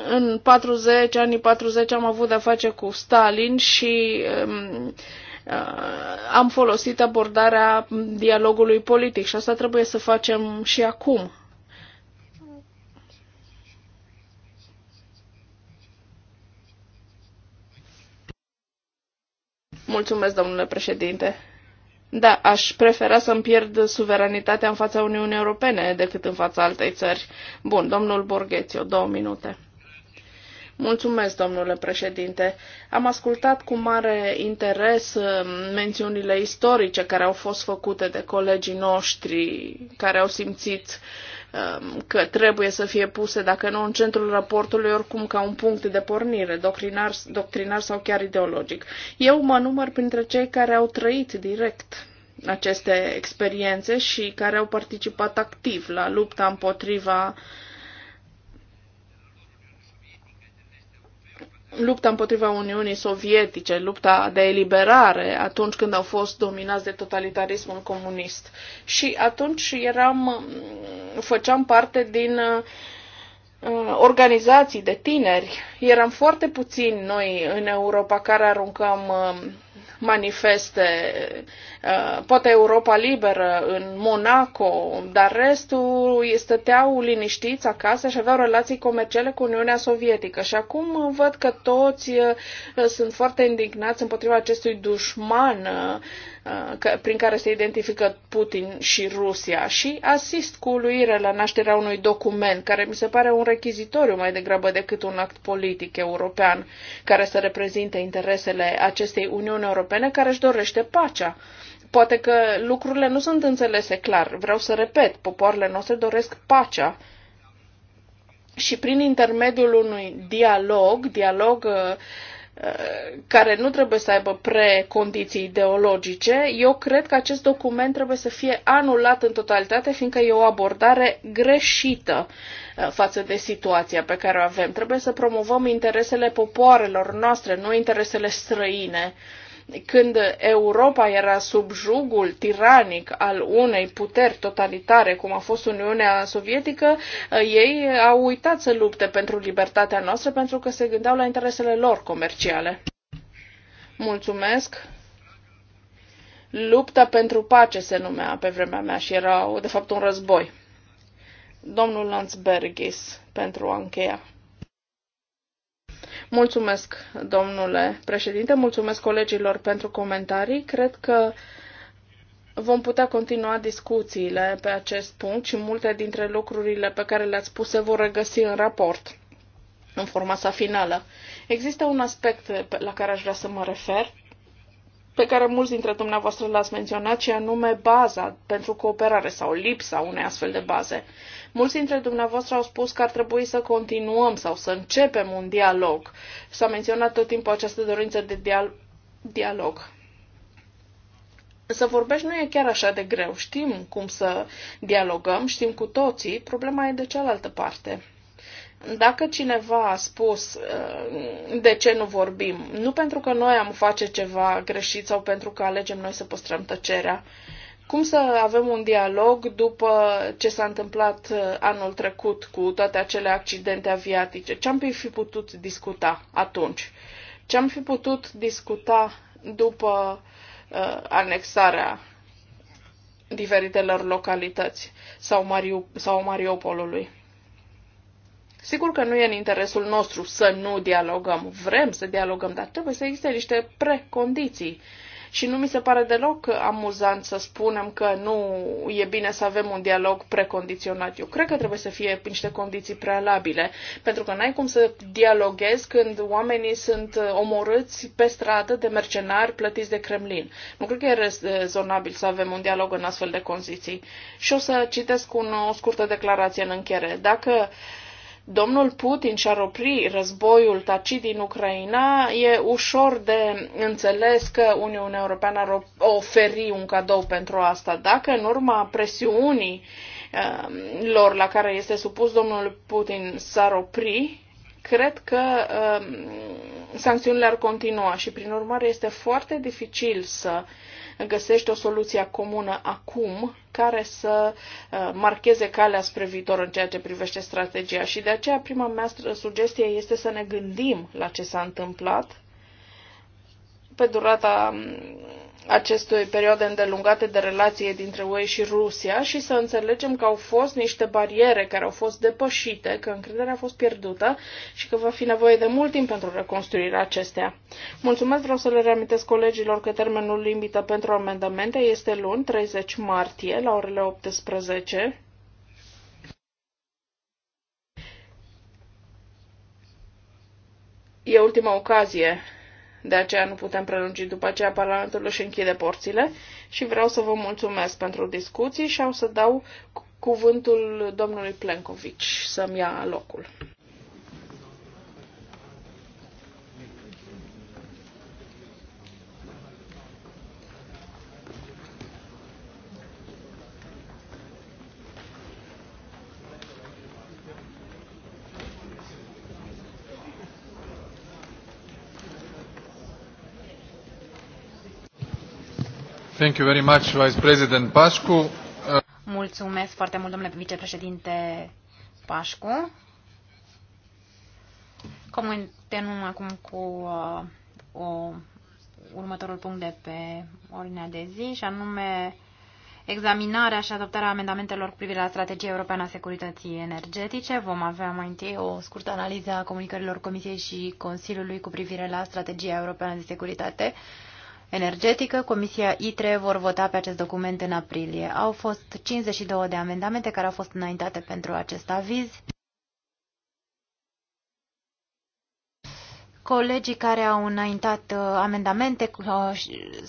în 40, anii 40 am avut de-a face cu Stalin și um, uh, am folosit abordarea dialogului politic și asta trebuie să facem și acum. Mulțumesc, domnule președinte. Da, aș prefera să-mi pierd suveranitatea în fața Uniunii Europene decât în fața altei țări. Bun, domnul Borghețiu, două minute. Mulțumesc, domnule președinte. Am ascultat cu mare interes uh, mențiunile istorice care au fost făcute de colegii noștri care au simțit um, că trebuie să fie puse, dacă nu în centrul raportului, oricum ca un punct de pornire, doctrinar, doctrinar sau chiar ideologic. Eu mă număr printre cei care au trăit direct aceste experiențe și care au participat activ la lupta împotriva uh, lupta împotriva Uniunii Sovietice, lupta de eliberare atunci când au fost dominați de totalitarismul comunist. Și atunci eram, făceam parte din uh, organizații de tineri. Eram foarte puțini noi în Europa care aruncam uh, manifeste, uh, poate Europa Liberă, în Monaco, dar restul stăteau liniștiți acasă și aveau relații comerciale cu Uniunea Sovietică. Și acum văd că toți uh, sunt foarte indignați împotriva acestui dușman uh, prin care se identifică Putin și Rusia și asist cu uluire la nașterea unui document care mi se pare un rechizitoriu mai degrabă decât un act politic european care să reprezinte interesele acestei Uniuni Uniunii Europene care își dorește pacea. Poate că lucrurile nu sunt înțelese clar. Vreau să repet, popoarele noastre doresc pacea și prin intermediul unui dialog, dialog uh, uh, care nu trebuie să aibă precondiții ideologice, eu cred că acest document trebuie să fie anulat în totalitate, fiindcă e o abordare greșită uh, față de situația pe care o avem. Trebuie să promovăm interesele popoarelor noastre, nu interesele străine. Uh, când Europa era sub jugul tiranic al unei puteri totalitare, cum a fost Uniunea Sovietică, eh, ei au uitat să lupte pentru libertatea noastră pentru că se gândeau la interesele lor comerciale. Mulțumesc! Lupta pentru pace se numea pe vremea mea și era de fapt un război. Domnul Landsbergis pentru a încheia. Mulțumesc, domnule președinte, mulțumesc colegilor pentru comentarii. Cred că vom putea continua discuțiile pe acest punct și multe dintre lucrurile pe care le-ați spus se vor regăsi în raport, în forma sa finală. Există un aspect la care aș vrea să mă refer pe care mulți dintre dumneavoastră l-ați menționat, și anume baza pentru cooperare sau lipsa unei astfel de baze. Mulți dintre dumneavoastră au spus că ar trebui să continuăm sau să începem un dialog. S-a menționat tot timpul această dorință de dial- dialog. Să vorbești nu e chiar așa de greu. Știm cum să dialogăm, știm cu toții, problema e de cealaltă parte. Dacă cineva a spus uh, de ce nu vorbim, nu pentru că noi am face ceva greșit sau pentru că alegem noi să păstrăm tăcerea, cum să avem un dialog după ce s-a întâmplat uh, anul trecut cu toate acele accidente aviatice? Ce am fi putut discuta atunci? Ce am fi putut discuta după uh, anexarea diferitelor localități sau, Mariu- sau Mariupolului? Sigur că nu e în interesul nostru să nu dialogăm. Vrem să dialogăm, dar trebuie să existe niște precondiții. Și nu mi se pare deloc amuzant să spunem că nu e bine să avem un dialog precondiționat. Eu cred că trebuie să fie niște condiții prealabile, pentru că n-ai cum să dialoghezi când oamenii sunt omorâți pe stradă de mercenari plătiți de Kremlin. Nu cred că e rezonabil să avem un dialog în astfel de condiții. Și o să citesc un, o scurtă declarație în încheiere. Dacă uh, domnul Putin și-ar opri războiul tacit din Ucraina, e ușor de înțeles că Uniunea Europeană ar oferi un cadou pentru asta. Dacă în urma presiunii uh, lor la care este supus domnul Putin s-ar opri, cred că uh, sancțiunile ar continua și, prin urmare, este foarte dificil să găsește o soluție comună acum care să uh, marcheze calea spre viitor în ceea ce privește strategia. Și de aceea prima mea sugestie este să ne gândim la ce s-a întâmplat pe durata mm, acestei perioade îndelungate de relație dintre UE și Rusia și să înțelegem că au fost niște bariere care au fost depășite, că încrederea a fost pierdută și că va fi nevoie de mult timp pentru reconstruirea acestea. Mulțumesc, vreau să le reamintesc colegilor că termenul limită pentru amendamente este luni, 30 martie, la orele 18. E ultima ocazie de aceea nu putem prelungi după aceea Parlamentul își închide porțile și vreau să vă mulțumesc pentru discuții și am să dau cuvântul domnului Plenković să-mi ia locul. Thank you very much, Vice President Pașcu. Mulțumesc foarte mult, domnule vicepreședinte Pașcu. Comentăm acum cu uh, o, următorul punct de pe ordinea de zi, și anume examinarea și adoptarea amendamentelor cu privire la strategia europeană a securității energetice. Vom avea mai întâi o scurtă analiză a comunicărilor Comisiei și Consiliului cu privire la strategia europeană de securitate. Uh, energetică. Comisia ITRE vor vota pe acest document în aprilie. Au fost 52 de amendamente care au fost înaintate pentru acest aviz. Colegii care au înaintat uh, amendamente uh,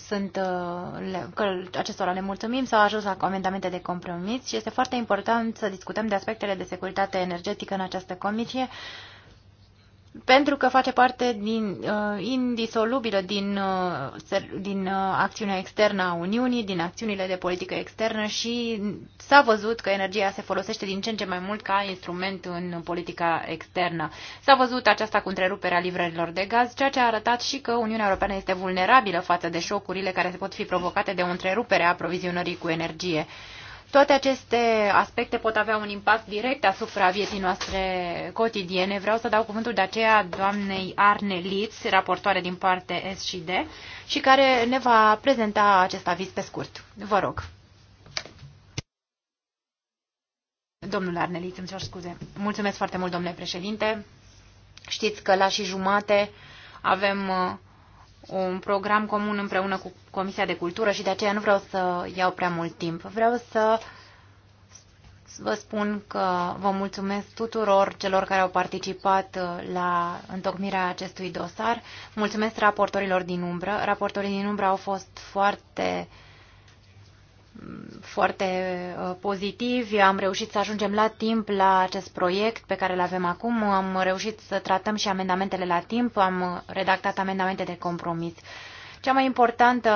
sunt, uh, că acestora le mulțumim, s-au ajuns la amendamente de compromis și este foarte important să discutăm de aspectele de securitate energetică în această comisie pentru că face parte din uh, indisolubilă din, uh, din uh, acțiunea externă a Uniunii, din acțiunile de politică externă și s-a văzut că energia se folosește din ce în ce mai mult ca instrument în politica externă. S-a văzut aceasta cu întreruperea livrărilor de gaz, ceea ce a arătat și că Uniunea Europeană este vulnerabilă față de șocurile care se pot fi provocate de o întrerupere a aprovizionării cu energie. Uh, toate aceste aspecte pot avea un impact direct asupra vieții noastre cotidiene. Vreau să dau cuvântul de aceea doamnei Arne Litz, raportoare din parte S și D, și care ne va prezenta acest aviz pe scurt. Vă rog. Domnul Arne Litz, îmi cer scuze. Mulțumesc foarte mult, domnule președinte. Știți că la și jumate avem uh, un program comun împreună cu Comisia de Cultură și de aceea nu vreau să iau prea mult timp. Vreau să vă spun că vă mulțumesc tuturor celor care au participat la întocmirea acestui dosar. Mulțumesc raportorilor din umbră. Raportorii din umbră au fost foarte uh, foarte uh, pozitivi. Am reușit să ajungem la timp la acest proiect pe care îl avem acum. Am reușit să tratăm și amendamentele la timp. Am redactat amendamente de compromis. Cea mai importantă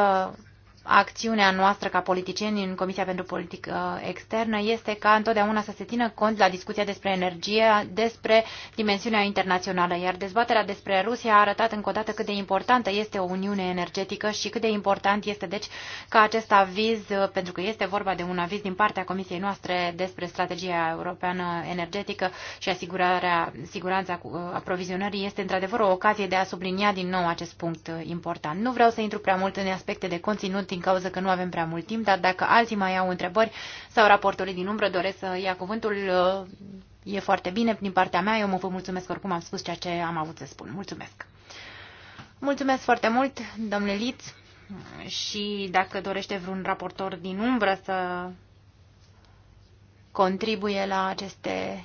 acțiunea noastră ca politicieni în Comisia pentru Politică Externă este ca întotdeauna să se țină cont la discuția despre energie, despre dimensiunea internațională, iar dezbaterea despre Rusia a arătat încă o dată cât de importantă este o uniune energetică și cât de important este deci ca acest aviz, pentru că este vorba de un aviz din partea Comisiei noastre despre strategia europeană energetică și asigurarea, siguranța aprovizionării, este într-adevăr o ocazie de a sublinia din nou acest punct important. Nu vreau să intru prea mult în aspecte de conținut din cauza că nu avem prea mult timp, dar dacă alții mai au întrebări sau raportorii din umbră doresc să ia cuvântul, uh, e foarte bine din partea mea. Eu mă vă mulțumesc oricum, am spus ceea ce am avut să spun. Mulțumesc! Mulțumesc foarte mult, domnule Liț, și dacă dorește vreun raportor din umbră să contribuie la aceste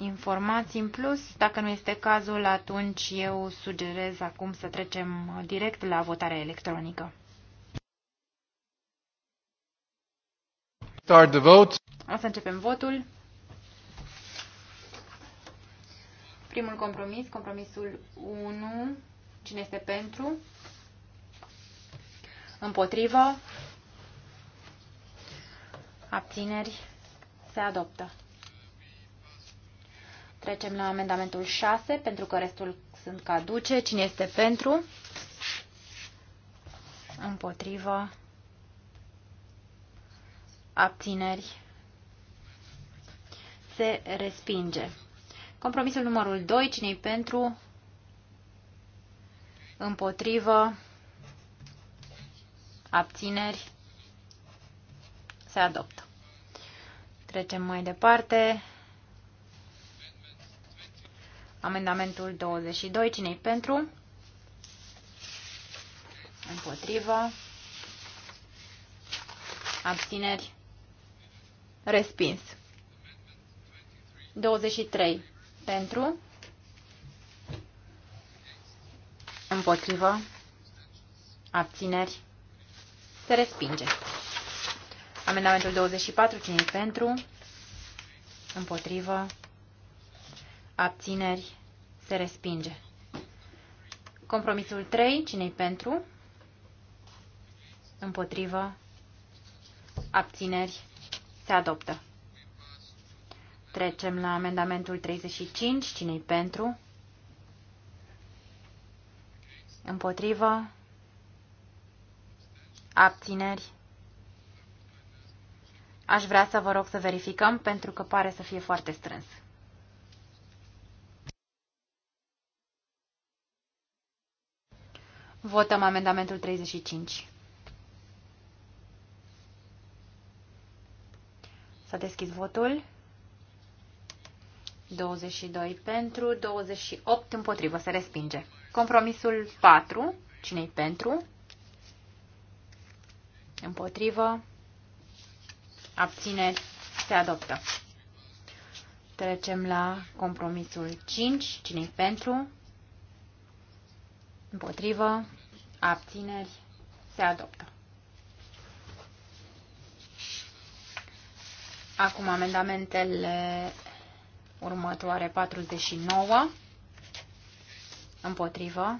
informații în plus. Dacă nu este cazul, atunci eu sugerez acum să trecem direct la votarea electronică. Start the vote. O să începem votul. Primul compromis, compromisul 1. Cine este pentru? Împotrivă? Abțineri? Se adoptă. Trecem la amendamentul 6, pentru că restul sunt caduce. Cine este pentru? Împotrivă. Abțineri. Se respinge. Compromisul numărul 2, cine pentru? Împotrivă. Abțineri. Se adoptă. Trecem mai departe Amendamentul 22. Cine-i pentru? Împotrivă. Abțineri. Respins. 23. Pentru. Împotrivă. Abțineri. Se respinge. Amendamentul 24. Cine pentru? Împotrivă. Abțineri. Se respinge. Compromisul 3, cine-i pentru? Împotrivă. Abțineri. Se adoptă. Trecem la amendamentul 35. Cine-i pentru? Împotrivă. Abțineri. Aș vrea să vă rog să verificăm pentru că pare să fie foarte strâns. Votăm amendamentul 35. S-a deschis votul. 22 pentru, 28 împotrivă, se respinge. Compromisul 4, cine pentru? Împotrivă, abține, se adoptă. Trecem la compromisul 5, cine pentru? Împotrivă. Abțineri. Se adoptă. Acum amendamentele următoare 49. Împotrivă.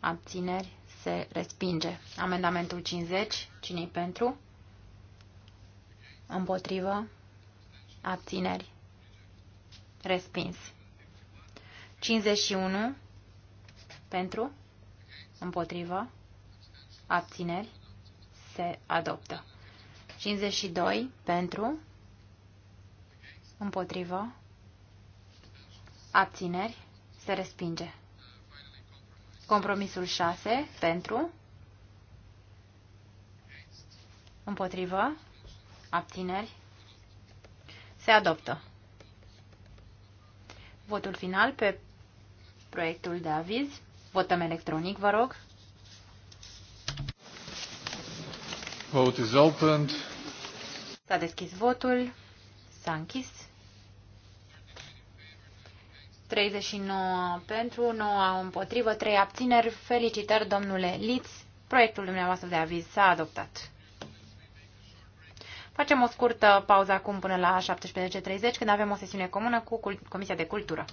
Abțineri. Se respinge. Amendamentul 50. cine pentru? Împotrivă. Abțineri. Respins. 51 pentru? Împotrivă? Abțineri? Se adoptă. 52. Pentru? Împotrivă? Abțineri? Se respinge. Compromisul 6. Pentru? Împotrivă? Abțineri? Se adoptă. Votul final pe proiectul de aviz. Votăm electronic, vă rog. Vote is opened. S-a deschis votul. S-a închis. 39 pentru, 9 împotrivă, 3 abțineri. Felicitări, domnule Liț. Proiectul dumneavoastră de aviz s-a adoptat. Facem o scurtă pauză acum până la 17.30, când avem o sesiune comună cu Comisia de Cultură.